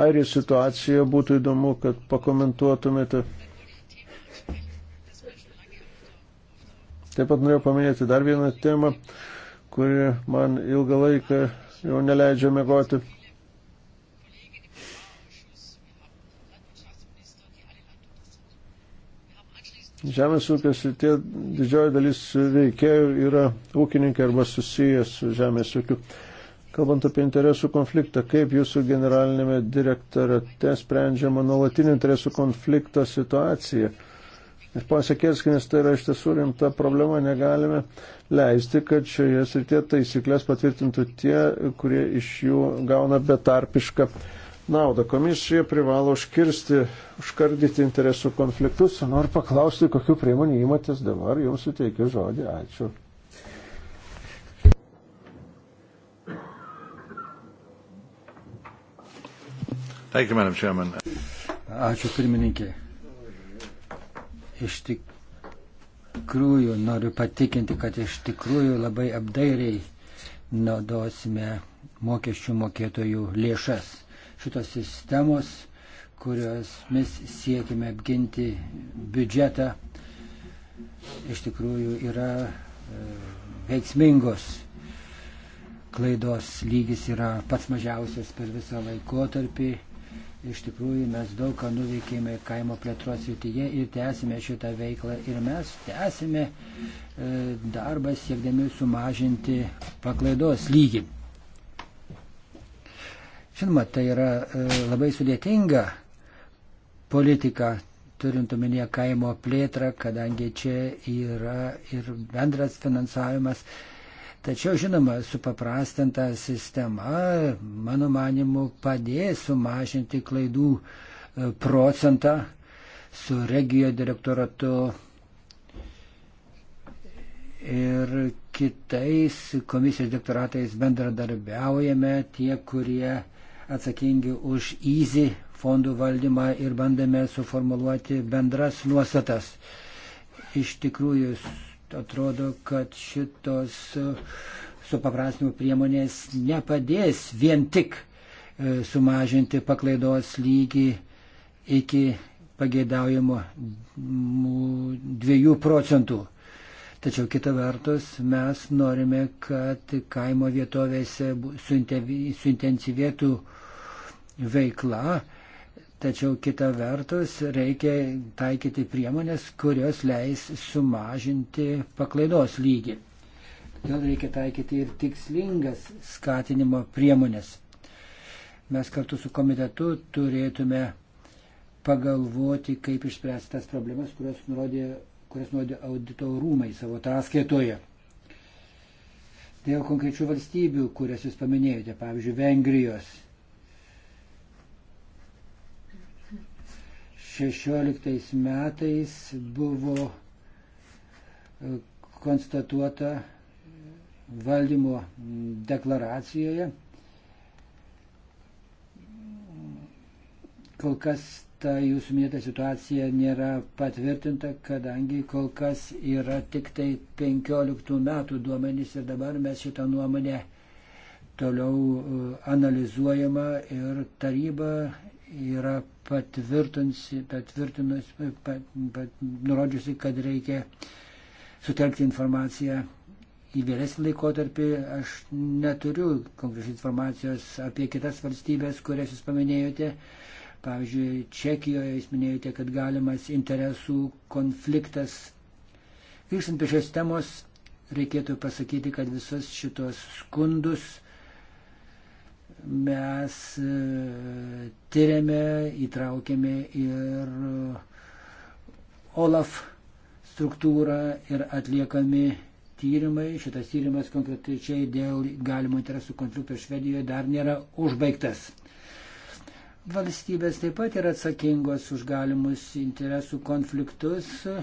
Airijos situaciją būtų įdomu, kad pakomentuotumėte. Taip pat norėjau paminėti dar vieną temą, kuri man ilgą laiką jau neleidžia mėgoti. Žemės ūkio srityje didžioji dalis veikėjų yra ūkininkai arba susijęs su žemės ūkiu. Uh, Kalbant apie interesų konfliktą, kaip jūsų generalinėme direktorate sprendžiama nuolatinį interesų konflikto situacija? Ir pasiekės, nes tai yra iš tiesų rimta problema, negalime leisti, kad šioje srityje taisyklės patvirtintų tie, kurie iš jų gauna betarpišką naudą. Komisija privalo užkirsti, užkardyti interesų konfliktus. Noriu paklausti, kokiu priemonių įmatės dabar, jums suteikiu žodį. Ačiū. Thank you, Madam Chairman. Ačiū pirmininkė. Iš tikrųjų noriu patikinti, kad iš tikrųjų labai apdairiai naudosime mokesčių mokėtojų lėšas. Šitos sistemos, kurios mes siekime apginti biudžetą, iš tikrųjų yra e, veiksmingos. Klaidos lygis yra pats mažiausias per visą laikotarpį Iš tikrųjų, mes daug ką nuveikėme kaimo plėtros rytyje ir tęsime šitą veiklą. Ir mes tęsime e, darbą siekdami sumažinti paklaidos lygį. Žinoma, tai yra e, labai sudėtinga politika, turint omenyje kaimo plėtrą, kadangi čia yra ir bendras finansavimas. E, Tačiau, žinoma, supaprastinta sistema, mano manimu, padės sumažinti klaidų e, procentą su regijo direktoratu ir kitais komisijos direktoratais bendradarbiaujame tie, kurie atsakingi už įzį fondų valdymą ir bandėme suformuluoti bendras nuostatas. Iš tikrųjų, atrodo, kad šitos e, supaprastinimo priemonės nepadės vien tik e, sumažinti paklaidos lygį iki pageidaujamo 2 procentų. Tačiau kita vertus mes norime, kad kaimo vietovėse suintensyvėtų veikla, Tačiau kita vertus reikia taikyti priemonės, kurios leis sumažinti paklaidos lygį. Todėl reikia taikyti ir tikslingas skatinimo priemonės. Mes kartu su komitetu turėtume pagalvoti, kaip išspręsti tas problemas, kurias nurodė, kurias nurodė audito rūmai savo ataskaitoje. Dėl konkrečių valstybių, kurias jūs paminėjote, pavyzdžiui, Vengrijos, 16 metais buvo e, konstatuota valdymo deklaracijoje. Kol kas ta jūsų minėta situacija nėra patvirtinta, kadangi kol kas yra tik tai 15 metų duomenys ir dabar mes šitą nuomonę toliau e, analizuojama ir taryba yra patvirtinusi, patvirtinusi pat, pat, nurodžiusi, kad reikia sutelkti informaciją į vėlesnį laikotarpį. Aš neturiu konkrečios informacijos apie kitas valstybės, kurias jūs paminėjote. Pavyzdžiui, Čekijoje jūs minėjote, kad galimas interesų konfliktas. Grįžtant prie šios temos, reikėtų pasakyti, kad visus šitos skundus mes e, tyriame, įtraukėme ir e, OLAF struktūrą ir atliekami tyrimai. Šitas tyrimas konkrečiai dėl galimo interesų konflikto Švedijoje dar nėra užbaigtas. Valstybės taip pat yra atsakingos už galimus interesų konfliktus e,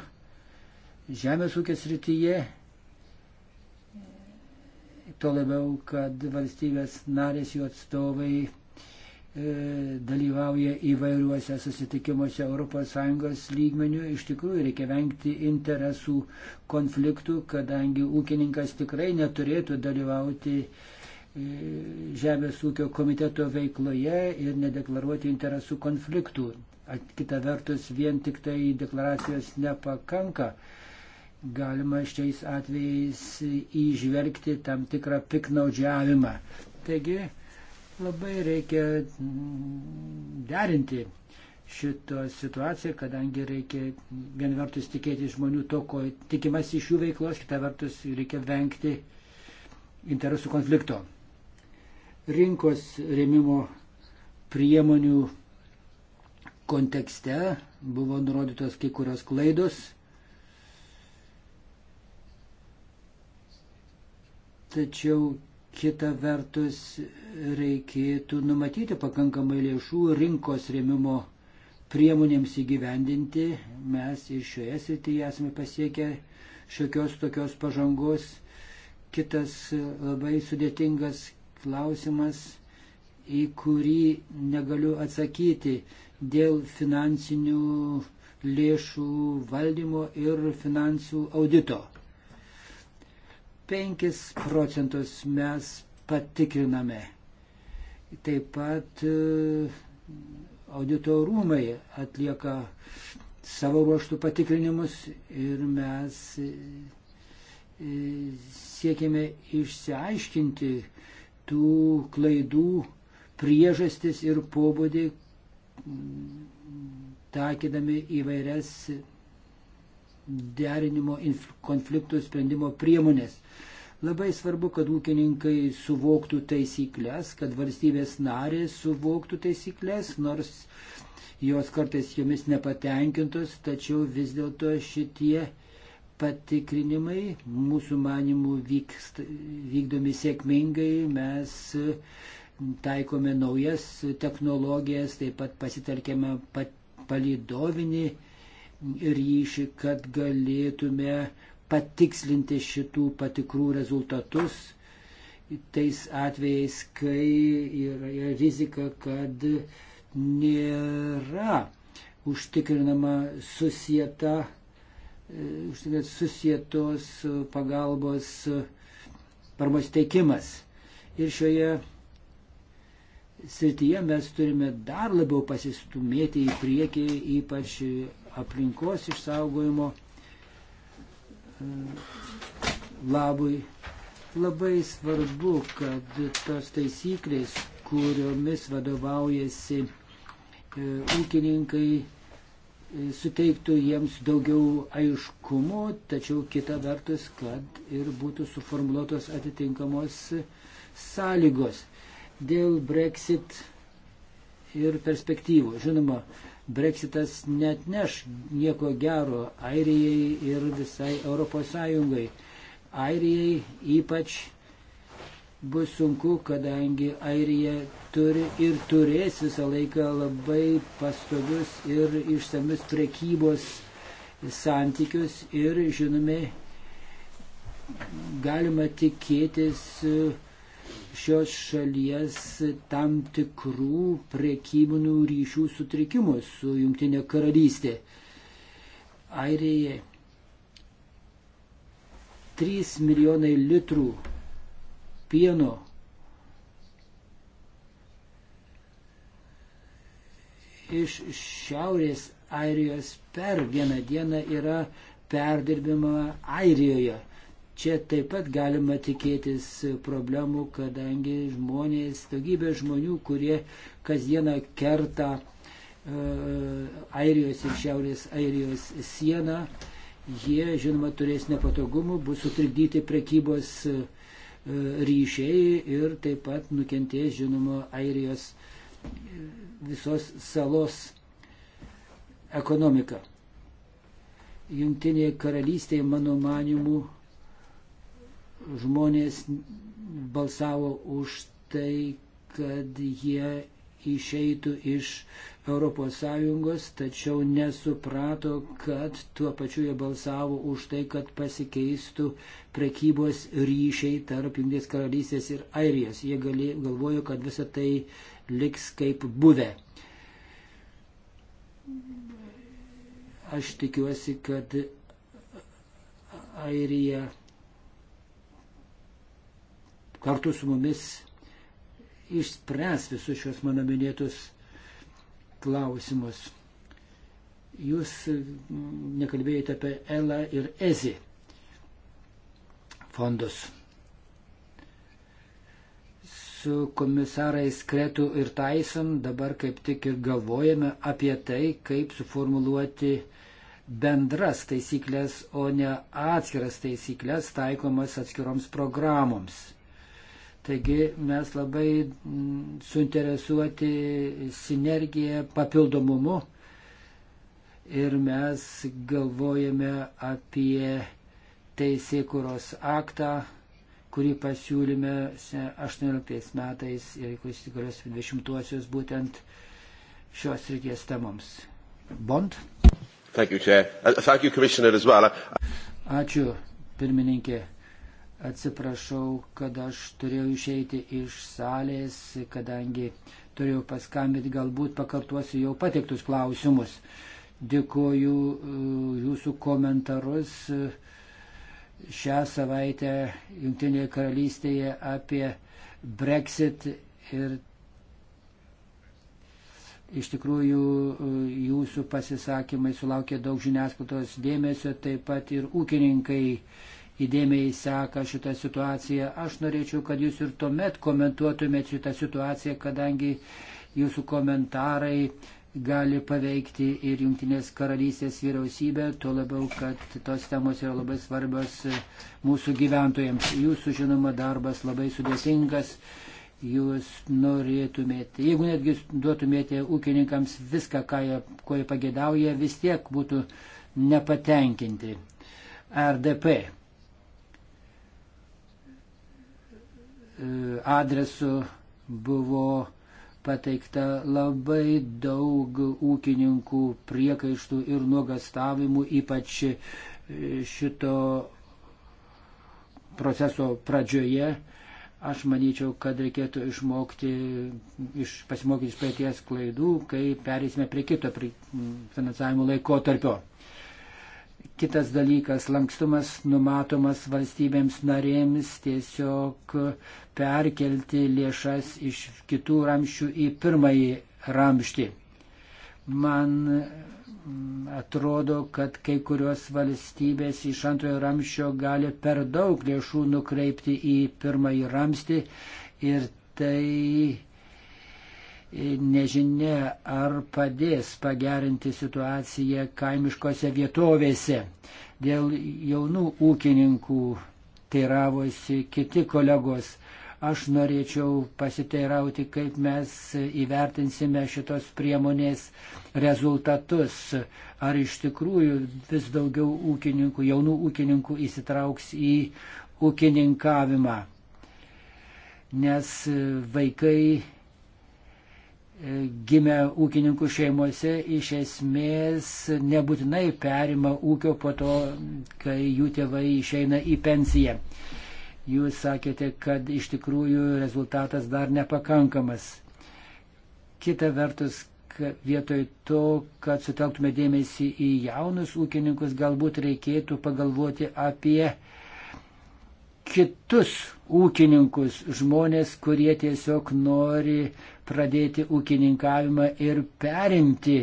žemės ūkės rytyje to labiau, kad valstybės narės jų atstovai e, dalyvauja įvairiuose susitikimuose ES lygmenių. Iš tikrųjų reikia vengti interesų konfliktų, kadangi ūkininkas tikrai neturėtų dalyvauti e, Žemės ūkio komiteto veikloje ir nedeklaruoti interesų konfliktų. At, kita vertus, vien tik tai deklaracijos nepakanka. E, galima šiais atvejais įžvelgti tam tikrą piknaudžiavimą. Taigi labai reikia derinti šitą situaciją, kadangi reikia vien vertus tikėti žmonių to, ko tikimas iš jų veiklos, kitą vertus reikia vengti interesų konflikto. Rinkos rėmimo priemonių kontekste buvo nurodytos kai kurios klaidos Tačiau kita vertus reikėtų numatyti pakankamai lėšų rinkos rėmimo priemonėms įgyvendinti. Mes ir šioje srityje esame pasiekę šiokios tokios pažangos. Kitas labai sudėtingas klausimas, į kurį negaliu atsakyti dėl finansinių lėšų valdymo ir finansų audito. 5 procentus mes patikriname. Taip pat e, audito rūmai atlieka savo ruoštų patikrinimus ir mes e, siekime išsiaiškinti tų klaidų priežastis ir pobūdį, takydami įvairias derinimo konfliktų sprendimo priemonės. Labai svarbu, kad ūkininkai suvoktų taisyklės, kad valstybės narės suvoktų taisyklės, nors jos kartais jomis nepatenkintos, tačiau vis dėlto šitie patikrinimai mūsų manimų vykst, vykdomi sėkmingai, mes taikome naujas technologijas, taip pat pasitelkėme pat, palidovinį ryšį, kad galėtume patikslinti šitų patikrų rezultatus tais atvejais, kai yra rizika, kad nėra užtikrinama susieta, susietos pagalbos paramos teikimas. Ir šioje srityje mes turime dar labiau pasistumėti į priekį, ypač aplinkos išsaugojimo e, labui. Labai svarbu, kad tos taisyklės, kuriomis vadovaujasi e, ūkininkai, e, suteiktų jiems daugiau aiškumo, tačiau kita vertus, kad ir būtų suformuoluotos atitinkamos sąlygos dėl Brexit ir perspektyvų. Žinoma, Brexitas net neš nieko gero Airijai ir visai Europos Sąjungai. Airijai ypač bus sunku, kadangi Airija turi ir turės visą laiką labai pastovius ir išsamius prekybos santykius ir, žinome, galima tikėtis uh, šios šalies tam tikrų priekybinių ryšių sutrikimų su Junktinė karalystė. Airijai 3 milijonai litrų pieno iš Šiaurės Airijos per vieną dieną yra perdirbima Airijoje. Čia taip pat galima tikėtis problemų, kadangi žmonės, daugybė žmonių, kurie kasdieną kerta e, Airijos ir Šiaurės Airijos sieną, jie, žinoma, turės nepatogumų, bus sutrikdyti prekybos e, ryšiai ir taip pat nukentės, žinoma, Airijos e, visos salos ekonomika. Jungtinėje karalystėje, mano manimu, žmonės balsavo už tai, kad jie išeitų iš ES, tačiau nesuprato, kad tuo pačiu jie balsavo už tai, kad pasikeistų prekybos ryšiai tarp Junktinės karalystės ir Airijos. Jie galė, galvojo, kad visa tai liks kaip buvę. Aš tikiuosi, kad Airija kartu su mumis išspręs visus šios mano minėtus klausimus. Jūs nekalbėjote apie ELA ir EZI fondus. Su komisarais Kretu ir Tyson dabar kaip tik ir galvojame apie tai, kaip suformuluoti bendras taisyklės, o ne atskiras taisyklės taikomas atskiroms programoms Taigi mes labai suinteresuoti sinergiją, papildomumu ir mes galvojame apie teisėkuros aktą, kurį pasiūlėme 18 metais ir kuris įsigalios 20-uosius būtent šios ryties temoms. Bond. Thank you, Chair. Uh, thank you, Commissioner, as well. Uh, Ačiū, pirmininkė. Atsiprašau, kad aš turėjau išeiti iš salės, kadangi turėjau paskambinti, galbūt pakartosiu jau pateiktus klausimus. Dėkoju uh, jūsų komentarus uh, šią savaitę Junktinėje karalystėje apie Brexit ir iš tikrųjų uh, jūsų pasisakymai sulaukė daug žiniasklaidos dėmesio, taip pat ir ūkininkai įdėmiai seka šitą situaciją. Aš norėčiau, kad jūs ir tuomet komentuotumėt šitą situaciją, kadangi jūsų komentarai gali paveikti ir Junktinės karalystės vyriausybę, tuo labiau, kad tos temos yra labai svarbios mūsų gyventojams. Jūsų, žinoma, darbas labai sudėtingas. Jūs norėtumėte, jeigu netgi duotumėte ūkininkams viską, jie, ko jie pagėdauja, vis tiek būtų nepatenkinti. RDP adresu buvo pateikta labai daug ūkininkų priekaištų ir nuogastavimų, ypač e, šito proceso pradžioje. Aš manyčiau, kad reikėtų išmokti, iš, pasimokyti iš praeities klaidų, kai perėsime prie kito prie finansavimo laiko tarpio. Kitas dalykas - lankstumas numatomas valstybėms narėms tiesiog perkelti lėšas iš kitų ramščių į pirmąjį ramštį. Man mm, atrodo, kad kai kurios valstybės iš antrojo ramščio gali per daug lėšų nukreipti į pirmąjį ramstį ir tai nežinia ar padės pagerinti situaciją kaimiškose vietovėse. Dėl jaunų ūkininkų teiravosi kiti kolegos. Aš norėčiau pasiteirauti, kaip mes įvertinsime šitos priemonės rezultatus. Ar iš tikrųjų vis daugiau ūkininkų, jaunų ūkininkų įsitrauks į ūkininkavimą. Nes vaikai gimę ūkininkų šeimose iš esmės nebūtinai perima ūkio po to, kai jų tėvai išeina į pensiją. Jūs sakėte, kad iš tikrųjų rezultatas dar nepakankamas. Kita vertus, vietoj to, kad sutelktume dėmesį į jaunus ūkininkus, galbūt reikėtų pagalvoti apie kitus ūkininkus, žmonės, kurie tiesiog nori pradėti ūkininkavimą ir perimti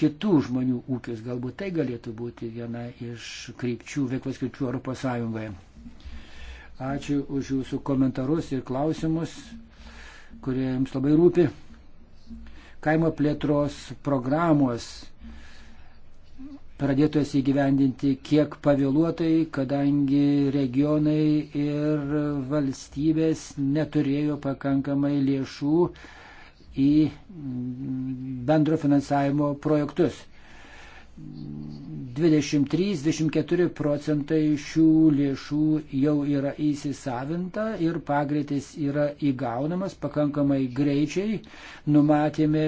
kitų žmonių ūkius. Galbūt tai galėtų būti viena iš krypčių, veiklos krypčių Europos Sąjungoje. Ačiū už jūsų komentarus ir klausimus, kurie jums labai rūpi. Kaimo plėtros programos pradėtos įgyvendinti kiek pavėluotai, kadangi regionai ir valstybės neturėjo pakankamai lėšų į bendro finansavimo projektus. 23-24 procentai šių lėšų jau yra įsisavinta ir pagreitis yra įgaunamas pakankamai greičiai. Numatėme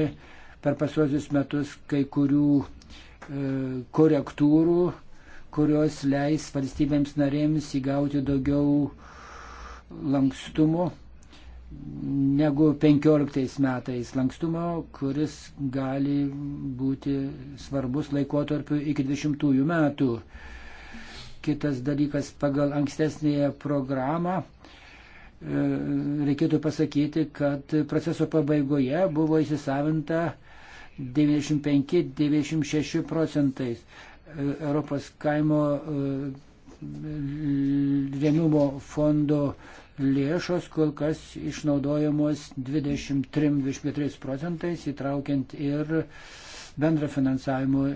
per pasuosius metus kai kurių e, korektūrų, kurios leis valstybėms narėms įgauti daugiau lankstumo negu 15 metais lankstumo, kuris gali būti svarbus laikotarpiu iki 20 metų. Kitas dalykas, pagal ankstesnėje programą reikėtų pasakyti, kad proceso pabaigoje buvo įsisavinta 95-96 procentais Europos kaimo rėmimo fondo lėšos kol kas išnaudojamos 23-23 procentais, įtraukiant ir bendrą finansavimo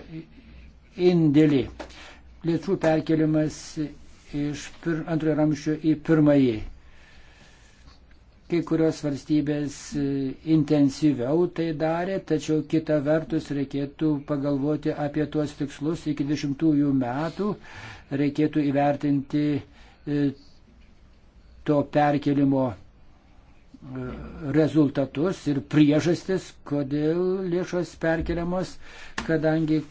indėlį. Lėšų perkeliamas iš pir, antrojo ramščio į pirmąjį. Kai kurios valstybės e, intensyviau tai darė, tačiau kita vertus reikėtų pagalvoti apie tuos tikslus iki 20 metų, reikėtų įvertinti e, to perkelimo e, rezultatus ir priežastis, kodėl lėšos perkeliamos, kadangi e,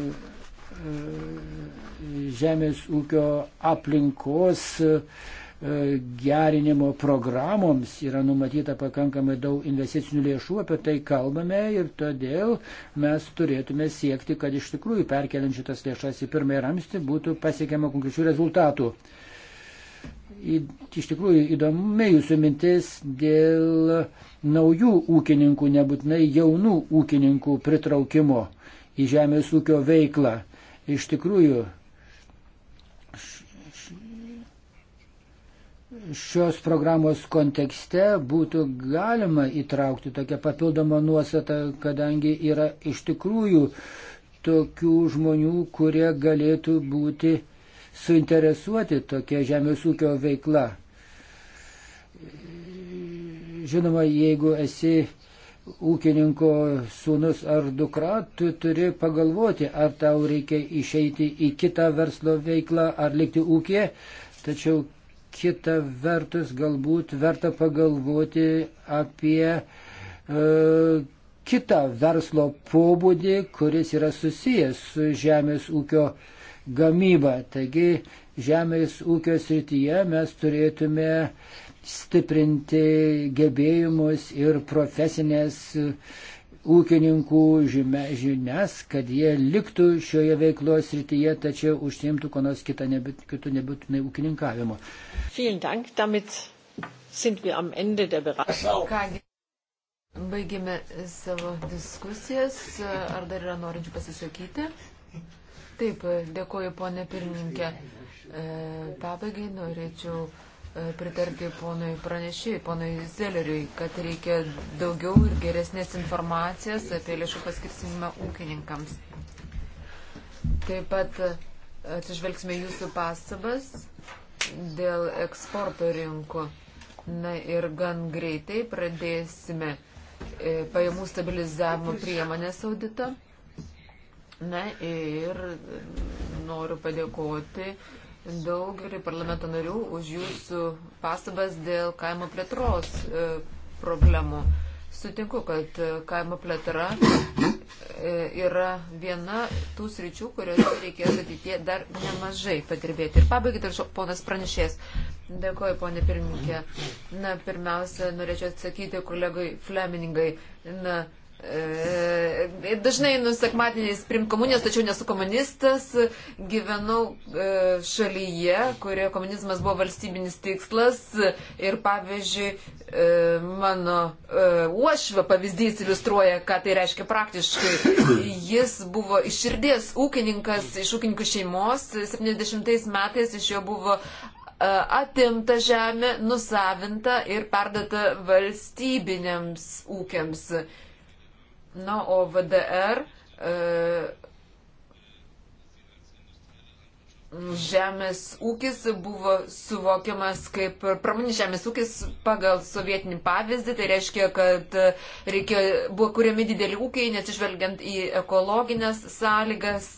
e, žemės ūkio aplinkos gerinimo programoms yra numatyta pakankamai daug investicinių lėšų, apie tai kalbame ir todėl mes turėtume siekti, kad iš tikrųjų perkeliant šitas lėšas į pirmąjį ramstį būtų pasiekiama konkrečių rezultatų. Iš tikrųjų įdomi jūsų mintis dėl naujų ūkininkų, nebūtinai jaunų ūkininkų pritraukimo į žemės ūkio veiklą. Iš tikrųjų, šios programos kontekste būtų galima įtraukti tokią papildomą nuostatą, kadangi yra iš tikrųjų tokių žmonių, kurie galėtų būti suinteresuoti tokia žemės ūkio veikla. Žinoma, jeigu esi ūkininko sūnus ar dukra, tu turi pagalvoti, ar tau reikia išeiti į kitą verslo veiklą ar likti ūkė. Tačiau kita vertus galbūt verta pagalvoti apie e, kitą verslo pobūdį, kuris yra susijęs su žemės ūkio gamybą. Taigi žemės ūkio srityje mes turėtume stiprinti gebėjimus ir profesinės ūkininkų žinias, kad jie liktų šioje veiklos srityje, tačiau užsiimtų ko nors kitą, nebūt, kitų nebūtinai ūkininkavimo. Kągi, baigėme savo diskusijas. Ar dar yra norinčių pasisakyti? Taip, dėkuoju, ponė pirmininkė. E, pabaigai norėčiau e, pritarti ponui pranešėjai, ponui Zeleriui, kad reikia daugiau ir geresnės informacijos apie lėšų paskirsimą ūkininkams. Taip pat e, atsižvelgsime jūsų pastabas dėl eksporto rinkų. Na ir gan greitai pradėsime pajamų stabilizavimo priemonės audito. Na ir noriu padėkoti daugeliu parlamento narių už jūsų pastabas dėl kaimo plėtros e, problemų. Sutinku, kad e, kaimo plėtra e, yra viena tų sričių, kuriuose reikės ateitie dar nemažai padirbėti. Ir pabaigit, ir ponas pranešės. Dėkoju, ponė pirmininkė. Na, pirmiausia, norėčiau atsakyti kolegai Flemingai. Na, E, dažnai nusekmadieniais prim komunijos, tačiau nesu komunistas, gyvenau e, šalyje, kurioje komunizmas buvo valstybinis tikslas ir pavyzdžiui e, mano e, uošvio pavyzdys iliustruoja, ką tai reiškia praktiškai. Jis buvo iš širdies ūkininkas, iš ūkininkų šeimos, 70 metais iš jo buvo e, atimta žemė, nusavinta ir perdata valstybiniams ūkiams. E, Na, o VDR e, žemės ūkis buvo suvokiamas kaip pramoninis žemės ūkis pagal sovietinį pavyzdį, tai reiškia, kad reikėjo, buvo kuriami dideli ūkiai, nesižvelgiant į ekologinės sąlygas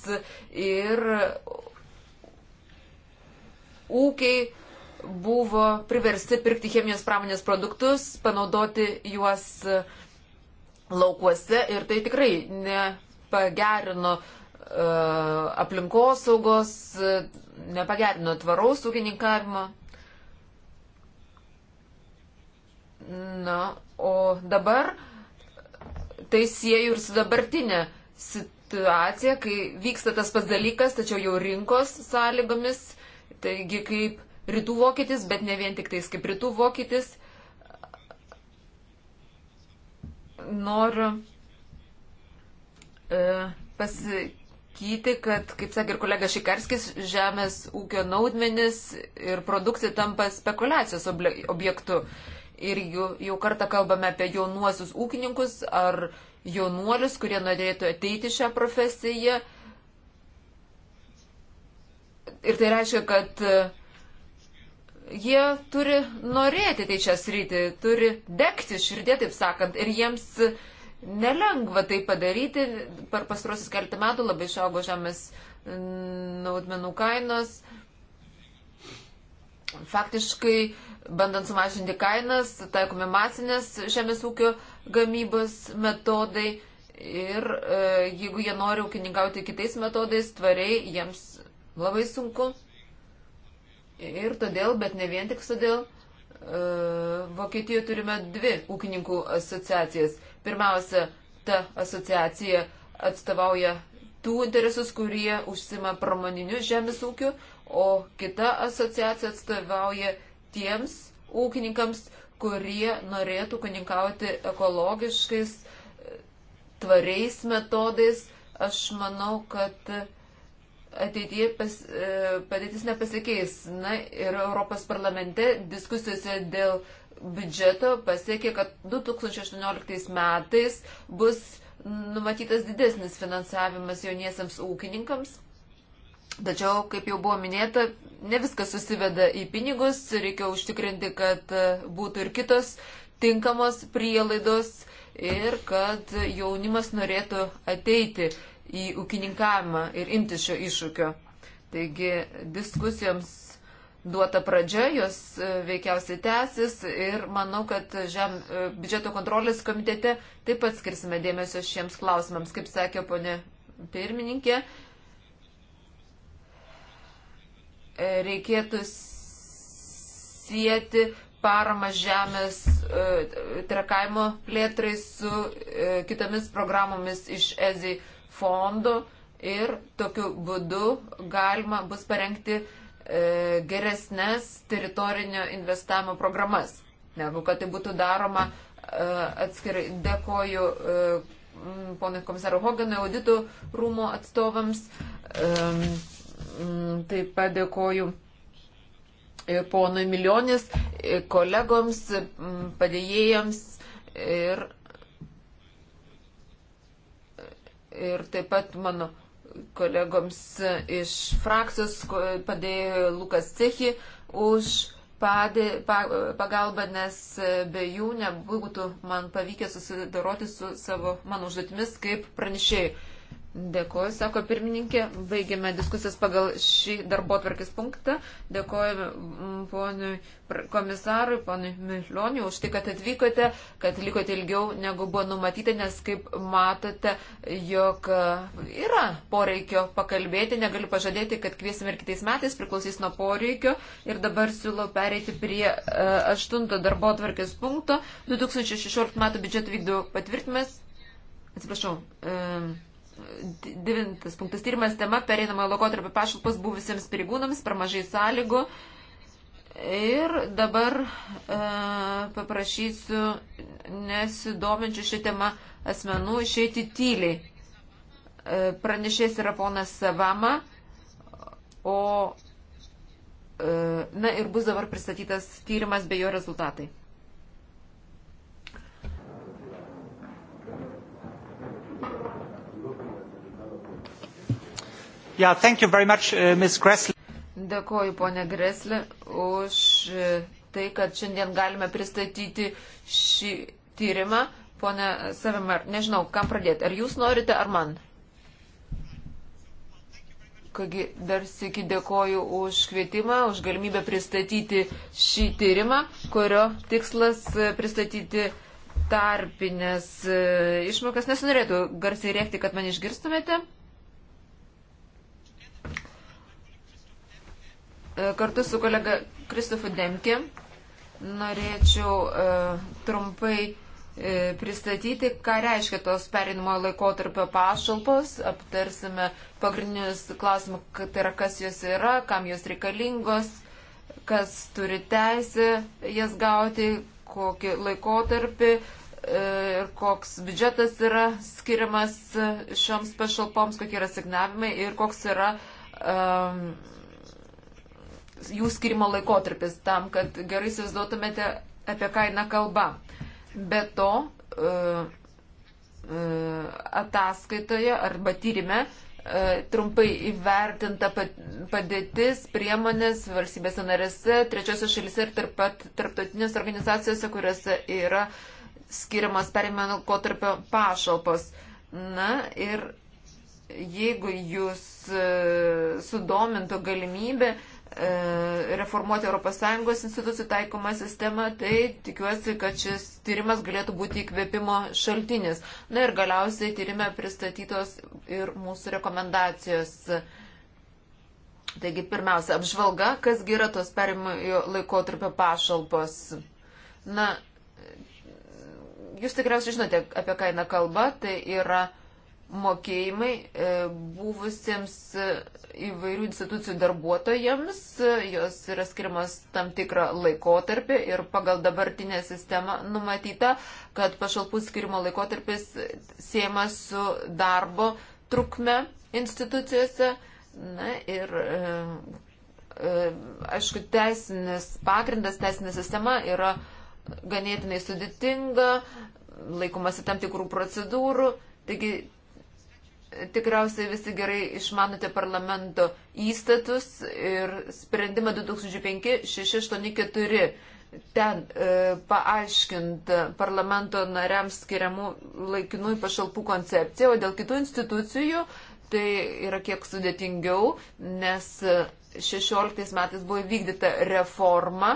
ir ūkiai buvo priversti pirkti chemijos pramonės produktus, panaudoti juos uh, laukuose ir tai tikrai nepagerino e, aplinkosaugos, nepagerino tvaraus ūkininkavimo. Na, o dabar tai sieju ir su dabartinė situacija, kai vyksta tas pats dalykas, tačiau jau rinkos sąlygomis, taigi kaip rytų vokietis, bet ne vien tik tais kaip rytų vokietis, noriu e, pasakyti, kad, kaip sakė ir kolega Šikarskis, žemės ūkio naudmenis ir produkcija tampa spekulacijos objektu. Ir jau, jau kartą kalbame apie jaunuosius ūkininkus ar jaunuolius, kurie norėtų ateiti šią profesiją. Ir tai reiškia, kad jie turi norėti tai čia sryti, turi degti širdė, taip sakant, ir jiems nelengva tai padaryti. Per pastarosius keletą metų labai išaugo žemės naudmenų kainos. Faktiškai, bandant sumažinti kainas, taikomi masinės žemės ūkio gamybos metodai ir e, jeigu jie nori ūkininkauti kitais metodais, tvariai jiems labai sunku. Ir todėl, bet ne vien tik todėl, e, Vokietijoje turime dvi ūkininkų asociacijas. Pirmiausia, ta asociacija atstovauja tų interesus, kurie užsima pramoniniu žemės ūkiu, o kita asociacija atstovauja tiems ūkininkams, kurie norėtų ūkininkauti ekologiškais, tvariais metodais. Aš manau, kad ateityje pas, e, padėtis nepasikeis. Na ir Europos parlamente diskusijose dėl biudžeto pasiekė, kad 2018 metais bus numatytas didesnis finansavimas jauniesiams ūkininkams. Tačiau, kaip jau buvo minėta, ne viskas susiveda į pinigus, reikia užtikrinti, kad būtų ir kitos tinkamos prielaidos ir kad jaunimas norėtų ateiti į ūkininkavimą ir imti šio iššūkio. Taigi diskusijoms duota pradžia, jos e, veikiausiai tęsis ir manau, kad žem, e, biudžeto kontrolės komitete taip pat skirsime dėmesio šiems klausimams, kaip sakė ponė pirmininkė. E, reikėtų sieti parama žemės trakavimo plėtrai su kitomis programomis iš EZI fondų ir tokiu būdu galima bus parengti e, geresnės teritorinio investavimo programas, negu kad tai būtų daroma e, atskirai. Dėkoju e, ponai komisaro Hoganui, auditų rūmo atstovams. E, taip pat dėkoju e, ponui Milionis, e, kolegoms, padėjėjams ir ir taip pat mano kolegoms iš frakcijos padėjo Lukas Cechi už padė, pa, pagalbą, nes be jų nebūtų man pavykę susidoroti su savo mano užduotimis kaip pranešėjai. Dėkuoju, sako pirmininkė. Baigėme diskusijas pagal šį darbo tvarkės punktą. Dėkuoju mm, ponui komisarui, ponui Mihlioniui, už tai, kad atvykote, kad likote ilgiau negu buvo numatyta, nes kaip matote, jog e, yra poreikio pakalbėti. Negaliu pažadėti, kad kviesime ir kitais metais, priklausys nuo poreikio. Ir dabar siūlau pereiti prie e, aštunto darbo tvarkės punkto. 2016 m. biudžeto vykdo patvirtimas. Atsiprašau. E, Devintas punktas tyrimas tema pereinamo laikotarpio pašalpas buvusiems pareigūnams per mažai sąlygų. Ir dabar e, paprašysiu nesidominčių šią temą asmenų išeiti tyliai. E, pranešės yra ponas Savama, o e, na ir bus dabar pristatytas tyrimas bei jo rezultatai. Yeah, thank you very much, uh, Ms. Gressle. Dėkoju, ponė Greslė, už e, tai, kad šiandien galime pristatyti šį tyrimą. Pone Savimar, nežinau, kam pradėti. Ar jūs norite, ar man? Kągi, dar sėki dėkoju už kvietimą, už galimybę pristatyti šį tyrimą, kurio tikslas e, pristatyti tarpinės e, išmokas. Nesinorėtų garsiai rėkti, kad man išgirstumėte. E, kartu su kolega Kristofu Demke norėčiau e, trumpai e, pristatyti, ką reiškia tos perinimo laikotarpio pašalpos, aptarsime pagrindinius klausimus, tai yra kas jos yra, kam jos reikalingos, kas turi teisę jas gauti, kokį laikotarpį ir koks biudžetas yra skiriamas šioms pašalpoms, kokie yra signavimai ir koks yra um, jų skirimo laikotarpis, tam, kad gerai įsivaizduotumėte, apie ką eina kalba. Be to, e, e, ataskaitoje arba tyrime e, trumpai įvertinta padėtis, priemonės valstybėse narėse, trečiosios šalise ir tarp pat tarptautinės organizacijose, kuriuose yra skiriamas perėmė laikotarpio pašalpos. Na ir jeigu jūs sudomintų galimybę, uh, E, reformuoti ES institucijų taikomą sistemą, tai tikiuosi, kad šis tyrimas galėtų būti įkvėpimo šaltinis. Na ir galiausiai tyrime pristatytos ir mūsų rekomendacijos. Taigi, pirmiausia, apžvalga, kasgi yra tos perimojo laikotarpio pašalpos. Na, jūs tikriausiai žinote, apie ką eina kalba, tai yra mokėjimai e, buvusiems e, įvairių institucijų darbuotojams, e, jos yra skirimas tam tikrą laikotarpį ir pagal dabartinę sistemą numatyta, kad pašalpų skirimo laikotarpis siemas su darbo trukme institucijose. Na ir aišku, teisinis pagrindas, teisinė sistema yra ganėtinai sudėtinga, laikomasi tam tikrų procedūrų. Taigi tikriausiai visi gerai išmanote parlamento įstatus ir sprendimą 2005-684. Ten e, paaiškinta parlamento nariams skiriamų laikinųjų pašalpų koncepcija, o dėl kitų institucijų tai yra kiek sudėtingiau, nes 16 metais buvo įvykdyta reforma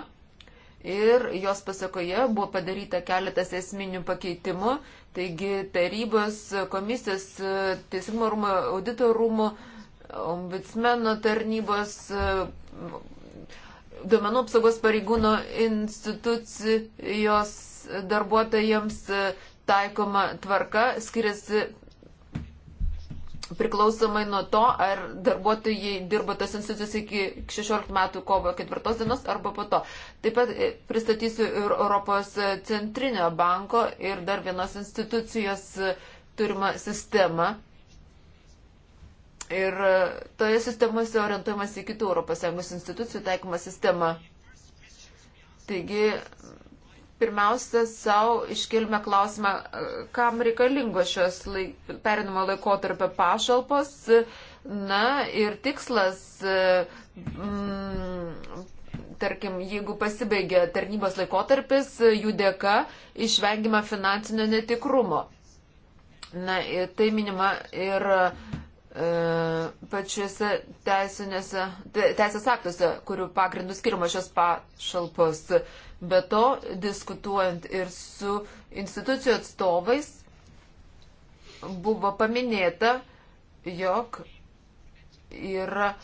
ir jos pasakoje buvo padaryta keletas esminių pakeitimų. Taigi tarybos, komisijos, teisingumo rūmo, audito rūmo, ombudsmeno tarnybos, duomenų apsaugos pareigūno institucijos darbuotojams taikoma tvarka skiriasi priklausomai nuo to, ar darbuotojai dirba tos institucijos iki 16 metų kovo 4 dienos arba po to. Taip pat e, pristatysiu ir Europos centrinio banko ir dar vienos institucijos e, turimą sistemą. Ir e, toje sistemoje orientuojamas į kitų ES institucijų taikomą sistemą. Taigi pirmiausia savo iškilme klausimą, kam reikalingos šios laik, perinamo laikotarpio pašalpos. Na ir tikslas, mm, tarkim, jeigu pasibaigia tarnybos laikotarpis, jų dėka išvengima finansinio netikrumo. Na, tai minima ir e, pačiuose teisinėse, teisės aktuose, kurių pagrindų skiriama šios pašalpos. Be to, diskutuojant ir su institucijų atstovais, buvo paminėta, jog yra e,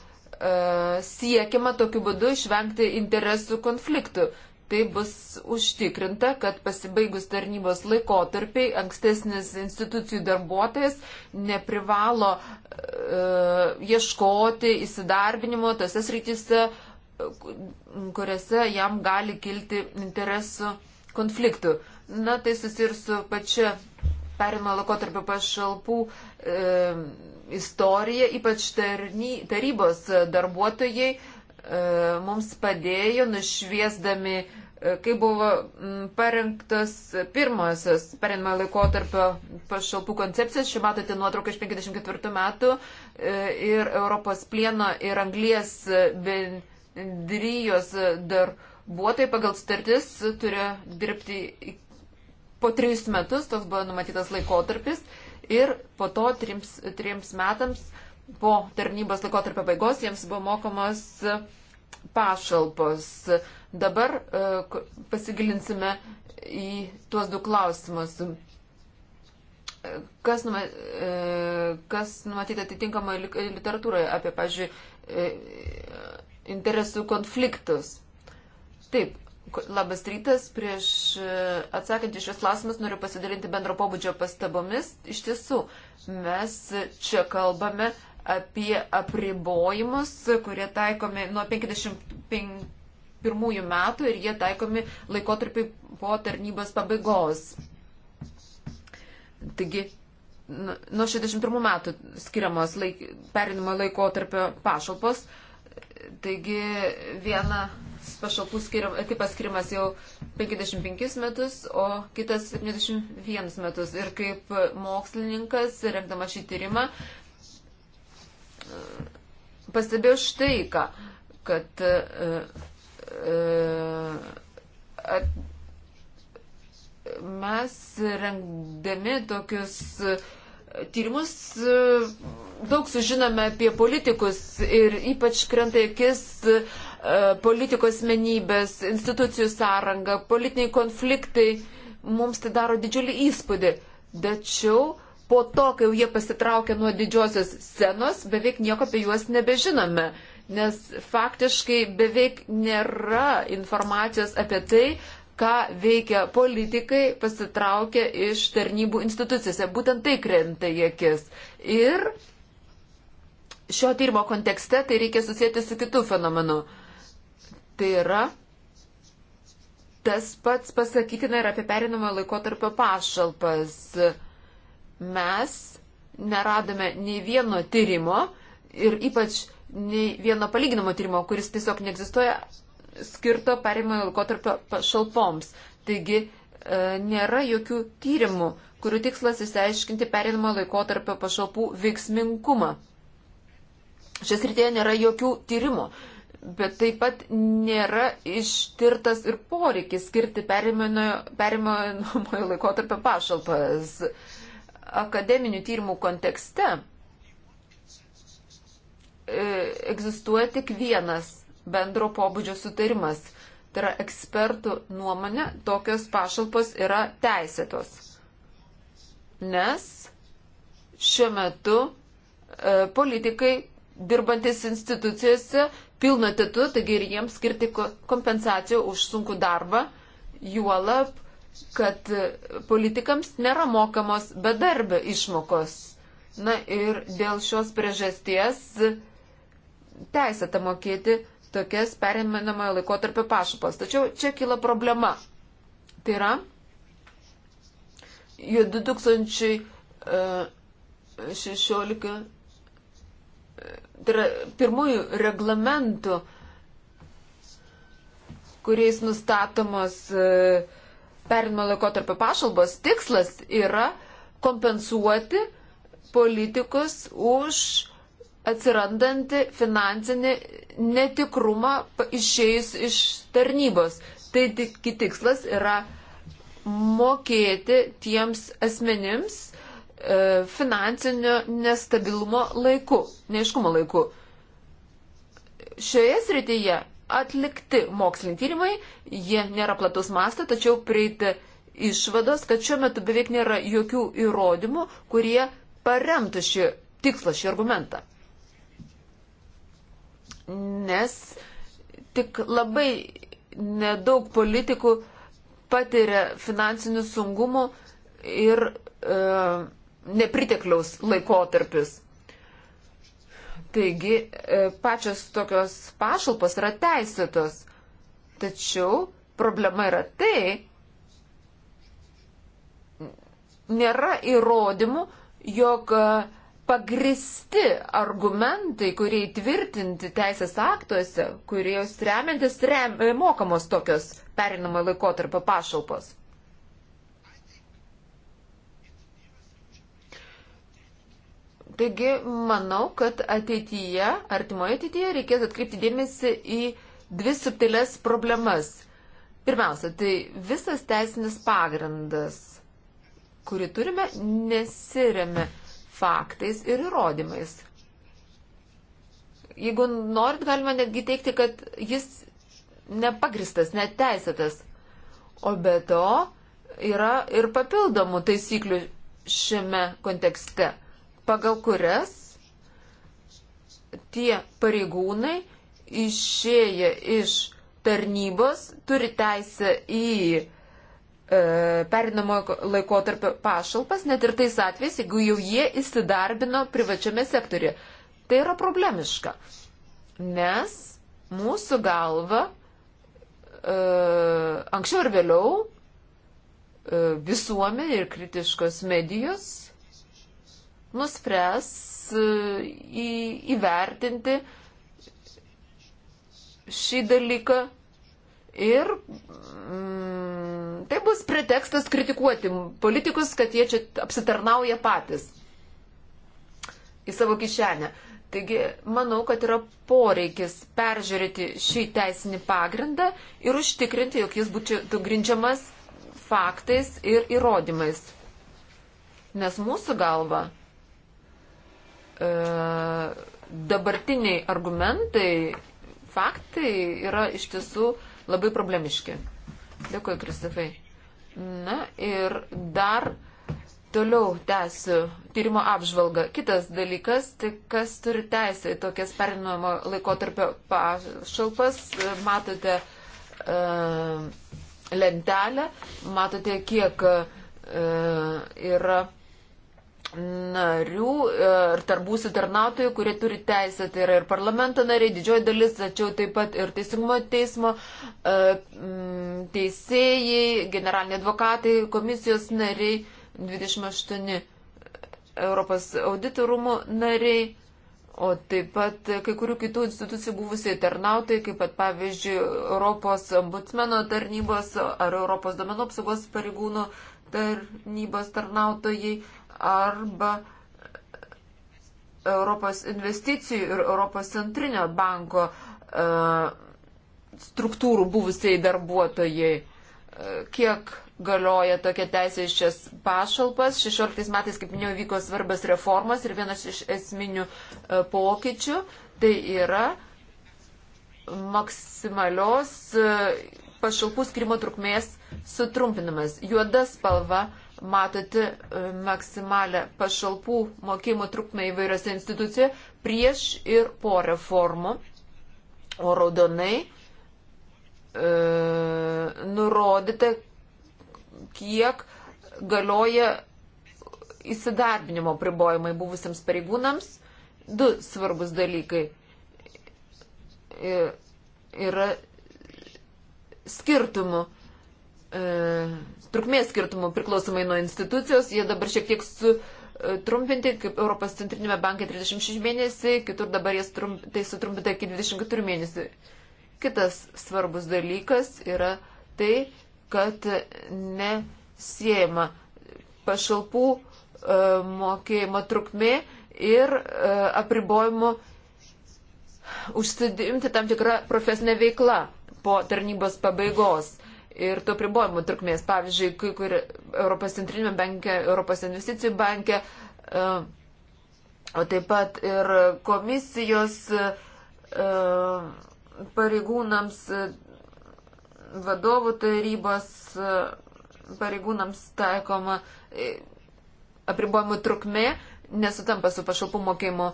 siekiama tokiu būdu išvengti interesų konfliktų. Tai bus užtikrinta, kad pasibaigus tarnybos laikotarpiai ankstesnis institucijų darbuotojas neprivalo e, ieškoti įsidarbinimo tose srityse, kuriuose jam gali kilti interesų konfliktų. Na, tai susir su pačia perimo laikotarpio pašalpų e, istorija, ypač tarny, tarybos darbuotojai e, mums padėjo nušviesdami, e, kai buvo m, parengtas pirmosios perimo laikotarpio pašalpų koncepcijos. Šį matote nuotrauką iš 54 metų e, ir Europos plieno ir anglies. E, Bendrijos darbuotojai pagal sutartis turėjo dirbti po trejus metus, toks buvo numatytas laikotarpis, ir po to trims, trims metams po tarnybos laikotarpio pabaigos jiems buvo mokamos pašalpos. Dabar e, pasigilinsime į tuos du klausimus. E, kas, numa, e, kas numatyta atitinkamoje literatūroje apie, pažiūrėjau, e, interesų konfliktus. Taip, labas rytas. Prieš e, atsakant į šios klausimus noriu pasidalinti bendro pobūdžio pastabomis. Iš tiesų, mes čia kalbame apie apribojimus, kurie taikomi nuo 51 metų ir jie taikomi laikotarpiai po tarnybos pabaigos. Taigi, nuo 61 metų skiriamos laik, perinimo laikotarpio pašalpos, Taigi vienas pašalpų skiriam, tipas skirimas jau 55 metus, o kitas 71 metus. Ir kaip mokslininkas, rengdama šį tyrimą, pastebėjau štai ką, kad e, e, mes rengdami tokius tyrimus daug sužinome apie politikus ir ypač krenta akis e, politikos menybės, institucijų sąranga, politiniai konfliktai. Mums tai daro didžiulį įspūdį. Tačiau po to, kai jau jie pasitraukė nuo didžiosios scenos, beveik nieko apie juos nebežinome, nes faktiškai beveik nėra informacijos apie tai, ką veikia politikai pasitraukę iš tarnybų institucijose. Būtent tai krenta į akis. Ir šio tyrimo kontekste tai reikia susijęti su kitu fenomenu. Tai yra tas pats pasakytina ir apie perinamą laikotarpio pašalpas. Mes neradome nei vieno tyrimo ir ypač nei vieno palyginamo tyrimo, kuris tiesiog neegzistuoja, skirto perimojo laikotarpio pašalpoms. Taigi e, nėra jokių tyrimų, kurių tikslas įsiaiškinti perimojo laikotarpio pašalpų veiksmingumą. Šias rytėje nėra jokių tyrimų, bet taip pat nėra ištirtas ir poreikis skirti perimamojo laikotarpio pašalpas. Akademinių tyrimų kontekste e, egzistuoja tik vienas bendro pobūdžio sutarimas. Tai yra ekspertų nuomonė, tokios pašalpos yra teisėtos. Nes šiuo metu e, politikai dirbantis institucijose pilno titu, taigi ir jiems skirti kompensacijų už sunkų darbą, juolab, kad e, politikams nėra mokamos bedarbio išmokos. Na ir dėl šios priežasties e, teisėta mokėti tokias perėminamojo laikotarpio pašupas. Tačiau čia kyla problema. Tai yra, jau 2016 tai yra pirmųjų reglamentų, kuriais nustatomos e, perinimo laikotarpio pašalbos, tikslas yra kompensuoti politikus už atsirandantį finansinį netikrumą išėjus iš tarnybos. Tai tik tikslas yra mokėti tiems asmenims, E, finansinio nestabilumo laiku, neiškumo laiku. Šioje srityje atlikti moksliniai tyrimai, jie nėra platus mastas, tačiau prieita išvados, kad šiuo metu beveik nėra jokių įrodymų, kurie paremtų šį tikslą, šį argumentą. Nes tik labai nedaug politikų patiria finansinių sungumų ir e, nepritekliaus laikotarpis. Taigi e, pačios tokios pašalpos yra teisėtos. Tačiau problema yra tai, nėra įrodymų, jog e, pagristi argumentai, kurie įtvirtinti teisės aktuose, kuriais remiantis rem, e, mokamos tokios perinamo laikotarpio pašalpos. Taigi, manau, kad ateityje, artimoje ateityje, reikės atkreipti dėmesį į dvi subtiles problemas. Pirmiausia, tai visas teisinis pagrindas, kurį turime, nesiriame faktais ir įrodymais. Jeigu norit, galima netgi teikti, kad jis nepagristas, neteisėtas. O be to yra ir papildomų taisyklių šiame kontekste pagal kurias tie pareigūnai išėję iš tarnybos turi teisę į e, perinamojo laikotarpio pašalpas, net ir tais atvejais, jeigu jau jie įsidarbino privačiame sektorėje. Tai yra problemiška, nes mūsų galva e, anksčiau ir vėliau e, visuomenė ir kritiškos medijos nuspręs e, į, įvertinti šį dalyką ir mm, tai bus pretekstas kritikuoti politikus, kad jie čia apsitarnauja patys į savo kišenę. Taigi, manau, kad yra poreikis peržiūrėti šį teisinį pagrindą ir užtikrinti, jog jis būtų grindžiamas faktais ir įrodymais. Nes mūsų galva E, dabartiniai argumentai, faktai yra iš tiesų labai problemiški. Dėkui, Kristofai. Na ir dar toliau tęsiu tyrimo apžvalgą. Kitas dalykas, tai kas turi teisę į tokias perinamo laikotarpio pašalpas, matote uh, lentelę, matote, kiek uh, yra narių e, ir tarp būsų tarnautojų, kurie turi teisę, tai yra ir parlamento nariai, didžioji dalis, tačiau taip pat ir teisingumo teismo e, teisėjai, generaliniai advokatai, komisijos nariai, 28 e, Europos auditorumų nariai. O taip pat kai kurių kitų institucijų buvusiai tarnautai, kaip pat pavyzdžiui Europos ombudsmeno tarnybos ar Europos domenų apsaugos pareigūnų tarnybos tarnautojai, arba Europos investicijų ir Europos centrinio banko e, struktūrų buvusiai darbuotojai. E, kiek galioja tokia teisė iš šias pašalpas. 16 metais, kaip minėjau, vyko svarbas reformas ir vienas iš esminių e, pokyčių tai yra maksimalios pašalpų skirimo trukmės sutrumpinimas. Juoda spalva uh, matote e, maksimalę pašalpų mokėjimo trukmę įvairiose institucijose prieš ir po reformų. O raudonai e, nurodyta, kiek galioja įsidarbinimo pribojimai buvusiems pareigūnams. Du svarbus dalykai e, yra skirtumų E, trukmės skirtumų priklausomai nuo institucijos, jie dabar šiek tiek sutrumpinti, e, kaip Europos centrinėme banke 36 mėnesiai, kitur dabar jie trump, tai sutrumpinta iki 24 mėnesių. Kitas svarbus dalykas yra tai, kad nesiejama pašalpų e, mokėjimo trukmė ir apribojimo užsidimti tam tikrą profesinę veiklą po tarnybos pabaigos ir to pribojimų trukmės. Pavyzdžiui, kai kur Europos centrinėme banke, Europos investicijų banke, e, o taip pat ir komisijos e, pareigūnams, e, vadovų tarybos pareigūnams taikoma apribojimų trukmė nesutampa su pašalpų mokėjimo,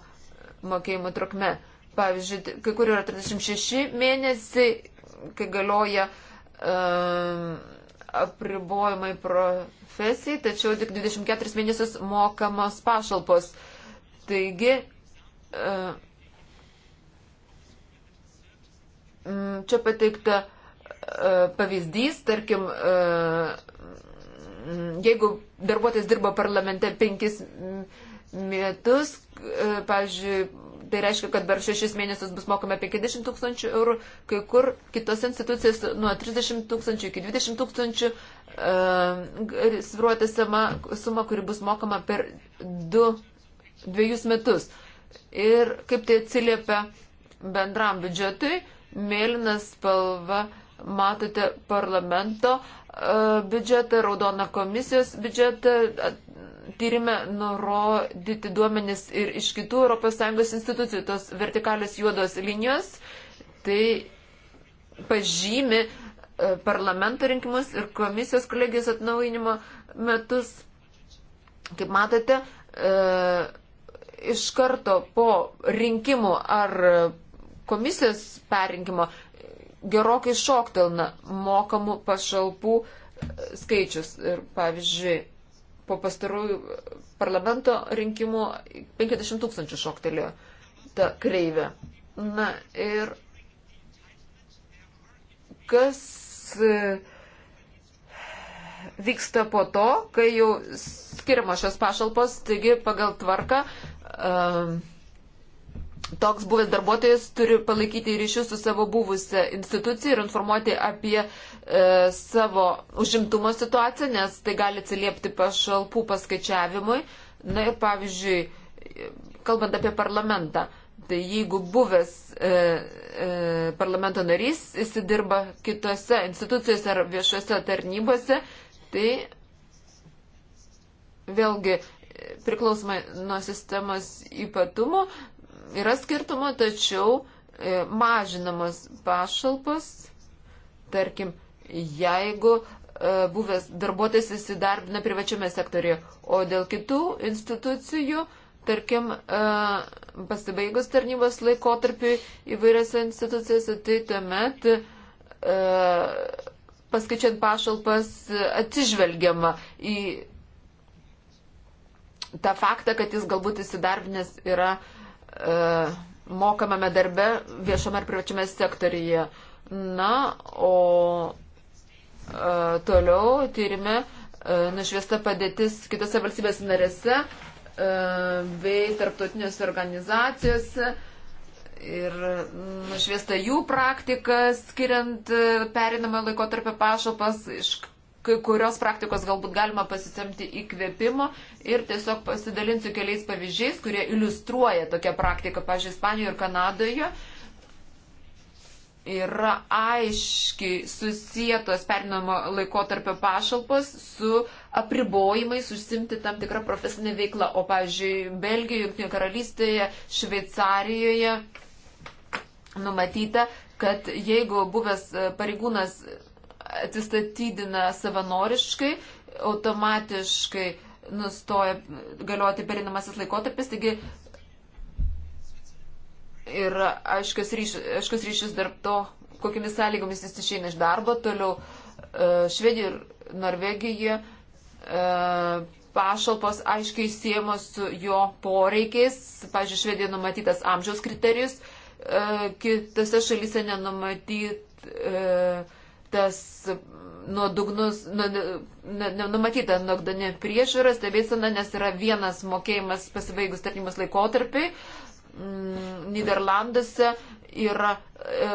mokėjimo trukme. Pavyzdžiui, kai kur yra 36 mėnesiai, kai galioja uh, um, apribojimai profesijai, tačiau tik 24 mėnesius mokamos pašalpos. Taigi, um, čia pateikta um, pavyzdys, tarkim, um, jeigu darbuotojas dirba parlamente penkis metus, pavyzdžiui, Tai reiškia, kad per šešis mėnesius bus mokama 50 tūkstančių eurų, kai kur kitos institucijos nuo 30 tūkstančių iki 20 tūkstančių e, sviruoti sama, suma, kuri bus mokama per du, dviejus metus. Ir kaip tai atsiliepia bendram biudžetui, mėlynas spalva matote parlamento e, biudžetą, raudoną komisijos biudžetą, tyrime nurodyti duomenis ir iš kitų ES institucijų, tos vertikalios juodos linijos, tai pažymi e, parlamento rinkimus ir komisijos kolegijos atnaujinimo metus. Kaip matote, e, iš karto po rinkimų ar komisijos perrinkimo gerokai šoktelna mokamų pašalpų e, skaičius. Ir pavyzdžiui, po pastarųjų parlamento rinkimų 50 tūkstančių šoktelėjo ta kreivė. Na ir kas e, vyksta po to, kai jau skiriamos šios pašalpos, taigi pagal tvarką. Um, toks buvęs darbuotojas turi palaikyti ryšius su savo buvusią instituciją ir informuoti apie e, savo užimtumo situaciją, nes tai gali atsiliepti pašalpų paskaičiavimui. Na ir pavyzdžiui, kalbant apie parlamentą, tai jeigu buvęs e, e, parlamento narys įsidirba kitose institucijose ar viešose tarnybose, tai vėlgi priklausomai nuo sistemos ypatumų, Yra skirtumo, tačiau e, mažinamas pašalpas, tarkim, jeigu e, buvęs darbuotojas įsidarbina privačiame sektorėje, o dėl kitų institucijų, tarkim, e, pasibaigus tarnybos laikotarpiu įvairiose institucijose, tai tuomet paskaičiant pašalpas atsižvelgiama į tą faktą, kad jis galbūt įsidarbinęs yra uh, E, mokamame darbe viešame ir privačiame sektoriuje. Na, o e, toliau tyrime e, nušviesta padėtis kitose valstybės narėse bei tarptautinėse organizacijose ir nušviesta jų praktika, skiriant perinamą laikotarpį pašalpas iš kai kurios praktikos galbūt galima pasisemti įkvėpimo ir tiesiog pasidalinsiu keliais pavyzdžiais, kurie iliustruoja tokią praktiką, pažiūrėjau, Ispanijoje ir Kanadoje. Yra aiškiai susijėtos perinamo laikotarpio pašalpos su apribojimais užsimti tam tikrą profesinę veiklą. O, pavyzdžiui, Belgijoje, Junktinėje karalystėje, Šveicarijoje numatyta, kad jeigu buvęs pareigūnas atsistatydina savanoriškai, automatiškai nustoja galioti perinamasis laikotarpis, taigi ir aiškus ryšys, aiškus ryšys tarp to, kokiamis sąlygomis jis išeina iš darbo, toliau e, Švedija ir Norvegija e, pašalpos aiškiai siemos su jo poreikiais, pažiūrėjau, Švedija numatytas amžiaus kriterijus, e, kitose šalyse nenumatyt tas e, nuodugnus, nu nu, nu, nu, numatyta nuodugni priežiūra, stebėsena, nes yra vienas mokėjimas pasibaigus tarnybos laikotarpiai. Mm, Niderlanduose yra e,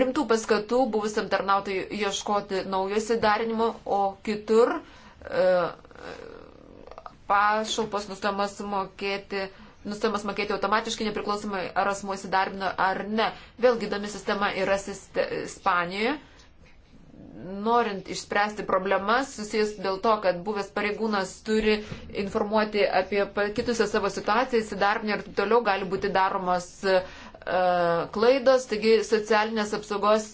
rimtų paskatų buvusiam tarnautojui ieškoti naujo įsidarinimo, o kitur e, pašalpos nustojamas mokėti, nustojamas mokėti automatiškai, nepriklausomai ar asmuo įsidarbino ar ne. Vėlgi įdomi sistema yra Ispanijoje. Sist norint išspręsti problemas, susijęs dėl to, kad buvęs pareigūnas turi informuoti apie kitusią savo situaciją, įsidarbinę ir taip toliau gali būti daromas uh, klaidos, taigi socialinės apsaugos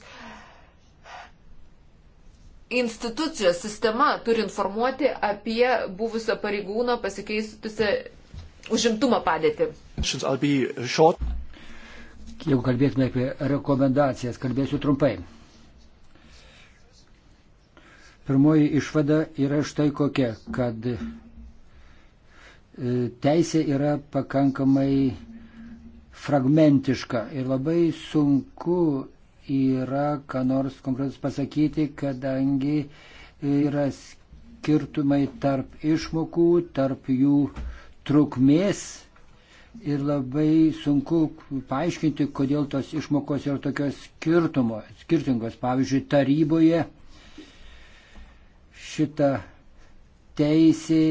institucijos sistema turi informuoti apie buvusio pareigūno pasikeisusią užimtumo padėtį. Jeigu kalbėtume apie rekomendacijas, kalbėsiu trumpai. Pirmoji išvada yra štai kokia, kad e, teisė yra pakankamai fragmentiška ir labai sunku yra, ką nors konkretus pasakyti, kadangi yra skirtumai tarp išmokų, tarp jų trukmės ir labai sunku paaiškinti, kodėl tos išmokos yra tokios skirtumos, skirtingos. Pavyzdžiui, taryboje šita teisė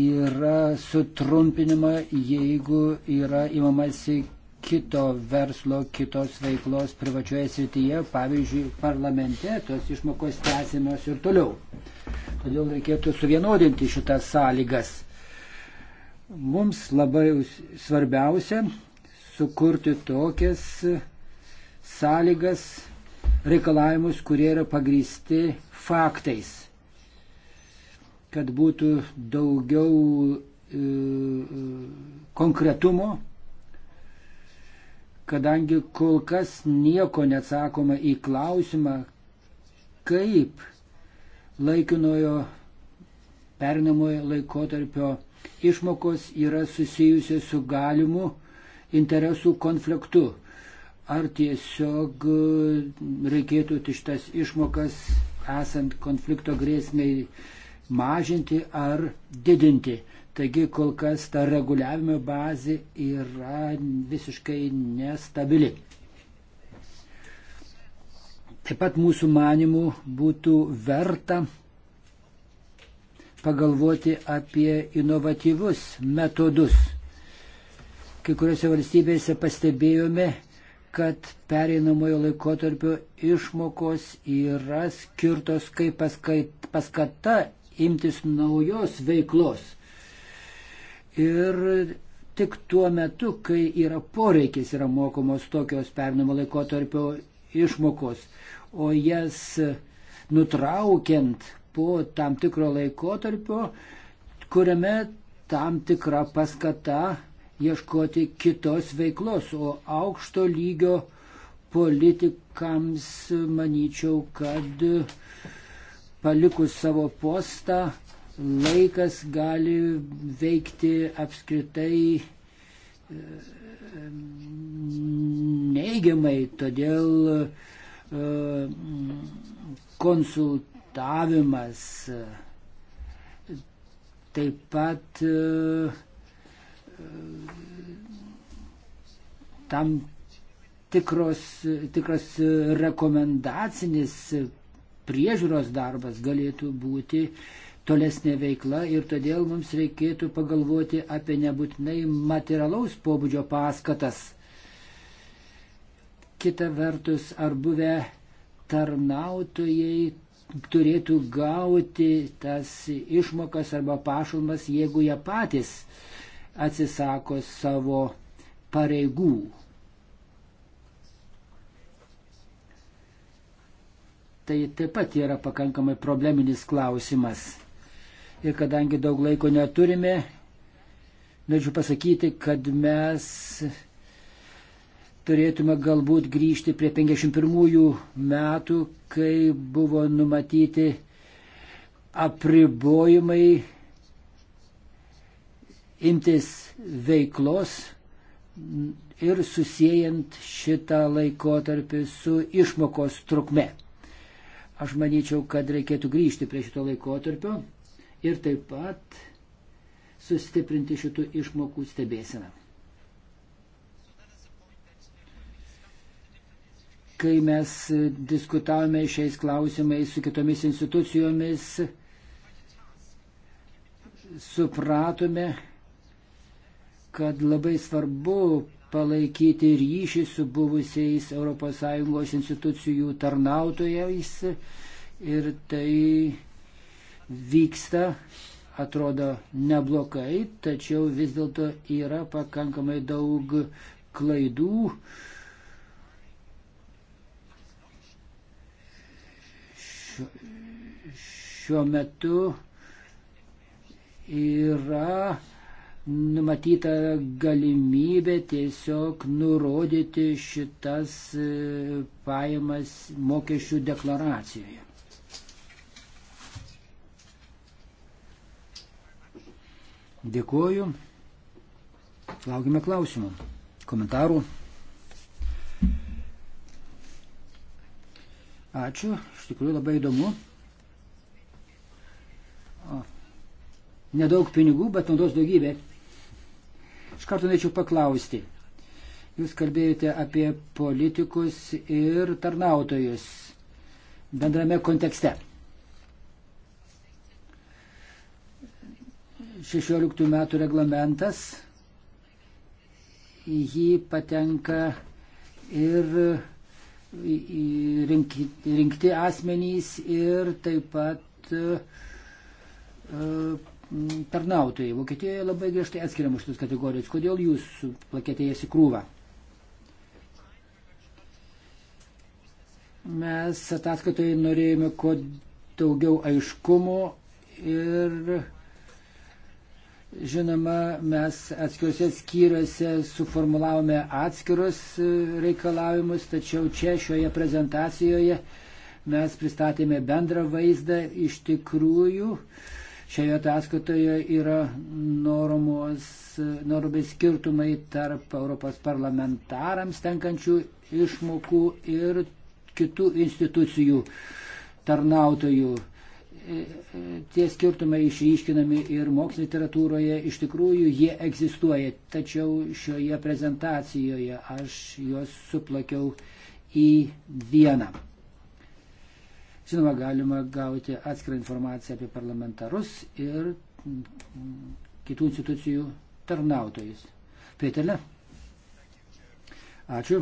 yra sutrumpinima, jeigu yra įmamasi kito verslo, kitos veiklos privačioje srityje, pavyzdžiui, parlamente tos išmokos tęsimos ir toliau. Todėl reikėtų suvienodinti šitas sąlygas. Mums labai svarbiausia sukurti tokias sąlygas, reikalavimus, kurie yra pagrysti faktais kad būtų daugiau e, e, konkretumo, kadangi kol kas nieko neatsakoma į klausimą, kaip laikinojo perinamojo laikotarpio išmokos yra susijusios su galimu interesų konfliktu. Ar tiesiog e, reikėtų šitas išmokas esant konflikto grėsmiai mažinti ar didinti. Taigi kol kas ta reguliavimo bazė yra visiškai nestabili. Taip pat mūsų manimų būtų verta pagalvoti apie inovatyvus metodus. Kai kuriuose valstybėse pastebėjome, kad pereinamojo laikotarpio išmokos yra skirtos kaip paskait, paskata imtis naujos veiklos. Ir tik tuo metu, kai yra poreikis, yra mokomos tokios pernamo laikotarpio išmokos, o jas nutraukiant po tam tikro laikotarpio, kuriame tam tikra paskata ieškoti kitos veiklos, o aukšto lygio politikams manyčiau, kad palikus savo postą, laikas gali veikti apskritai e, neigiamai, todėl e, konsultavimas taip pat e, tam tikros, tikras rekomendacinis priežiūros darbas galėtų būti tolesnė veikla ir todėl mums reikėtų pagalvoti apie nebūtinai materialaus pobūdžio paskatas. Kita vertus, ar buvę tarnautojai turėtų gauti tas išmokas arba pašalmas, jeigu jie patys atsisako savo pareigų. tai taip pat yra pakankamai probleminis klausimas. Ir kadangi daug laiko neturime, norėčiau pasakyti, kad mes turėtume galbūt grįžti prie 51 metų, kai buvo numatyti apribojimai imtis veiklos ir susijęjant šitą laikotarpį su išmokos trukme. Aš manyčiau, kad reikėtų grįžti prie šito laikotarpio ir taip pat sustiprinti šitų išmokų stebėseną. Kai mes diskutavome šiais klausimais su kitomis institucijomis, supratome, kad labai svarbu palaikyti ryšį su buvusiais ES institucijų tarnautojais ir tai vyksta, atrodo, neblogai, tačiau vis dėlto yra pakankamai daug klaidų. Šiuo metu yra numatyta galimybė tiesiog nurodyti šitas e, pajamas mokesčių deklaracijoje. Dėkuoju. Laukime klausimų, komentarų. Ačiū, iš tikrųjų labai įdomu. O, nedaug pinigų, bet naudos daugybė. Iš karto norėčiau paklausti. Jūs kalbėjote apie politikus ir tarnautojus bendrame kontekste. 16 metų reglamentas, į jį patenka ir rinkti, rinkti asmenys ir taip pat e, tarnautojai. Vokietijoje labai griežtai atskiriamos šitas kategorijos. Kodėl jūs plakėte jas į krūvą? Mes ataskaitoje norėjome kuo daugiau aiškumo ir Žinoma, mes atskiruose skyriuose suformulavome atskirus e, reikalavimus, tačiau čia šioje prezentacijoje mes pristatėme bendrą vaizdą iš tikrųjų. Šioje ataskaitoje yra normos, normai skirtumai tarp Europos parlamentarams tenkančių išmokų ir kitų institucijų tarnautojų. E, e, tie skirtumai išryškinami ir mokslo literatūroje, iš tikrųjų jie egzistuoja, tačiau šioje prezentacijoje aš juos suplakiau į vieną. Žinoma, galima gauti atskirą informaciją apie parlamentarus ir mm, kitų institucijų tarnautojus. Pėtelė. Ačiū.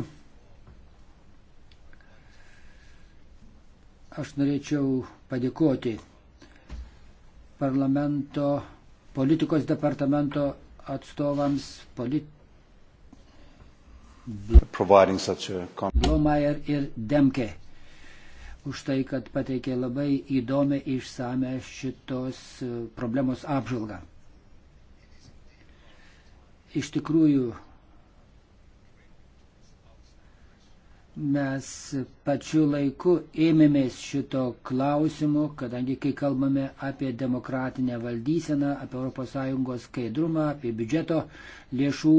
Aš norėčiau padėkoti parlamento politikos departamento atstovams polit... Blomayer ir Demke už tai, kad pateikė labai įdomią išsame šitos e, problemos apžvalgą. Iš tikrųjų, mes pačiu laiku ėmėmės šito klausimu, kadangi kai kalbame apie demokratinę valdyseną, apie ES skaidrumą, apie biudžeto lėšų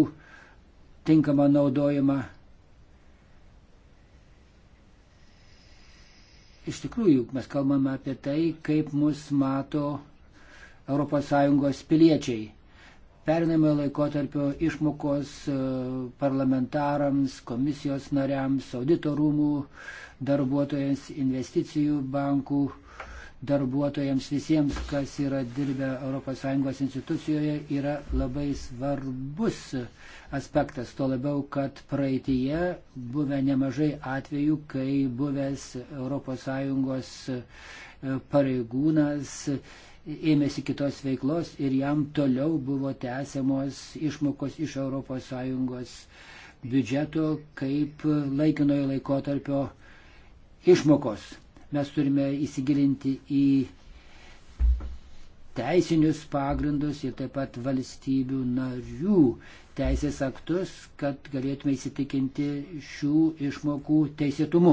tinkamą naudojimą, iš tikrųjų mes kalbame apie tai, kaip mus mato ES piliečiai. Perinamojo laikotarpio išmokos e, parlamentarams, komisijos nariams, auditorumų, darbuotojams, investicijų bankų darbuotojams visiems, kas yra dirbę ES institucijoje, yra labai svarbus aspektas. Tuo labiau, kad praeitie buvę nemažai atvejų, kai buvęs ES pareigūnas ėmėsi kitos veiklos ir jam toliau buvo tęsiamos išmokos iš ES biudžeto kaip laikinojo laikotarpio išmokos. Mes turime įsigilinti į teisinius pagrindus ir taip pat valstybių narių teisės aktus, kad galėtume įsitikinti šių išmokų teisėtumu.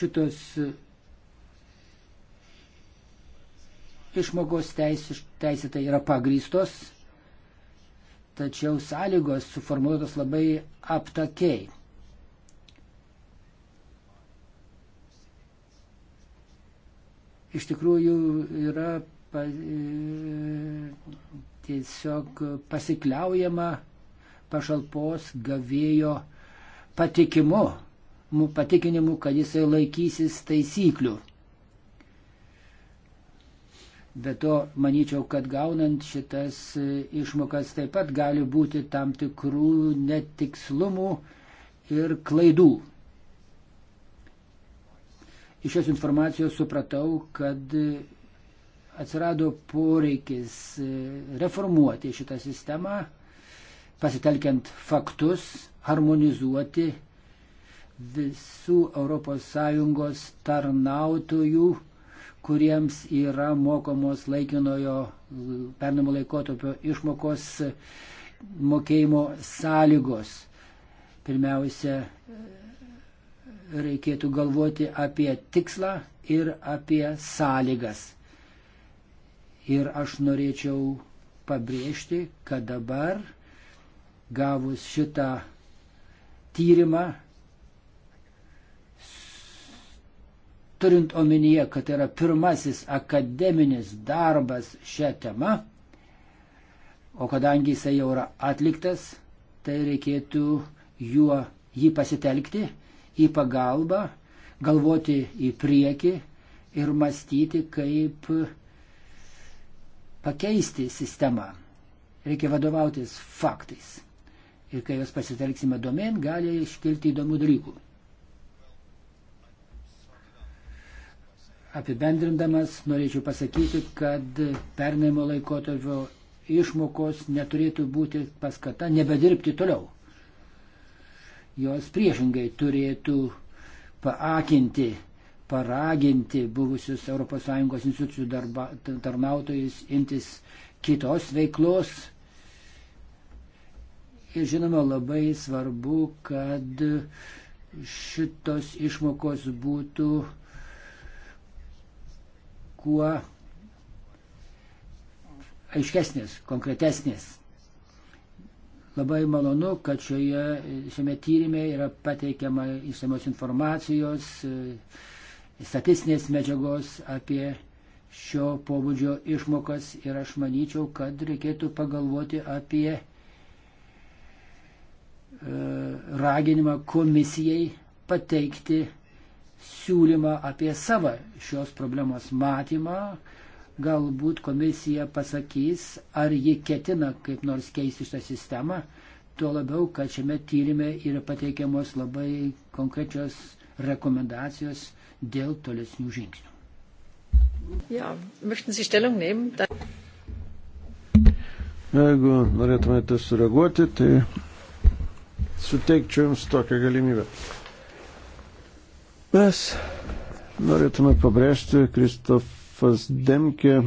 Šitos išmokos teisėtai yra pagrystos, tačiau sąlygos suformuotos labai aptakiai. iš tikrųjų yra pa, e, tiesiog pasikliaujama pašalpos gavėjo patikimu, patikinimu, kad jisai laikysis taisyklių. Be to, manyčiau, kad gaunant šitas e, išmokas taip pat gali būti tam tikrų netikslumų ir klaidų iš šios informacijos supratau, kad atsirado poreikis e, reformuoti šitą sistemą, pasitelkiant faktus, harmonizuoti visų ES tarnautojų, kuriems yra mokomos laikinojo pernamo laikotarpio išmokos e, mokėjimo sąlygos. Pirmiausia, reikėtų galvoti apie tikslą ir apie sąlygas. Ir aš norėčiau pabrėžti, kad dabar gavus šitą tyrimą, turint omenyje, kad tai yra pirmasis akademinis darbas šią temą, o kadangi jisai jau yra atliktas, tai reikėtų juo jį pasitelkti į pagalbą, galvoti į priekį ir mąstyti, kaip pakeisti sistemą. Reikia vadovautis faktais. Ir kai juos pasitelksime domen, gali iškilti įdomių dalykų. Apibendrindamas norėčiau pasakyti, kad pernaimo laikotarpio išmokos neturėtų būti paskata nebedirbti toliau jos priešingai turėtų paakinti, paraginti buvusius ES institucijų darba, tarnautojus imtis kitos veiklos. Ir žinoma, labai svarbu, kad šitos išmokos būtų kuo aiškesnės, konkretesnės. Labai malonu, kad šioje, šiame tyrimė yra pateikiama išsamios informacijos, e, statistinės medžiagos apie šio pobūdžio išmokas ir aš manyčiau, kad reikėtų pagalvoti apie e, raginimą komisijai pateikti siūlymą apie savo šios problemos matymą, Galbūt komisija pasakys, ar ji ketina kaip nors keisti šitą sistemą, tuo labiau, kad šiame tyrimė yra pateikiamos labai konkrečios rekomendacijos dėl tolesnių žingsnių. Ja, Jeigu norėtumėte sureaguoti, tai suteikčiau Jums tokią galimybę. Mes norėtume pabrėžti Kristof Fasdemke e,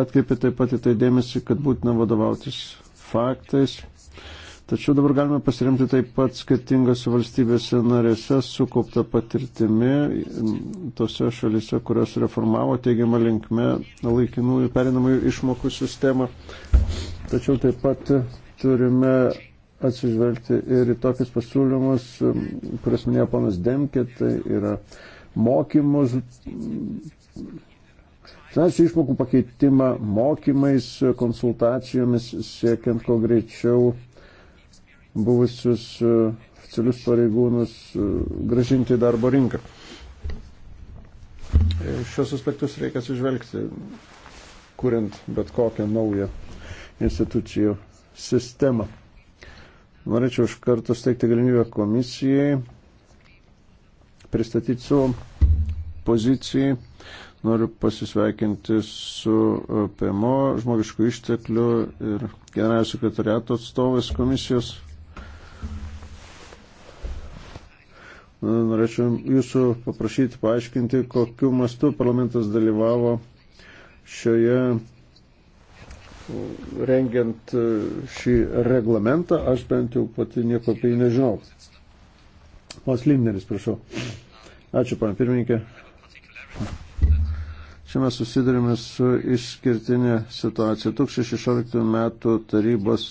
atkreipė taip pat į tai dėmesį, kad būtina vadovautis faktais. Tačiau dabar galime pasiremti taip pat skirtingose valstybėse narėse sukauptą patirtimi tose šalise, kurios reformavo teigiamą linkme laikinųjų perinamųjų išmokų sistemą. Tačiau taip pat turime atsižvelgti ir į tokius pasiūlymus, kurias minėjo panas Demkė, tai yra mokymus finansinių išmokų pakeitimą mokymais, konsultacijomis, siekiant kuo greičiau buvusius e, oficialius pareigūnus e, gražinti į darbo rinką. E, šios aspektus reikia sužvelgti, kuriant bet kokią naują institucijų sistemą. Norėčiau iš karto steigti galimybę komisijai pristatyti savo pozicijai Noriu pasisveikinti su e, PMO žmogiškų išteklių ir generalinio sekretariato atstovais komisijos. Norėčiau jūsų paprašyti paaiškinti, kokiu mastu parlamentas dalyvavo šioje rengiant e, šį reglamentą. Aš bent jau pati nieko apie jį nežinau. Pas Limneris, prašau. Ačiū, pan pirmininkė. Čia mes susidurime su išskirtinė situacija. 2016 metų tarybos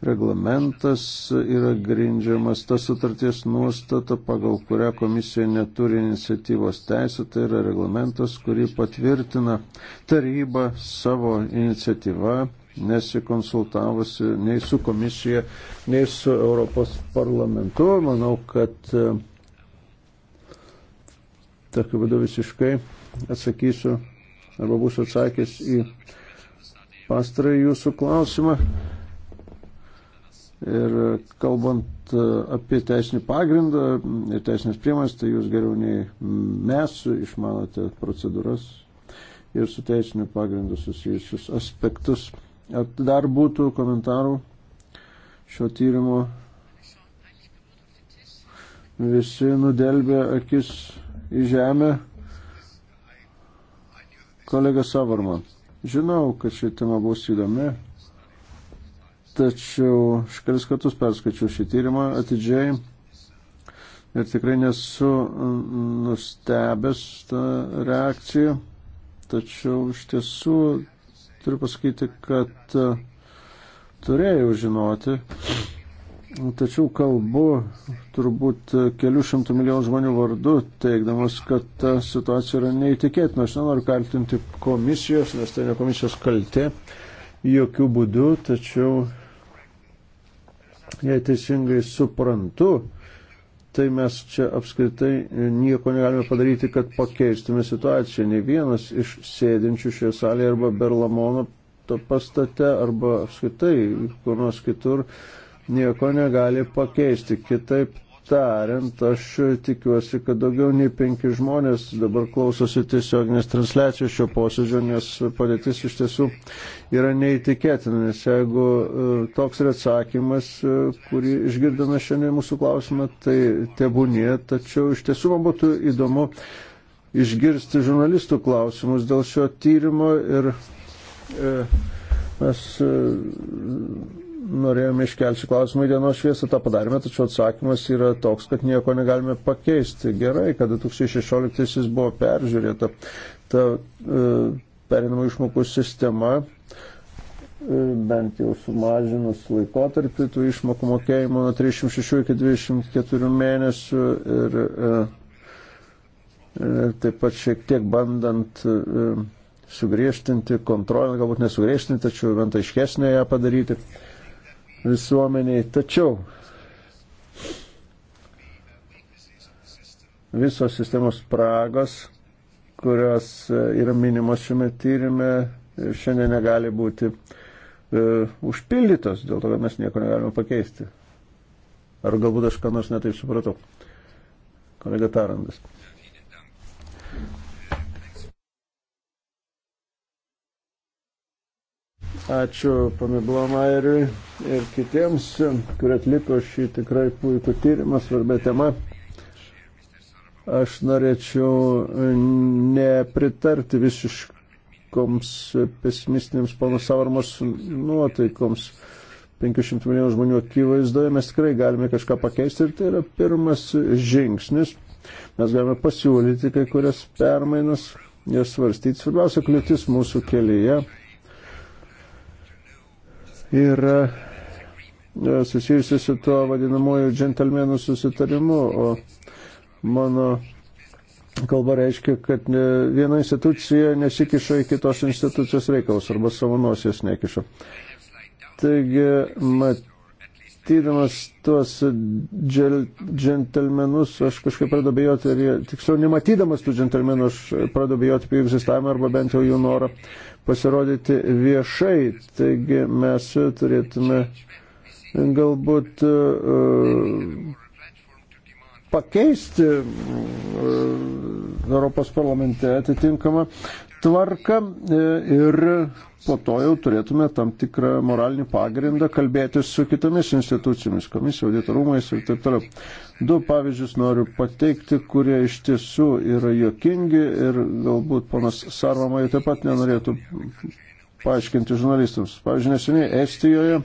reglamentas yra grindžiamas ta sutarties nuostata, pagal kurią komisija neturi iniciatyvos teisę. Tai yra reglamentas, kurį patvirtina taryba savo iniciatyva, nesikonsultavusi nei su komisija, nei su Europos parlamentu. Manau, kad e, tokiu būdu visiškai atsakysiu arba būsiu atsakęs į pastarąjį jūsų klausimą. Ir kalbant e, apie teisinį pagrindą ir teisinės priemonės, tai jūs geriau nei mes išmanote procedūras ir su teisiniu pagrindu susijusius aspektus. Dar būtų komentarų šio tyrimo. Visi nudelbė akis į žemę Kolega Savarma, žinau, kad ši tema bus įdomi, tačiau aš kelis kartus perskaičiau šį tyrimą atidžiai ir tikrai nesu nustebęs tą reakciją, tačiau iš tiesų turiu pasakyti, kad turėjau žinoti, tačiau kalbu turbūt kelių šimtų milijonų žmonių vardu, teikdamas, kad ta situacija yra neįtikėtina. Aš nenoriu kaltinti komisijos, nes tai ne komisijos kaltė jokių būdų, tačiau jei teisingai suprantu, tai mes čia apskritai nieko negalime padaryti, kad pakeistume situaciją. Ne vienas iš sėdinčių šioje salėje arba Berlamono pastate arba apskritai kur nors kitur nieko negali pakeisti. Kitaip tariant, aš tikiuosi, kad daugiau nei penki žmonės dabar klausosi tiesioginės transliacijos šio posėdžio, nes padėtis iš tiesų yra neįtikėtina, nes jeigu e, toks yra atsakymas, e, kurį išgirdome šiandien mūsų klausimą, tai tebūnie, tačiau iš tiesų man būtų įdomu išgirsti žurnalistų klausimus dėl šio tyrimo ir e, mes e, norėjome iškelti klausimą į dienos šviesą, tą padarėme, tačiau atsakymas yra toks, kad nieko negalime pakeisti. Gerai, kad 2016 buvo peržiūrėta ta e, perinamų išmokų sistema, e, bent jau sumažinus laikotarpį tų išmokų mokėjimų nuo 306 iki 24 mėnesių ir e, e, taip pat šiek tiek bandant. E, sugriežtinti kontrolę, galbūt nesugriežtinti, tačiau bent aiškesnė ją padaryti. E, visuomeniai. Tačiau visos sistemos spragos, kurios e, yra minimos šiame tyrimė, e, šiandien negali būti e, užpildytos, dėl to, kad mes nieko negalime pakeisti. Ar galbūt aš ką nors netaip supratau. Kolega Tarandas. Ačiū pana Blomajeriui ir kitiems, kurie atliko šį tikrai puikų tyrimą, svarbia tema. Aš norėčiau nepritarti visiškoms pesimistinėms pono savarmos nuotaikoms. 500 milijonų žmonių akivaizdoje mes tikrai galime kažką pakeisti ir tai yra pirmas žingsnis. Mes galime pasiūlyti kai kurias permainas, jas svarstyti. Svarbiausia kliūtis mūsų kelyje yra e, susijusi su tuo vadinamoju džentelmenų susitarimu, o mano kalba reiškia, kad e, viena institucija nesikišo į kitos institucijos reikalus arba savo nosies nekišo. Taigi, matydamas tuos džentelmenus, aš kažkaip pradedu bijoti, tiksliau, nematydamas tų džentelmenų, aš pradedu bijoti apie jų egzistavimą arba bent jau jų norą pasirodyti viešai. Taigi mes turėtume galbūt e, pakeisti e, Europos parlamente atitinkamą tvarką e, ir po to jau turėtume tam tikrą moralinį pagrindą kalbėti su kitomis institucijomis, komisija, auditorumais ir taip toliau. Du pavyzdžius noriu pateikti, kurie iš tiesų yra jokingi ir galbūt ponas Sarvamai taip pat nenorėtų paaiškinti žurnalistams. Pavyzdžiui, neseniai Estijoje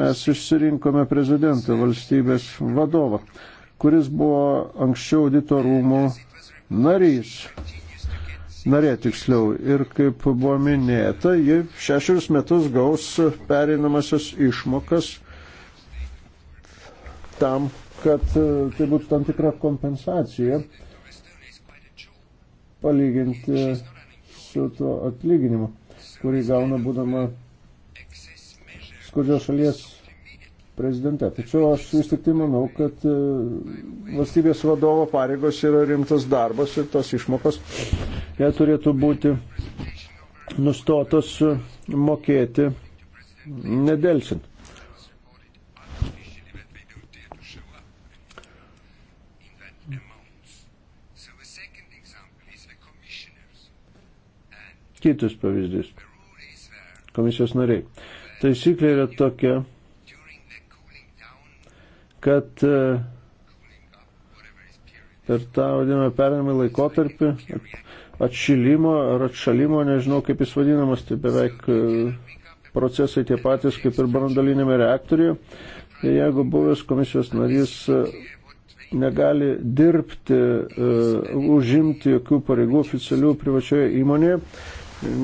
mes išsirinkome prezidentą valstybės vadovą, kuris buvo anksčiau auditorumų narys narė tiksliau. Ir kaip buvo minėta, ji šešerius metus gaus pereinamasias išmokas tam, kad e, tai būtų tam tikra kompensacija palyginti su tuo atlyginimu, kurį gauna būdama skurdžios šalies prezidente. Tačiau aš vis tik tai manau, kad e, valstybės vadovo pareigos yra rimtas darbas ir tos išmokos, jie turėtų būti nustotos e, mokėti nedelsint. Kitas pavyzdys. Komisijos nariai. Taisyklė yra tokia, kad e, per tą vadinamą perinamą laikotarpį atšilimo ar atšalimo, nežinau kaip jis vadinamas, tai beveik e, procesai tie patys kaip ir brandalinėme reaktoriuje. Ir jeigu buvęs komisijos narys e, negali dirbti, užimti jokių pareigų oficialių privačioje įmonėje,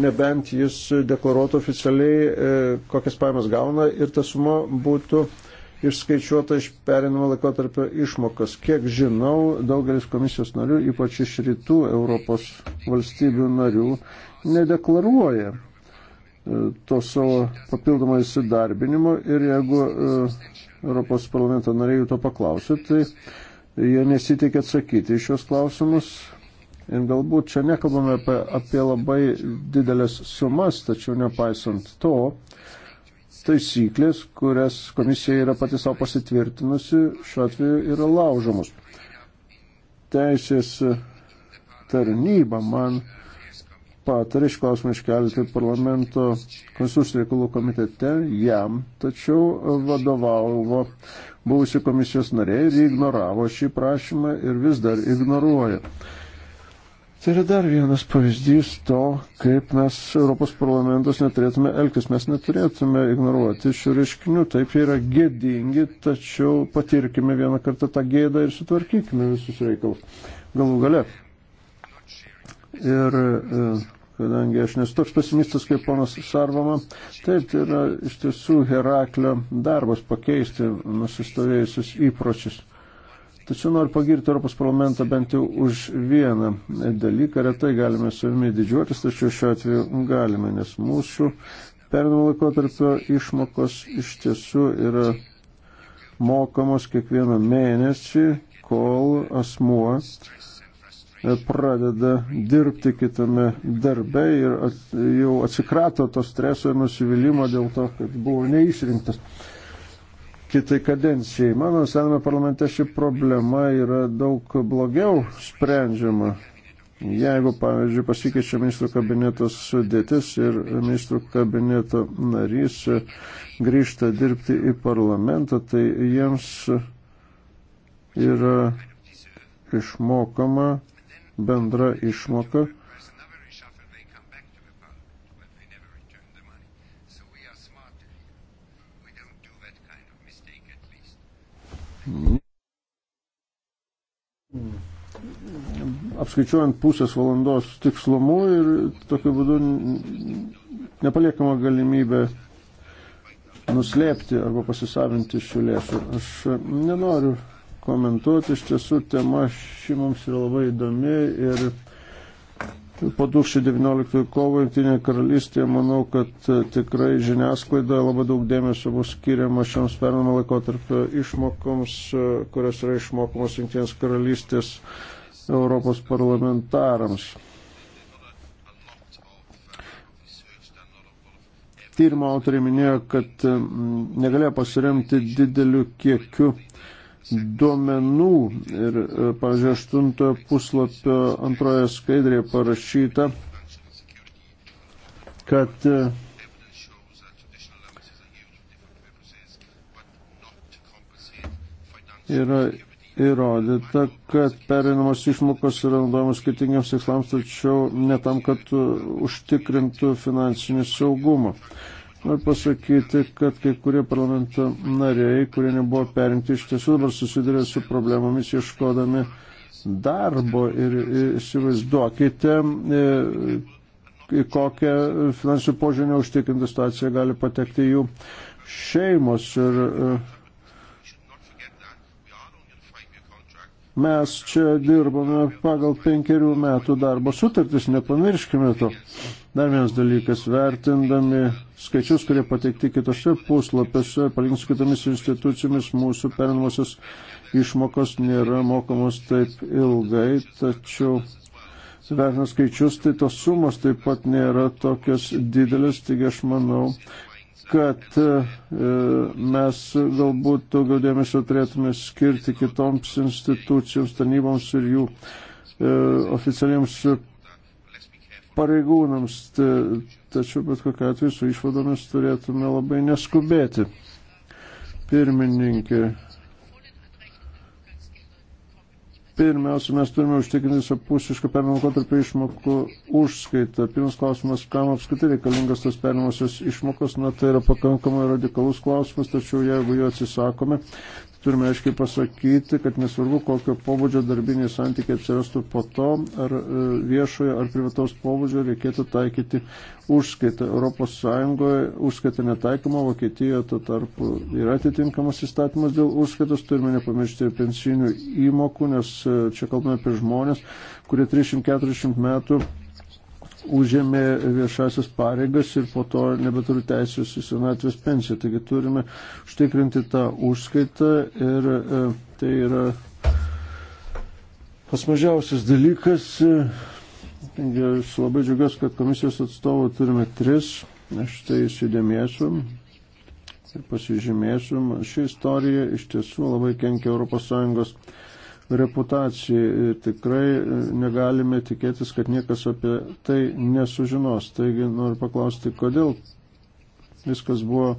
nebent jis deklaruotų oficialiai, kokias pajamas gauna ir ta suma būtų išskaičiuota iš perinamo laikotarpio išmokas. Kiek žinau, daugelis komisijos narių, ypač iš rytų Europos valstybių narių, nedeklaruoja e, to savo papildomą įsidarbinimo ir jeigu e, Europos parlamento nariai jų to paklausė, tai jie nesitikė atsakyti iš šios klausimus. Ir galbūt čia nekalbame apie, apie labai didelės sumas, tačiau nepaisant to, taisyklės, kurias komisija yra pati savo pasitvirtinusi, šiuo atveju yra laužomus. Teisės tarnyba man patarė iš klausimą iškelti parlamento konstitucijų reikalų komitete jam, tačiau vadovavo buvusi komisijos narė ir ignoravo šį prašymą ir vis dar ignoruoja. Tai yra dar vienas pavyzdys to, kaip mes Europos parlamentas neturėtume elgtis, mes neturėtume ignoruoti šių reiškinių, taip jie yra gėdingi, tačiau patirkime vieną kartą tą gėdą ir sutvarkykime visus reikalus galų gale. Ir e, kadangi aš nesu toks pesimistas kaip ponas Sarvama, taip tai yra iš tiesų Heraklio darbas pakeisti nusistovėjusius įpročius. Tačiau noriu pagirti Europos parlamentą bent jau už vieną dalyką. Retai galime savimi didžiuotis, tačiau šiuo atveju galime, nes mūsų pernamo laikotarpio išmokos iš tiesų yra mokamos kiekvieną mėnesį, kol asmuo pradeda dirbti kitame darbe ir at, jau atsikrato to streso ir nusivylimą dėl to, kad buvo neišrinktas kitai kadencijai. Mano sename parlamente ši problema yra daug blogiau sprendžiama. Jeigu, pavyzdžiui, pasikeičia ministrų kabineto sudėtis ir ministrų kabineto narys grįžta dirbti į parlamentą, tai jiems yra išmokama bendra išmoka apskaičiuojant pusės valandos tikslumu ir tokiu būdu nepaliekama galimybė nuslėpti arba pasisavinti šių lėšų. Aš nenoriu komentuoti, iš tiesų tema ši mums yra labai įdomi ir po 2019 kovo Jungtinėje karalystėje manau, kad e, tikrai žiniasklaidoje labai daug dėmesio bus skiriama šioms pernamo laikotarpio išmokoms, e, kurios yra išmokomos Jungtinės karalystės Europos parlamentarams. Tyrimo autoriai minėjo, kad negalėjo pasiremti dideliu kiekiu duomenų ir, e, pavyzdžiui, aštuntojo puslapio antroje skaidrėje parašyta, kad e, yra įrodyta, kad perinamos išmokos yra naudojamos skirtingiams tikslams, tačiau ne tam, kad e, užtikrintų finansinį saugumą. Noriu pasakyti, kad kai kurie parlamento nariai, kurie nebuvo perinkti, iš tiesų dabar susiduria su problemomis ieškodami darbo ir įsivaizduokite, e, į kokią finansų požiūrį užtikrintą situaciją gali patekti jų šeimos. Ir e, mes čia dirbame pagal penkerių metų darbo sutartis, nepamirškime to. Dar vienas dalykas, vertindami skaičius, kurie pateikti kitose puslapiuose, palyginti su kitomis institucijomis, mūsų perinamosios išmokos nėra mokamos taip ilgai, tačiau vertinant skaičius, tai tos sumos taip pat nėra tokios didelės, taigi aš manau, kad e, mes galbūt daugiau dėmesio turėtume skirti kitoms institucijoms, tarnyboms ir jų e, oficialiems pareigūnams. Tačiau bet kokiu atveju su išvadomis turėtume labai neskubėti. Pirmininkė. Pirmiausia, mes turime užtikrinti visapusišką perimo laikotarpio išmokų užskaitą. Pirmas klausimas, kam apskritai reikalingas tas perimosios išmokos, na tai yra pakankamai radikalus klausimas, tačiau jeigu jo atsisakome, turime aiškiai pasakyti, kad nesvarbu, kokio pobūdžio darbiniai santykiai atsirastų po to, ar e, viešojo, ar privataus pobūdžio reikėtų taikyti užskaitą. Europos Sąjungoje užskaitą netaikoma, Vokietijoje to tarpu yra atitinkamas įstatymas dėl užskaitos, turime nepamiršti ir pensinių įmokų, nes e, čia kalbame apie žmonės, kurie 340 metų užėmė viešasias pareigas ir po to nebeturi teisės į senatvės pensiją. Taigi turime užtikrinti tą užskaitą ir e, tai yra pas mažiausias dalykas. E, taigi aš labai džiugiuosi, kad komisijos atstovų turime tris. Aš tai įsidėmėsiu ir pasižymėsiu. Ši istorija iš tiesų labai kenkia ES reputacijai. Ir tikrai e, negalime tikėtis, kad niekas apie tai nesužinos. Taigi noriu paklausti, kodėl viskas buvo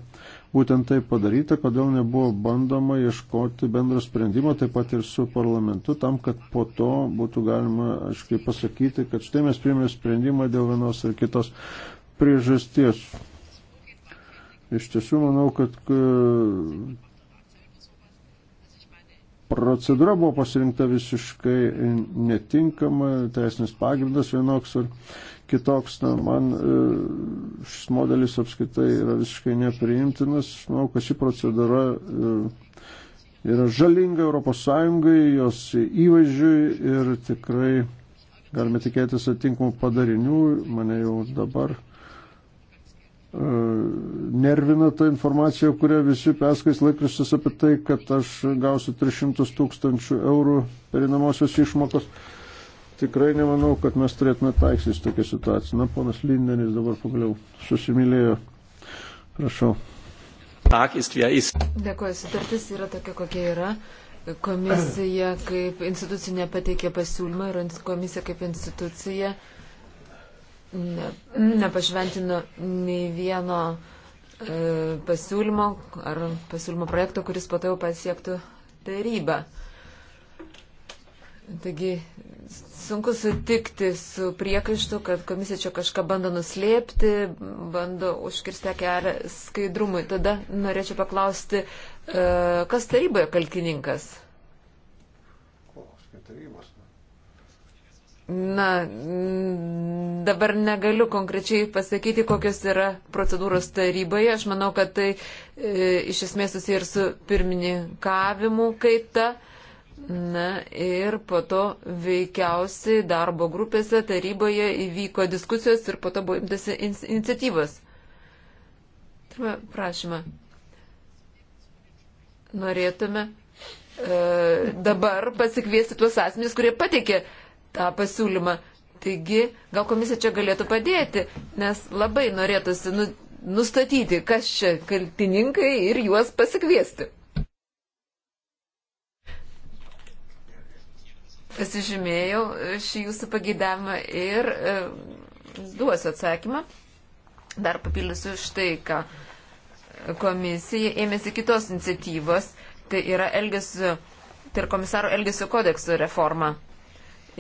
būtent taip padaryta, kodėl nebuvo bandoma ieškoti bendro sprendimo, taip pat ir su parlamentu, tam, kad po to būtų galima, aiškiai, pasakyti, kad štai mes priėmėme sprendimą dėl vienos ar kitos priežasties. Iš tiesų manau, kad e, procedūra buvo pasirinkta visiškai netinkama, teisinis pagrindas vienoks ar kitoks. Na, man e, šis modelis apskaitai yra visiškai nepriimtinas. Aš manau, kad ši procedūra e, yra žalinga Europos Sąjungai, jos įvaizdžiui ir tikrai galime tikėtis atinkamų padarinių. Mane jau dabar E, nervina ta informacija, kurią visi peskais laikraštis apie tai, kad aš gausiu 300 tūkstančių eurų perinamosios išmokos. Tikrai nemanau, kad mes turėtume taiksis tokią situaciją. Na, ponas Lindenis dabar pagaliau susimylėjo. Prašau. Er Dėkuoju, sutartis yra tokia, kokia yra. Komisija kaip institucinė pateikė pasiūlymą ir komisija kaip institucija ne, nepašventinu nei vieno e, pasiūlymo ar pasiūlymo projekto, kuris po to jau pasiektų tarybą. Taigi sunku sutikti su priekaištu, kad komisija čia kažką bando nuslėpti, bando užkirsti kelią skaidrumui. Tada norėčiau paklausti, e, kas taryboje kalkininkas? Koks tai tarybos? Na, dabar negaliu konkrečiai pasakyti, kokios yra procedūros taryboje. Aš manau, kad tai e, iš esmės susiję ir su pirmininkavimu kaita. Na ir po to veikiausiai darbo grupėse taryboje įvyko diskusijos ir po to buvo imtasi in iniciatyvas. Turime prašymą. Norėtume e, dabar pasikviesti tuos asmenys, kurie patikė tą pasiūlymą. Taigi, gal komisija čia galėtų padėti, nes labai norėtųsi nu, nustatyti, kas čia kaltininkai ir juos pasikviesti. Pasižymėjau šį jūsų pagėdavimą ir e, duosiu atsakymą. Dar papildysiu štai, ką komisija ėmėsi kitos iniciatyvos, tai yra elgesio, tai yra komisaro elgesio kodekso reforma.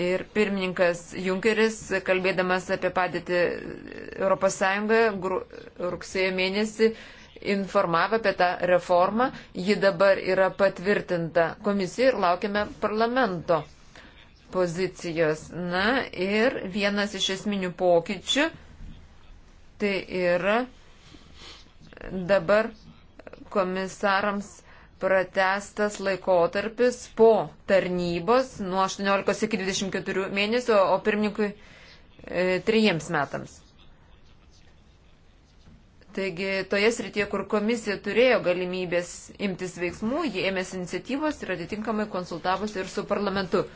Ir pirmininkas Junkeris, kalbėdamas apie padėtį ES rugsėjo mėnesį, informavo apie tą reformą. Ji dabar yra patvirtinta komisija ir laukiame parlamento pozicijos. Na ir vienas iš esminių pokyčių tai yra dabar komisarams pratestas laikotarpis po tarnybos nuo 18 iki 24 mėnesių, o pirmininkui e, trijiems metams. Taigi toje srityje, kur komisija turėjo galimybės imtis veiksmų, jie ėmėsi iniciatyvos ir atitinkamai konsultavosi ir su parlamentu.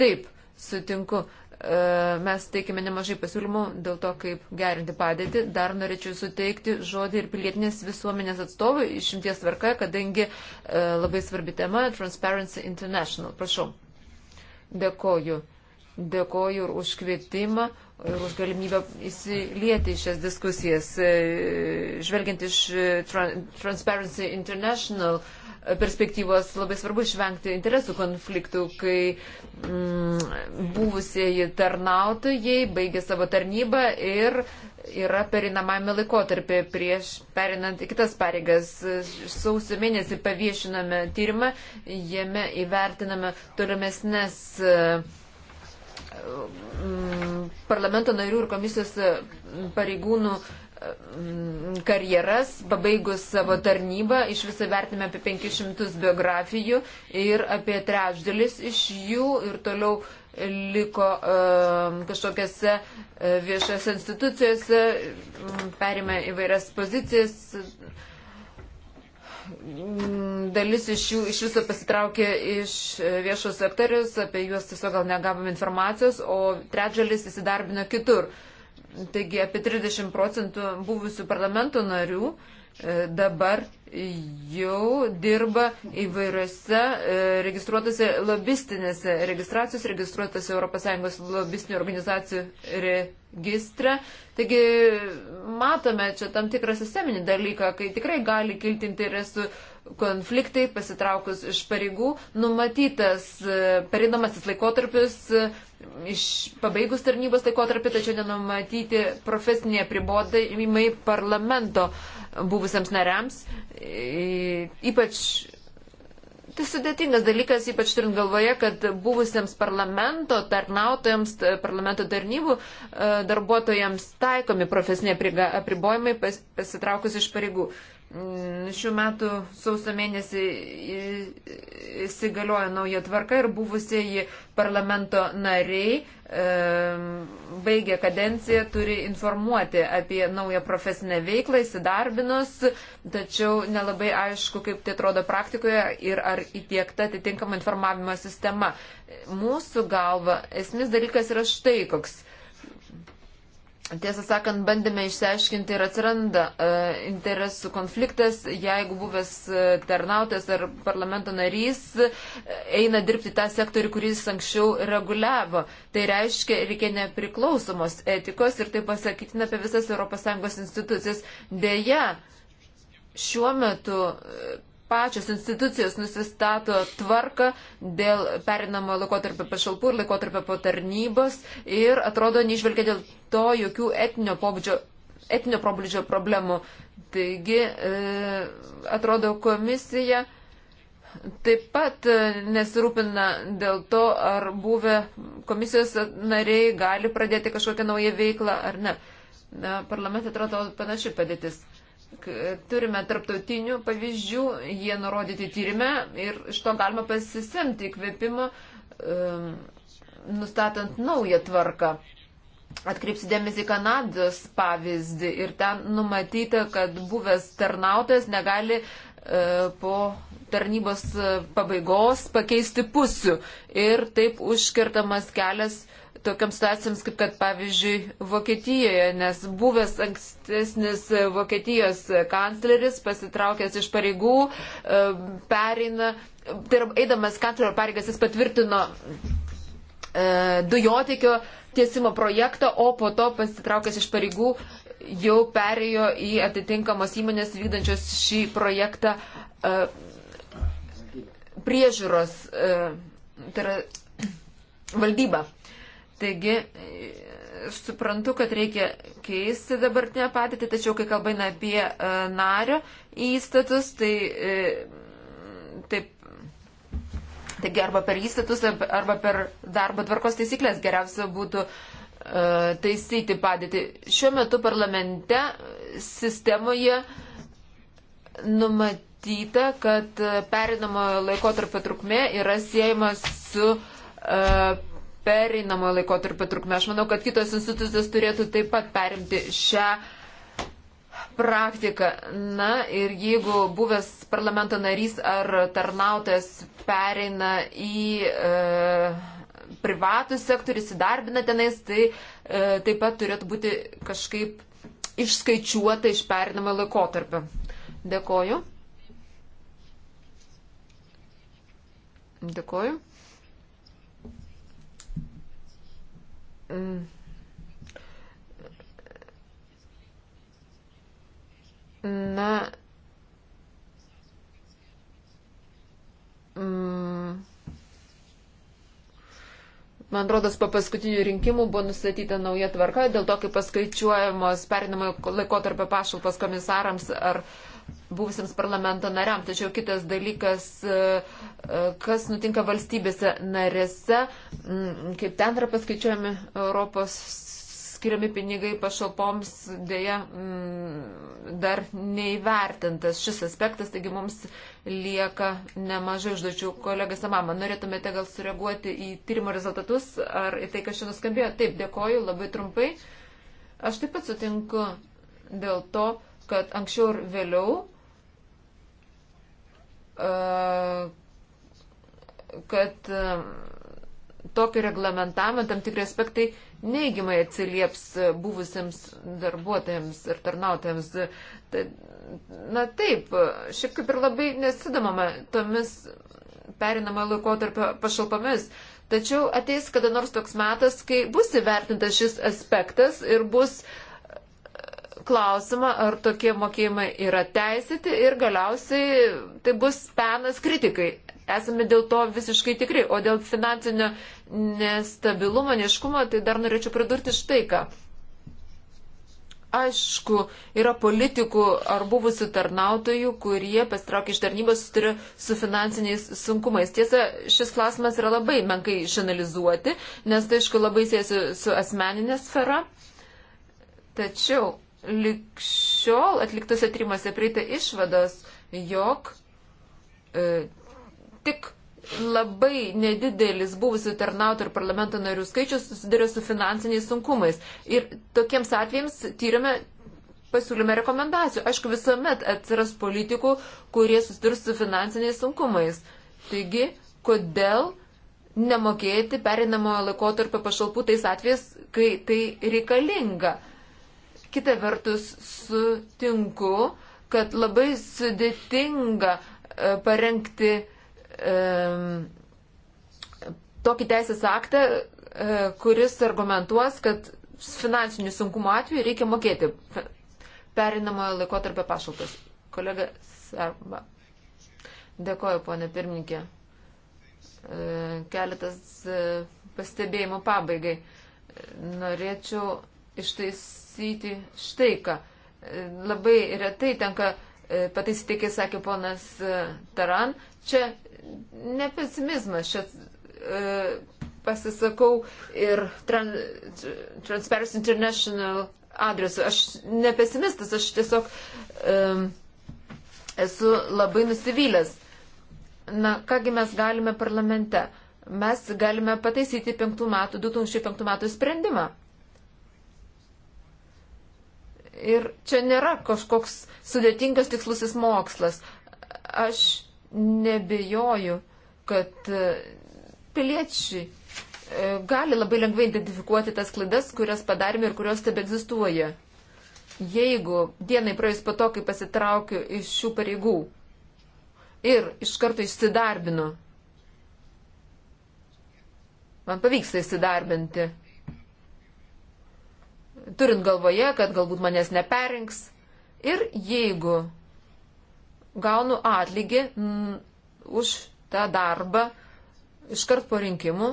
Taip, sutinku. E, mes teikime nemažai pasiūlymų dėl to, kaip gerinti padėtį. Dar norėčiau suteikti žodį ir pilietinės visuomenės atstovui išimties tvarka, kadangi e, labai svarbi tema Transparency International. Prašau. Dėkoju. Dėkoju ir už kvietimą, ir už galimybę įsilieti į šias diskusijas. E, žvelgiant iš Transparency International, uh, perspektyvos labai svarbu išvengti interesų konfliktų, kai mm, buvusieji tarnautojai baigia savo tarnybą ir yra perinamame laikotarpė prieš perinant į kitas pareigas. Sausio mėnesį paviešiname tyrimą, jame įvertiname tolimesnes mm, parlamento narių ir komisijos pareigūnų Mm, karjeras, pabaigus savo tarnybą, iš viso vertiname apie 500 biografijų ir apie trečdalis iš jų ir toliau liko uh, kažkokiose e, viešose institucijose, perėmė įvairias pozicijas, mm, dalis iš jų iš viso pasitraukė iš e, viešo sektorius, apie juos tiesiog gal negavome informacijos, o trečdalis įsidarbino kitur. Uh, Taigi apie 30 procentų buvusių parlamento narių e, dabar jau dirba įvairiose e, registruotose lobistinėse registracijos, registruotose ES lobistinių organizacijų registre. Taigi matome čia tam tikrą sisteminį dalyką, kai tikrai gali kilti interesų konfliktai pasitraukus iš pareigų, numatytas e, perinamasis laikotarpis, e, iš pabaigus tarnybos laikotarpį, tačiau nenumatyti profesiniai pribodimai parlamento buvusiems nariams. E, ypač tai sudėtingas dalykas, ypač turint galvoje, kad buvusiems parlamento tarnautojams, parlamento tarnybų darbuotojams taikomi profesiniai apribojimai pasitraukus iš pareigų. Šių metų sausio mėnesį įsigaliojo nauja tvarka ir buvusieji parlamento nariai e, baigė kadenciją, turi informuoti apie naują profesinę veiklą, įsidarbinus, tačiau nelabai aišku, kaip tai atrodo praktikoje ir ar įtiekta atitinkama informavimo sistema. Mūsų galva esminis dalykas yra štai koks Tiesą sakant, bandėme išsiaiškinti ir atsiranda e, interesų konfliktas, jeigu buvęs e, tarnautas ar parlamento narys e, eina dirbti tą sektorių, kuris anksčiau reguliavo. Tai reiškia, reikia nepriklausomos etikos ir tai pasakytina apie visas ES institucijas. Deja, šiuo metu pačios institucijos nusistato tvarką dėl perinamo laikotarpio pašalpų ir laikotarpio po tarnybos ir atrodo neižvelgia dėl to jokių etnio pobūdžio etinio problidžio problemų. Taigi, e, atrodo, komisija taip pat e, nesirūpina dėl to, ar buvę komisijos nariai gali pradėti kažkokią naują veiklą ar ne. Na, parlamente atrodo panaši padėtis. Turime tarptautinių pavyzdžių, jie nurodyti tyrime ir iš to galima pasisemti įkvėpimo, um, nustatant naują tvarką. Atkreipsiu dėmesį Kanados pavyzdį ir ten numatyta, kad buvęs tarnautojas negali uh, po tarnybos e, pabaigos pakeisti pusių ir taip užkirtamas kelias uh, tokiams situacijams, kaip kad pavyzdžiui Vokietijoje, nes buvęs ankstesnis Vokietijos kancleris pasitraukęs iš pareigų, e, perina, tai yra eidamas kanclerio pareigas, jis patvirtino e, dujotikio tiesimo projektą, o po to pasitraukęs iš pareigų jau perėjo į atitinkamos įmonės vykdančios šį projektą e, priežiūros, tai yra valdyba. Taigi, e, suprantu, kad reikia keisti dabartinę patirtį, tačiau kai kalbame apie e, nario įstatus, tai e, taip. Taigi arba per įstatus, arba per darbo tvarkos taisyklės geriausia būtų taisyti padėtį. Šiuo metu parlamente sistemoje numatyta, kad perinamojo laikotarpio trukmė yra siejama su uh, pereinamojo laikotarpio trukmę. Aš manau, kad kitos institucijos turėtų taip pat perimti šią praktiką. Na ir jeigu buvęs parlamento narys ar tarnautas pereina į e, privatų sektorių, įsidarbina tenais, tai e, taip pat turėtų būti kažkaip išskaičiuota iš perinamo laikotarpio. Dėkoju. Dėkoju. Na. Mm, man rodos, po paskutinių rinkimų buvo nustatyta nauja tvarka, dėl to, kaip paskaičiuojamos perinamojo laikotarpio pašalpos komisarams ar uh, buvusiems parlamento nariams. Tačiau kitas dalykas, e, e, kas nutinka valstybėse narėse, kaip ten yra paskaičiuojami Europos skiriami pinigai pašalpoms, dėja dar neįvertintas šis aspektas, taigi mums lieka nemažai užduočių. Kolega Samama, norėtumėte gal sureaguoti į tyrimo rezultatus ar į tai, kas čia nuskambėjo? Taip, dėkoju labai trumpai. Aš taip pat sutinku dėl to, kad anksčiau ir vėliau, e, kad e, tokį reglamentavimą tam tikri aspektai neigiamai atsilieps buvusiems darbuotojams ir tarnautojams. Tai, na taip, šiaip kaip ir labai nesidomama tomis perinamą laikotarpio pašalpomis. Tačiau ateis kada nors toks metas, kai bus įvertintas šis aspektas ir bus uh, klausimą, ar tokie mokėjimai yra teisėti ir galiausiai tai bus penas kritikai. Esame dėl to visiškai tikri. O dėl finansinio nestabilumo, neiškumo, tai dar norėčiau pridurti štai ką. Aišku, yra politikų ar buvusių tarnautojų, kurie pasitraukė iš tarnybos susiturė su finansiniais sunkumais. Tiesa, šis klausimas yra labai menkai išanalizuoti, nes tai, aišku, labai siejasi su asmeninė sfera. Tačiau likščiol atliktose tyrimuose prieita išvados, jog e, tik labai nedidelis buvusių tarnautų ir parlamento narių skaičius susiduria su finansiniais sunkumais. Ir tokiems atvejams tyriame pasiūlyme rekomendacijų. Aišku, visuomet atsiras politikų, kurie susidurs su finansiniais sunkumais. Taigi, kodėl nemokėti perinamojo laikotarpio pašalpų tais atvejais, kai tai reikalinga? Kita vertus, sutinku, kad labai sudėtinga e, parengti um, tokį teisės aktą, e, kuris argumentuos, kad finansinių sunkumų atveju reikia mokėti perinamojo laikotarpio pašalpas. Kolega Sarba. Dėkoju, ponė pirmininkė. E, keletas pastebėjimų pabaigai. Norėčiau iš tais pataisyti štai ką. E, labai retai tenka e, pataisyti, kaip sakė ponas e, Taran, čia ne pesimizmas, čia e, pasisakau ir tran, Transparency International adresu. Aš ne pesimistas, aš tiesiog um, e, esu labai nusivylęs. Na, kągi mes galime parlamente? Mes galime pataisyti 5 metų, 2005 metų sprendimą. Ir čia nėra kažkoks sudėtingas tikslusis mokslas. Aš nebejoju, kad e, piliečiai e, gali labai lengvai identifikuoti tas klaidas, kurias padarėme ir kurios tebe egzistuoja. Jeigu dienai praėjus po to, kai pasitraukiu iš šių pareigų ir iš karto išsidarbinu, man pavyksta įsidarbinti turint galvoje, kad galbūt manęs neperinks. Ir jeigu gaunu atlygį m, mm, už tą darbą iškart po rinkimų,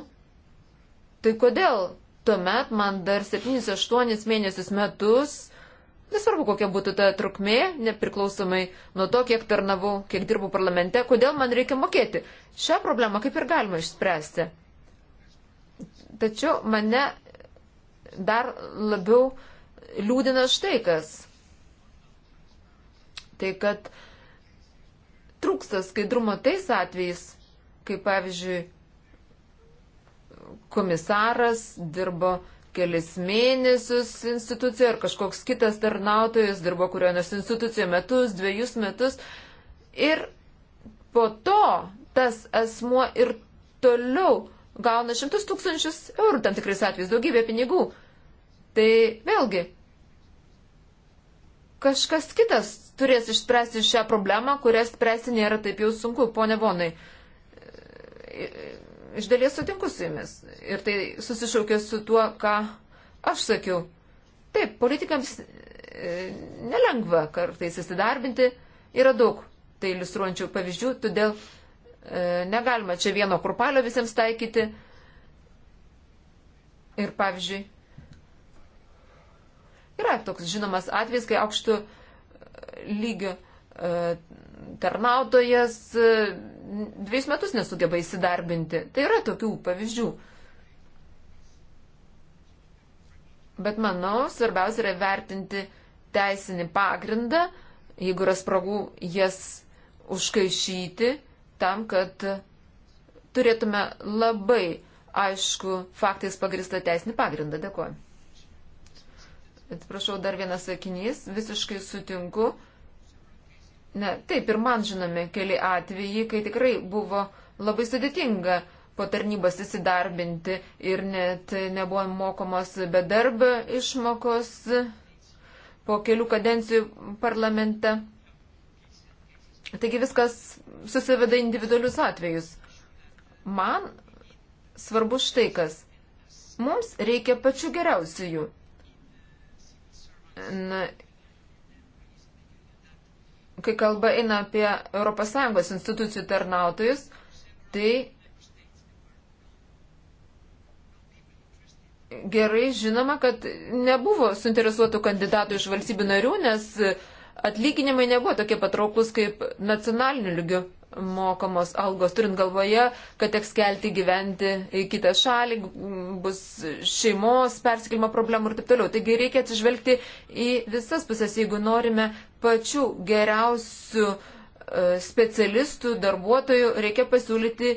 tai kodėl tuomet man dar 7-8 mėnesius metus, nesvarbu kokia būtų ta trukmė, nepriklausomai nuo to, kiek tarnavau, kiek dirbau parlamente, kodėl man reikia mokėti. Šią problemą kaip ir galima išspręsti. Tačiau mane dar labiau liūdina štai kas. Tai kad trūksta skaidrumo tais atvejais, kai pavyzdžiui komisaras dirbo kelis mėnesius institucijoje ar kažkoks kitas tarnautojas dirbo kurio nors institucijoje metus, dviejus metus ir po to tas asmuo ir toliau gauna šimtus tūkstančius eurų, tam tikrais atvejais daugybė pinigų tai vėlgi kažkas kitas turės išspręsti šią problemą, kurią spręsti nėra taip jau sunku, ponė Vonai. Iš dalies sutinku su jumis ir tai susišaukė su tuo, ką aš sakiau. Taip, politikams e, nelengva kartais įsidarbinti, yra daug tai iliustruojančių pavyzdžių, todėl e, negalima čia vieno kurpalio visiems taikyti. Ir pavyzdžiui, Yra toks žinomas atvejs, kai aukštų e, lygio e, tarnautojas e, dviejus metus nesugeba įsidarbinti. Tai yra tokių pavyzdžių. Bet manau, svarbiausia yra vertinti teisinį pagrindą, jeigu yra spragų, jas užkaišyti tam, kad turėtume labai aišku faktais pagristą teisinį pagrindą. Dėkuoju. Atsiprašau, dar vienas sakinys, visiškai sutinku. Ne, taip ir man žinomi keli atvejai, kai tikrai buvo labai sudėtinga po tarnybos įsidarbinti ir net nebuvo mokomos bedarbio išmokos po kelių kadencijų parlamente. Taigi viskas susiveda individualius atvejus. Man svarbu štai kas. Mums reikia pačių geriausiųjų Na, kai kalba eina apie ES institucijų tarnautojus, tai gerai žinoma, kad nebuvo suinteresuotų kandidatų iš valstybių narių, nes atlyginimai nebuvo tokie patrauklus kaip nacionaliniu lygiu mokamos algos, turint galvoje, kad teks kelti gyventi į kitą šalį, bus šeimos persikėlimo problemų ir taip toliau. Taigi reikia atsižvelgti į visas pusės, jeigu norime pačių geriausių e, specialistų, darbuotojų, reikia pasiūlyti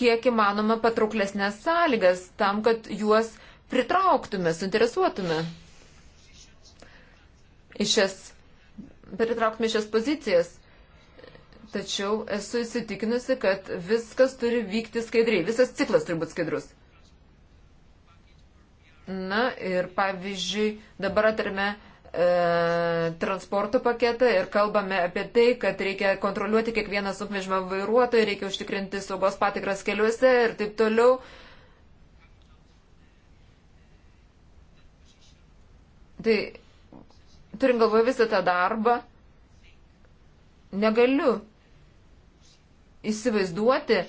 kiek įmanoma patrauklesnės sąlygas tam, kad juos pritrauktume, suinteresuotume. Iš šias, pritrauktume šias pozicijas tačiau esu įsitikinusi, kad viskas turi vykti skaidriai, visas ciklas turi būti skaidrus. Na ir pavyzdžiui, dabar atarime e, transporto paketą ir kalbame apie tai, kad reikia kontroliuoti kiekvieną sunkvežimą vairuotoją, reikia užtikrinti saugos patikras keliuose ir taip toliau. Tai turim galvoje visą tą darbą. Negaliu įsivaizduoti,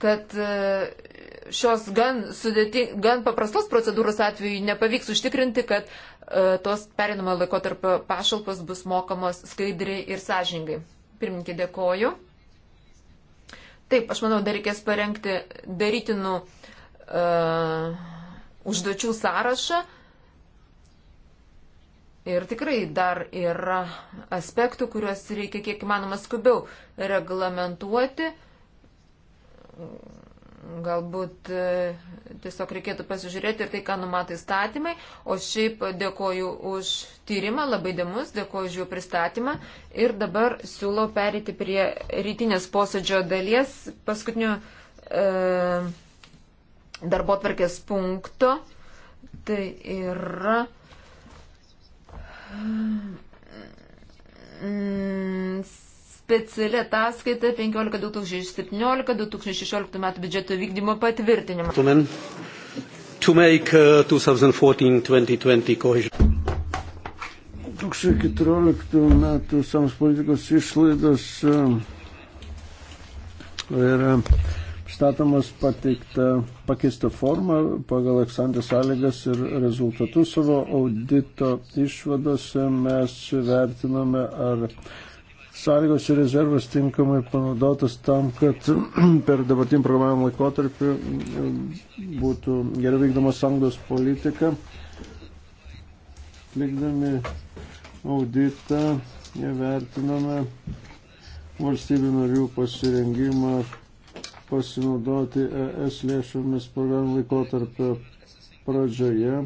kad e, šios gan, sudėti, gan paprastos procedūros atveju nepavyks užtikrinti, kad e, tos perinamojo laikotarpio pašalpos bus mokamos skaidriai ir sąžingai. Pirminkė, dėkoju. Taip, aš manau, dar reikės parengti darytinų uh, užduočių sąrašą, uh, Ir tikrai dar yra aspektų, kuriuos reikia kiek įmanoma skubiau reglamentuoti. Galbūt e, tiesiog reikėtų pasižiūrėti ir tai, ką numato įstatymai. O šiaip dėkoju už tyrimą, labai demus, dėkoju už jų pristatymą. Ir dabar siūlau perėti prie rytinės posėdžio dalies, paskutinio e, darbo tvarkės punkto. Tai yra. Mm, speciali ataskaita 15.2017-2016 metų biudžeto vykdymo patvirtinimą. To make uh, 2014-2020 cohesion. 2014 metų sams politikos išlaidos uh, yra uh, pristatomos pateikta pakeista forma pagal eksantės sąlygas ir rezultatus savo audito išvadose mes vertiname, ar sąlygos ir rezervas tinkamai panaudotas tam, kad per dabartinį programavimo laikotarpį mm, būtų gerai vykdoma sąjungos politika. Likdami auditą, jie vertiname valstybių narių pasirengimą pasinaudoti ES lėšomis programų laikotarpio pradžioje.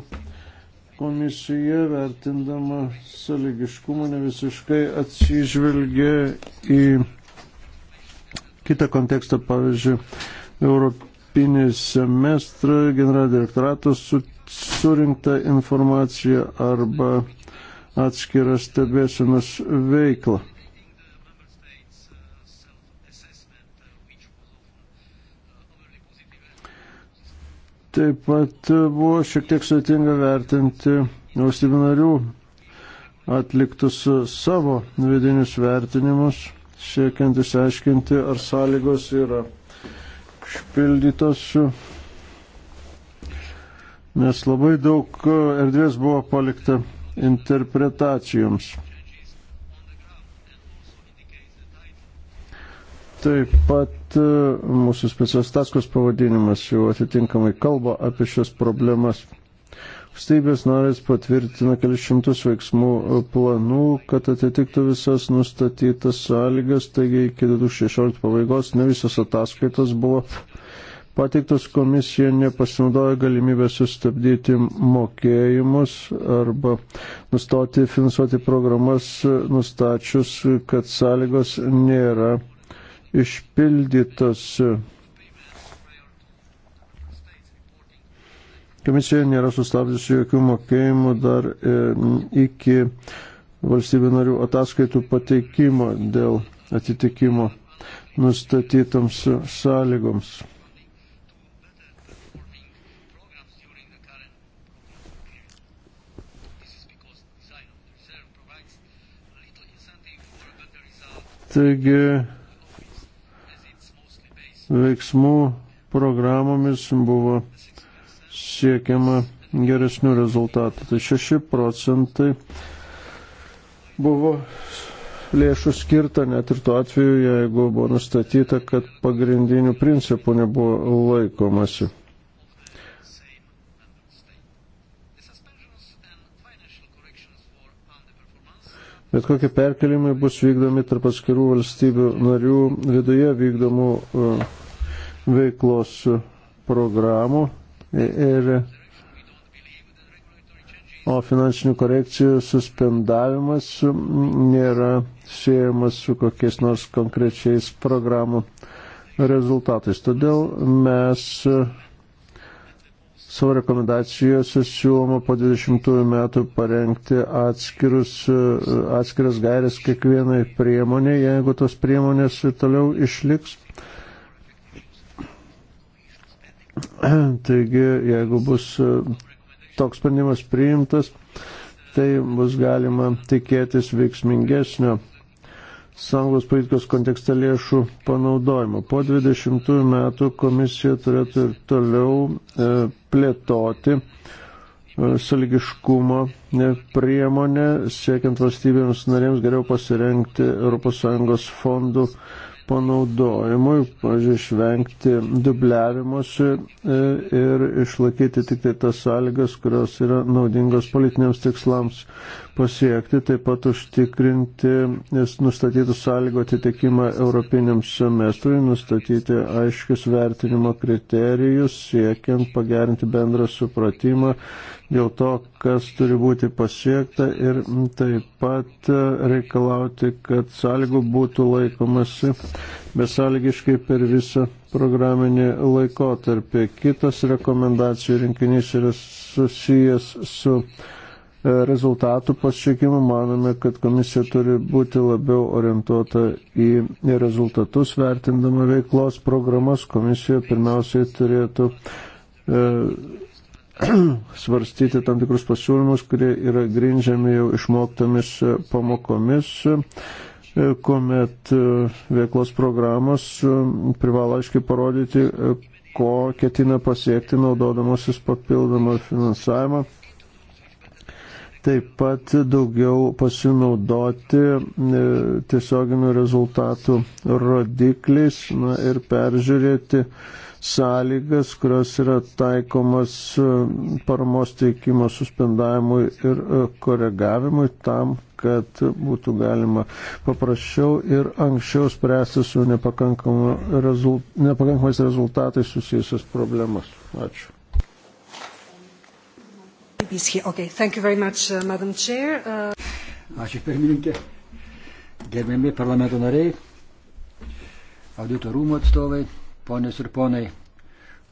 Komisija vertindama saligiškumą ne visiškai atsižvelgia į kitą kontekstą, pavyzdžiui, Europinį semestrą, generalinio direktorato su, surinktą informaciją arba atskirą stebėsenos veiklą. Taip pat buvo šiek tiek sudėtinga vertinti valstybių narių atliktus savo vidinius vertinimus, siekiant išsiaiškinti, ar sąlygos yra išpildytos, nes labai daug erdvės buvo palikta interpretacijoms. Taip pat e, mūsų specialios taskos pavadinimas jau atitinkamai kalba apie šios problemas. Valstybės narės patvirtina kelius šimtus veiksmų planų, kad atitiktų visas nustatytas sąlygas, taigi iki 2016 pabaigos ne visos ataskaitos buvo pateiktos komisija nepasinaudojo galimybę sustabdyti mokėjimus arba nustoti finansuoti programas, nustačius, kad sąlygos nėra išpildytos. Komisija nėra sustabdžiusi jokių mokėjimų dar e, iki valstybių narių ataskaitų pateikimo dėl atitikimo nustatytoms sąlygoms. Taigi veiksmų programomis buvo siekiama geresnių rezultatų. Tai 6 procentai buvo lėšų skirta net ir tuo atveju, jeigu buvo nustatyta, kad pagrindinių principų nebuvo laikomasi. Bet kokie perkelimai bus vykdomi tarp atskirų valstybių narių viduje vykdomų e, veiklos e, programų ir o finansinių korekcijų suspendavimas nėra siejamas su kokiais nors konkrečiais programų rezultatais. Todėl mes e, Savo rekomendacijose siūloma po 20 metų parengti atskirus, atskiras gairias kiekvienai priemonė, jeigu tos priemonės ir toliau išliks. Taigi, jeigu bus toks sprendimas priimtas, tai bus galima tikėtis veiksmingesnio sąjungos politikos kontekste lėšų panaudojimo. Po 20 metų komisija turėtų ir toliau e, plėtoti e, saligiškumo priemonę, siekiant valstybėms narėms geriau pasirengti ES fondų panaudojimui, pažiūrėjau, išvengti dubliavimuose e, ir išlaikyti tik tai tas sąlygas, kurios yra naudingos politiniams tikslams pasiekti, taip pat užtikrinti nustatytų sąlygų atitikimą europiniam semestrui, nustatyti aiškius vertinimo kriterijus, siekiant pagerinti bendrą supratimą dėl to, kas turi būti pasiekta ir taip pat e, reikalauti, kad sąlygų būtų laikomasi besalgiškai per visą programinį laikotarpį. Kitas rekomendacijų rinkinys yra susijęs su e, rezultatų pasiekimu. Manome, kad komisija turi būti labiau orientuota į rezultatus vertindama veiklos programas. Komisija pirmiausiai turėtų e, svarstyti tam tikrus pasiūlymus, kurie yra grindžiami jau išmoktomis e, pamokomis, e, kuomet e, veiklos programos privalo aiškiai parodyti, ko ketina pasiekti naudodamasis papildomą finansavimą. Taip pat daugiau pasinaudoti tiesioginių rezultatų rodikliais na, ir peržiūrėti uh, sąlygas, kurios yra taikomas e, paramos teikimo suspendavimui ir e, koregavimui tam, kad būtų galima paprasčiau ir anksčiau spręsti su nepakankamais rezultatais susijusias problemas. Ačiū. Okay, thank you very much, uh, Madam Chair. Uh... Ačiū pirmininkė. Gerbiami parlamento nariai, audito rūmų atstovai, Ponios ir ponai,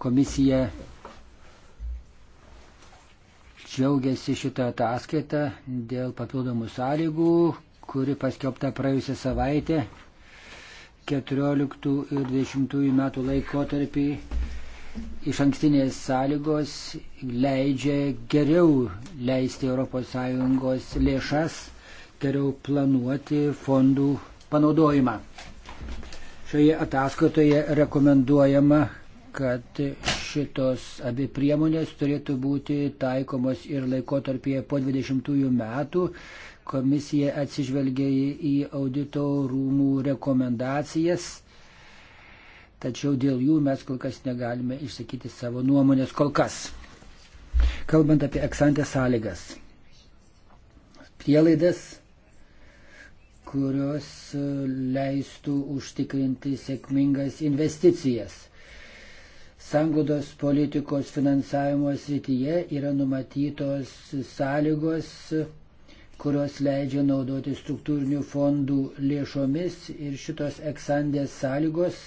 komisija džiaugiasi šitą ataskaitą dėl papildomų sąlygų, kuri paskelbta praėjusią savaitę 14 ir 20 metų laikotarpį. Iš ankstinės sąlygos leidžia geriau leisti ES lėšas, geriau planuoti fondų panaudojimą. Šioje ataskaitoje rekomenduojama, kad šitos abi priemonės turėtų būti taikomos ir laikotarpyje po 20 metų. Komisija atsižvelgia į audito rūmų rekomendacijas, tačiau dėl jų mes kol kas negalime išsakyti savo nuomonės kol kas. Kalbant apie eksantės sąlygas, prielaidas kurios e, leistų užtikrinti sėkmingas investicijas. Sangudos politikos finansavimo srityje yra numatytos sąlygos, kurios leidžia naudoti struktūrinių fondų lėšomis ir šitos eksandės sąlygos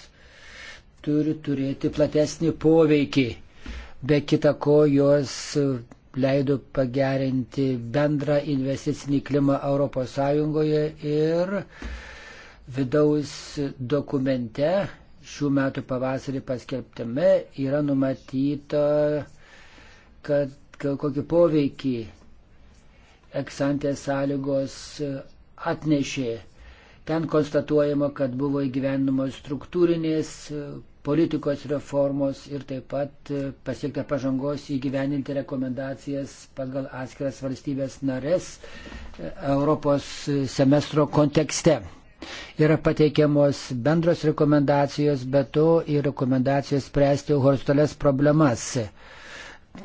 turi turėti platesnį poveikį. Be kita ko, jos leido pagerinti bendrą investicinį klimą ES ir vidaus dokumente šių metų pavasarį paskelbtame yra numatyta, kad, kad kokį poveikį eksantės sąlygos atnešė. Ten konstatuojama, kad buvo įgyvendamos struktūrinės politikos reformos ir taip pat e, pasiekta pažangos įgyveninti rekomendacijas pagal atskiras valstybės narės e, Europos semestro kontekste. Yra pateikiamos bendros rekomendacijos, bet to ir rekomendacijos spręsti horizontales problemas.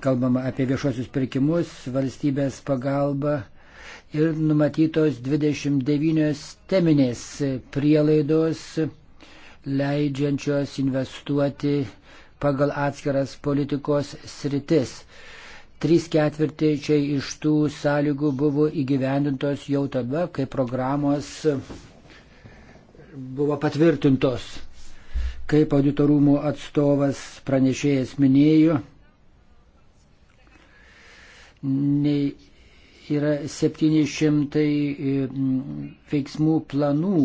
Kalbama apie viešuosius pirkimus, valstybės pagalbą ir numatytos 29 teminės prielaidos leidžiančios investuoti pagal atskiras politikos sritis. Trys ketvirtiečiai iš tų sąlygų buvo įgyvendintos jau tada, kai programos buvo patvirtintos. Kaip auditorumo atstovas pranešėjas minėjo, nei yra 700 e, veiksmų planų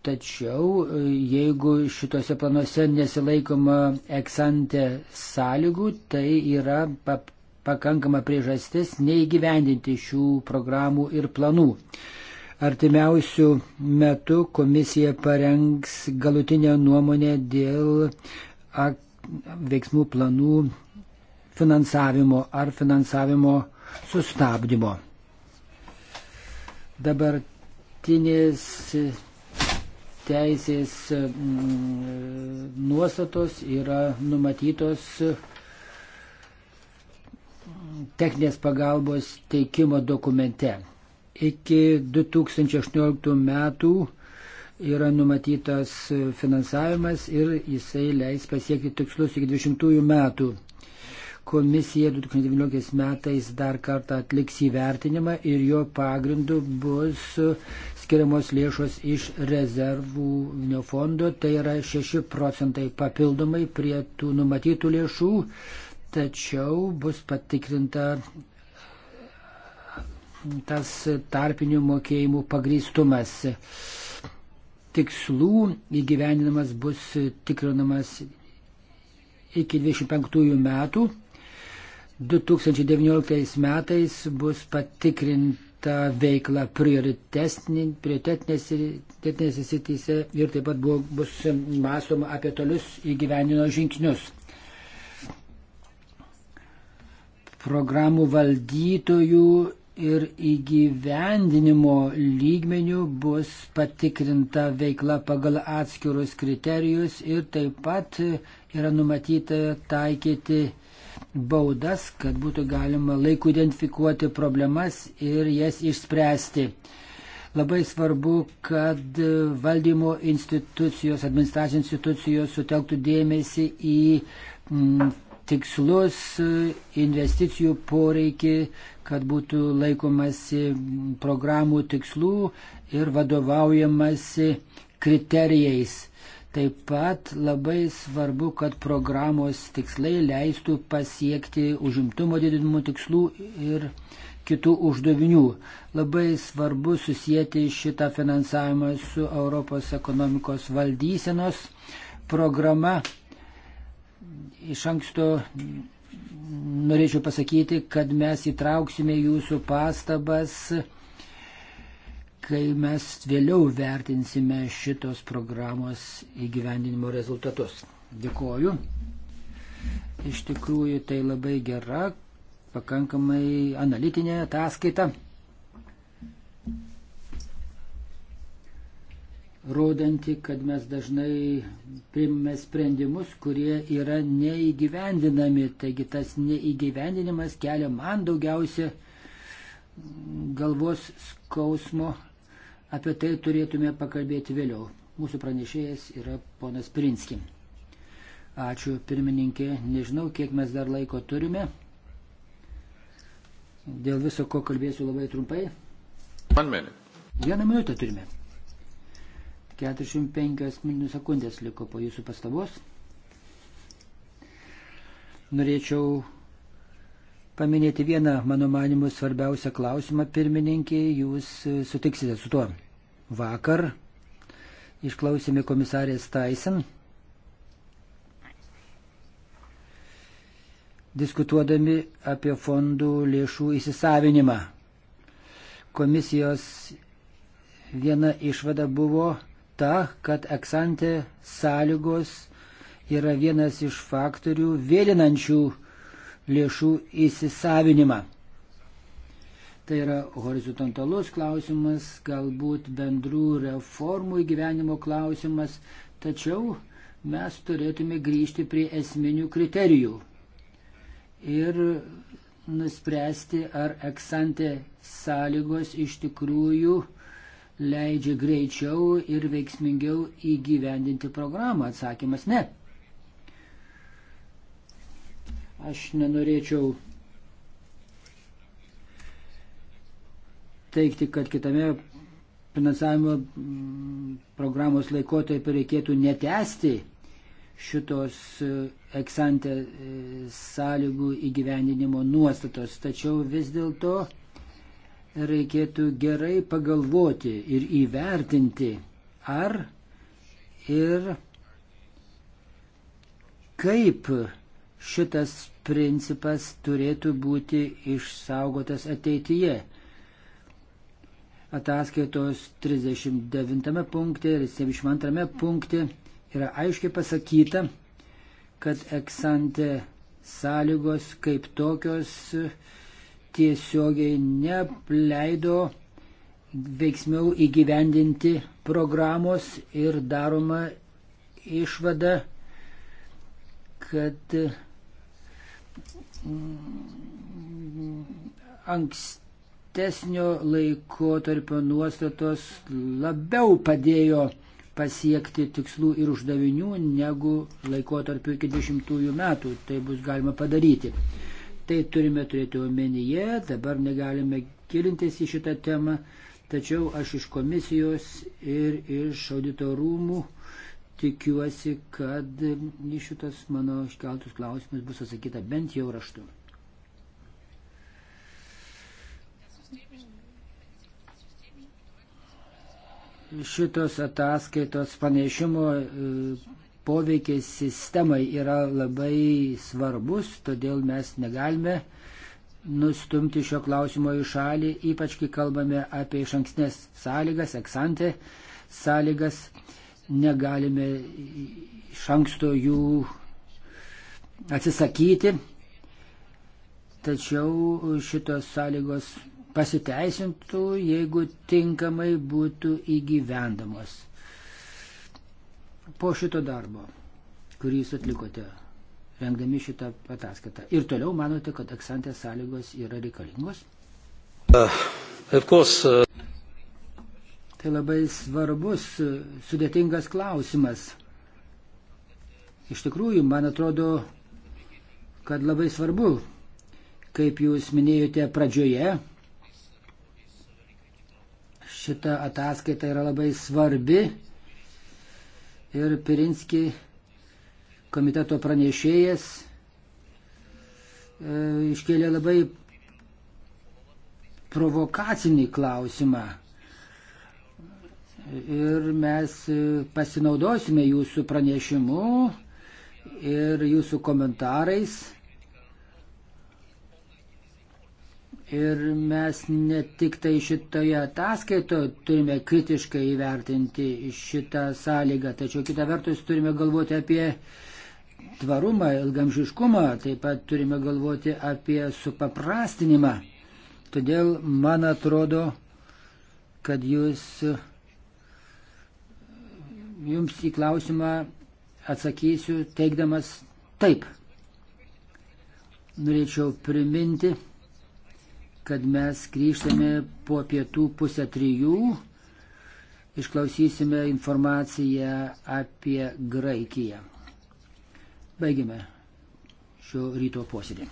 Tačiau e, jeigu šitose planuose nesilaikoma eksante sąlygų, tai yra pap pakankama priežastis neįgyvendinti šių programų ir planų. Artimiausių metų komisija parengs galutinę nuomonę dėl veiksmų planų finansavimo ar finansavimo sustabdymo. Dabartinės teisės mm, nuostatos yra numatytos techninės pagalbos teikimo dokumente. Iki 2018 metų yra numatytas finansavimas ir jisai leis pasiekti tikslus iki 2020 metų. Komisija 2019 metais dar kartą atliks įvertinimą ir jo pagrindu bus skiriamos lėšos iš rezervų fondo, tai yra 6 procentai papildomai prie tų numatytų lėšų, tačiau bus patikrinta tas tarpinių mokėjimų pagrystumas. Tikslų įgyveninamas bus tikrinamas iki 25 metų. 2019 metais bus patikrint tą veiklą prioritetinėse sityse ir taip pat buvo, bus mąstoma apie tolius įgyvenino žingsnius. Programų valdytojų ir įgyvendinimo lygmenių bus patikrinta veikla pagal atskirus kriterijus ir taip pat yra numatyta taikyti baudas, kad būtų galima laiku identifikuoti problemas ir jas išspręsti. Labai svarbu, kad valdymo institucijos, administracijos institucijos sutelktų dėmesį į m, mm, tikslus, investicijų poreikį, kad būtų laikomasi programų tikslų ir vadovaujamasi kriterijais. Taip pat labai svarbu, kad programos tikslai leistų pasiekti užimtumo didinimo tikslų ir kitų uždavinių. Labai svarbu susijęti šitą finansavimą su Europos ekonomikos valdysenos programa. Iš anksto norėčiau pasakyti, kad mes įtrauksime jūsų pastabas kai mes vėliau vertinsime šitos programos įgyvendinimo rezultatus. Dėkoju. Iš tikrųjų, tai labai gera, pakankamai analitinė ataskaita. rodanti, kad mes dažnai priimame sprendimus, kurie yra neįgyvendinami. Taigi tas neįgyvendinimas kelia man daugiausia galvos skausmo Apie tai turėtume pakalbėti vėliau. Mūsų pranešėjas yra ponas Prinski. Ačiū pirmininkė, nežinau, kiek mes dar laiko turime. Dėl viso ko kalbėsiu labai trumpai. Vieną minutę turime. 45 milisekundės liko po jūsų pastabos. Norėčiau paminėti vieną, mano manimu, svarbiausią klausimą, pirmininkė, jūs e, sutiksite su tuo. Vakar išklausėme komisarės Tyson, diskutuodami apie fondų lėšų įsisavinimą. Komisijos viena išvada buvo ta, kad eksantė sąlygos yra vienas iš faktorių vėlinančių lėšų įsisavinimą. Tai yra horizontalus klausimas, galbūt bendrų reformų įgyvenimo klausimas, tačiau mes turėtume grįžti prie esminių kriterijų ir nuspręsti, ar eksante sąlygos iš tikrųjų leidžia greičiau ir veiksmingiau įgyvendinti programą. Atsakymas ne. Aš nenorėčiau teikti, kad kitame finansavimo mm, programos laikotarpį reikėtų netesti šitos e, eksantė e, sąlygų įgyvendinimo nuostatos. Tačiau vis dėlto reikėtų gerai pagalvoti ir įvertinti, ar ir kaip šitas principas turėtų būti išsaugotas ateityje. Ataskaitos 39 punkte ir 72 punkte yra aiškiai pasakyta, kad eksante sąlygos kaip tokios tiesiogiai nepleido veiksmiau įgyvendinti programos ir daroma išvada, kad ankstesnio laiko tarp nuostatos labiau padėjo pasiekti tikslų ir uždavinių negu laikotarpiu iki 20 metų. Tai bus galima padaryti. Tai turime turėti omenyje, dabar negalime gilintis į šitą temą, tačiau aš iš komisijos ir iš audito rūmų tikiuosi, kad į šitas mano iškeltus klausimus bus atsakyta bent jau raštu. Šitos ataskaitos panešimo e, poveikis sistemai yra labai svarbus, todėl mes negalime nustumti šio klausimo į šalį, ypač kai kalbame apie iš anksnės sąlygas, eksantę sąlygas negalime iš anksto jų atsisakyti, tačiau šitos sąlygos pasiteisintų, jeigu tinkamai būtų įgyvendamos. Po šito darbo, kurį jūs atlikote, rengdami šitą ataskaitą, ir toliau manote, kad eksantės sąlygos yra reikalingos? Uh, course, uh... Tai labai svarbus, sudėtingas klausimas. Iš tikrųjų, man atrodo, kad labai svarbu, kaip jūs minėjote pradžioje, šita ataskaita yra labai svarbi ir Pirinski komiteto pranešėjas e, iškėlė labai provokacinį klausimą ir mes pasinaudosime jūsų pranešimu ir jūsų komentarais. Ir mes ne tik tai šitoje ataskaitoje turime kritiškai įvertinti šitą sąlygą, tačiau kita vertus turime galvoti apie tvarumą, ilgamžiškumą, taip pat turime galvoti apie supaprastinimą. Todėl man atrodo, kad jūs jums į klausimą atsakysiu teikdamas taip. Norėčiau priminti, kad mes grįžtame po pietų pusę trijų, išklausysime informaciją apie Graikiją. Baigime šio ryto posėdį.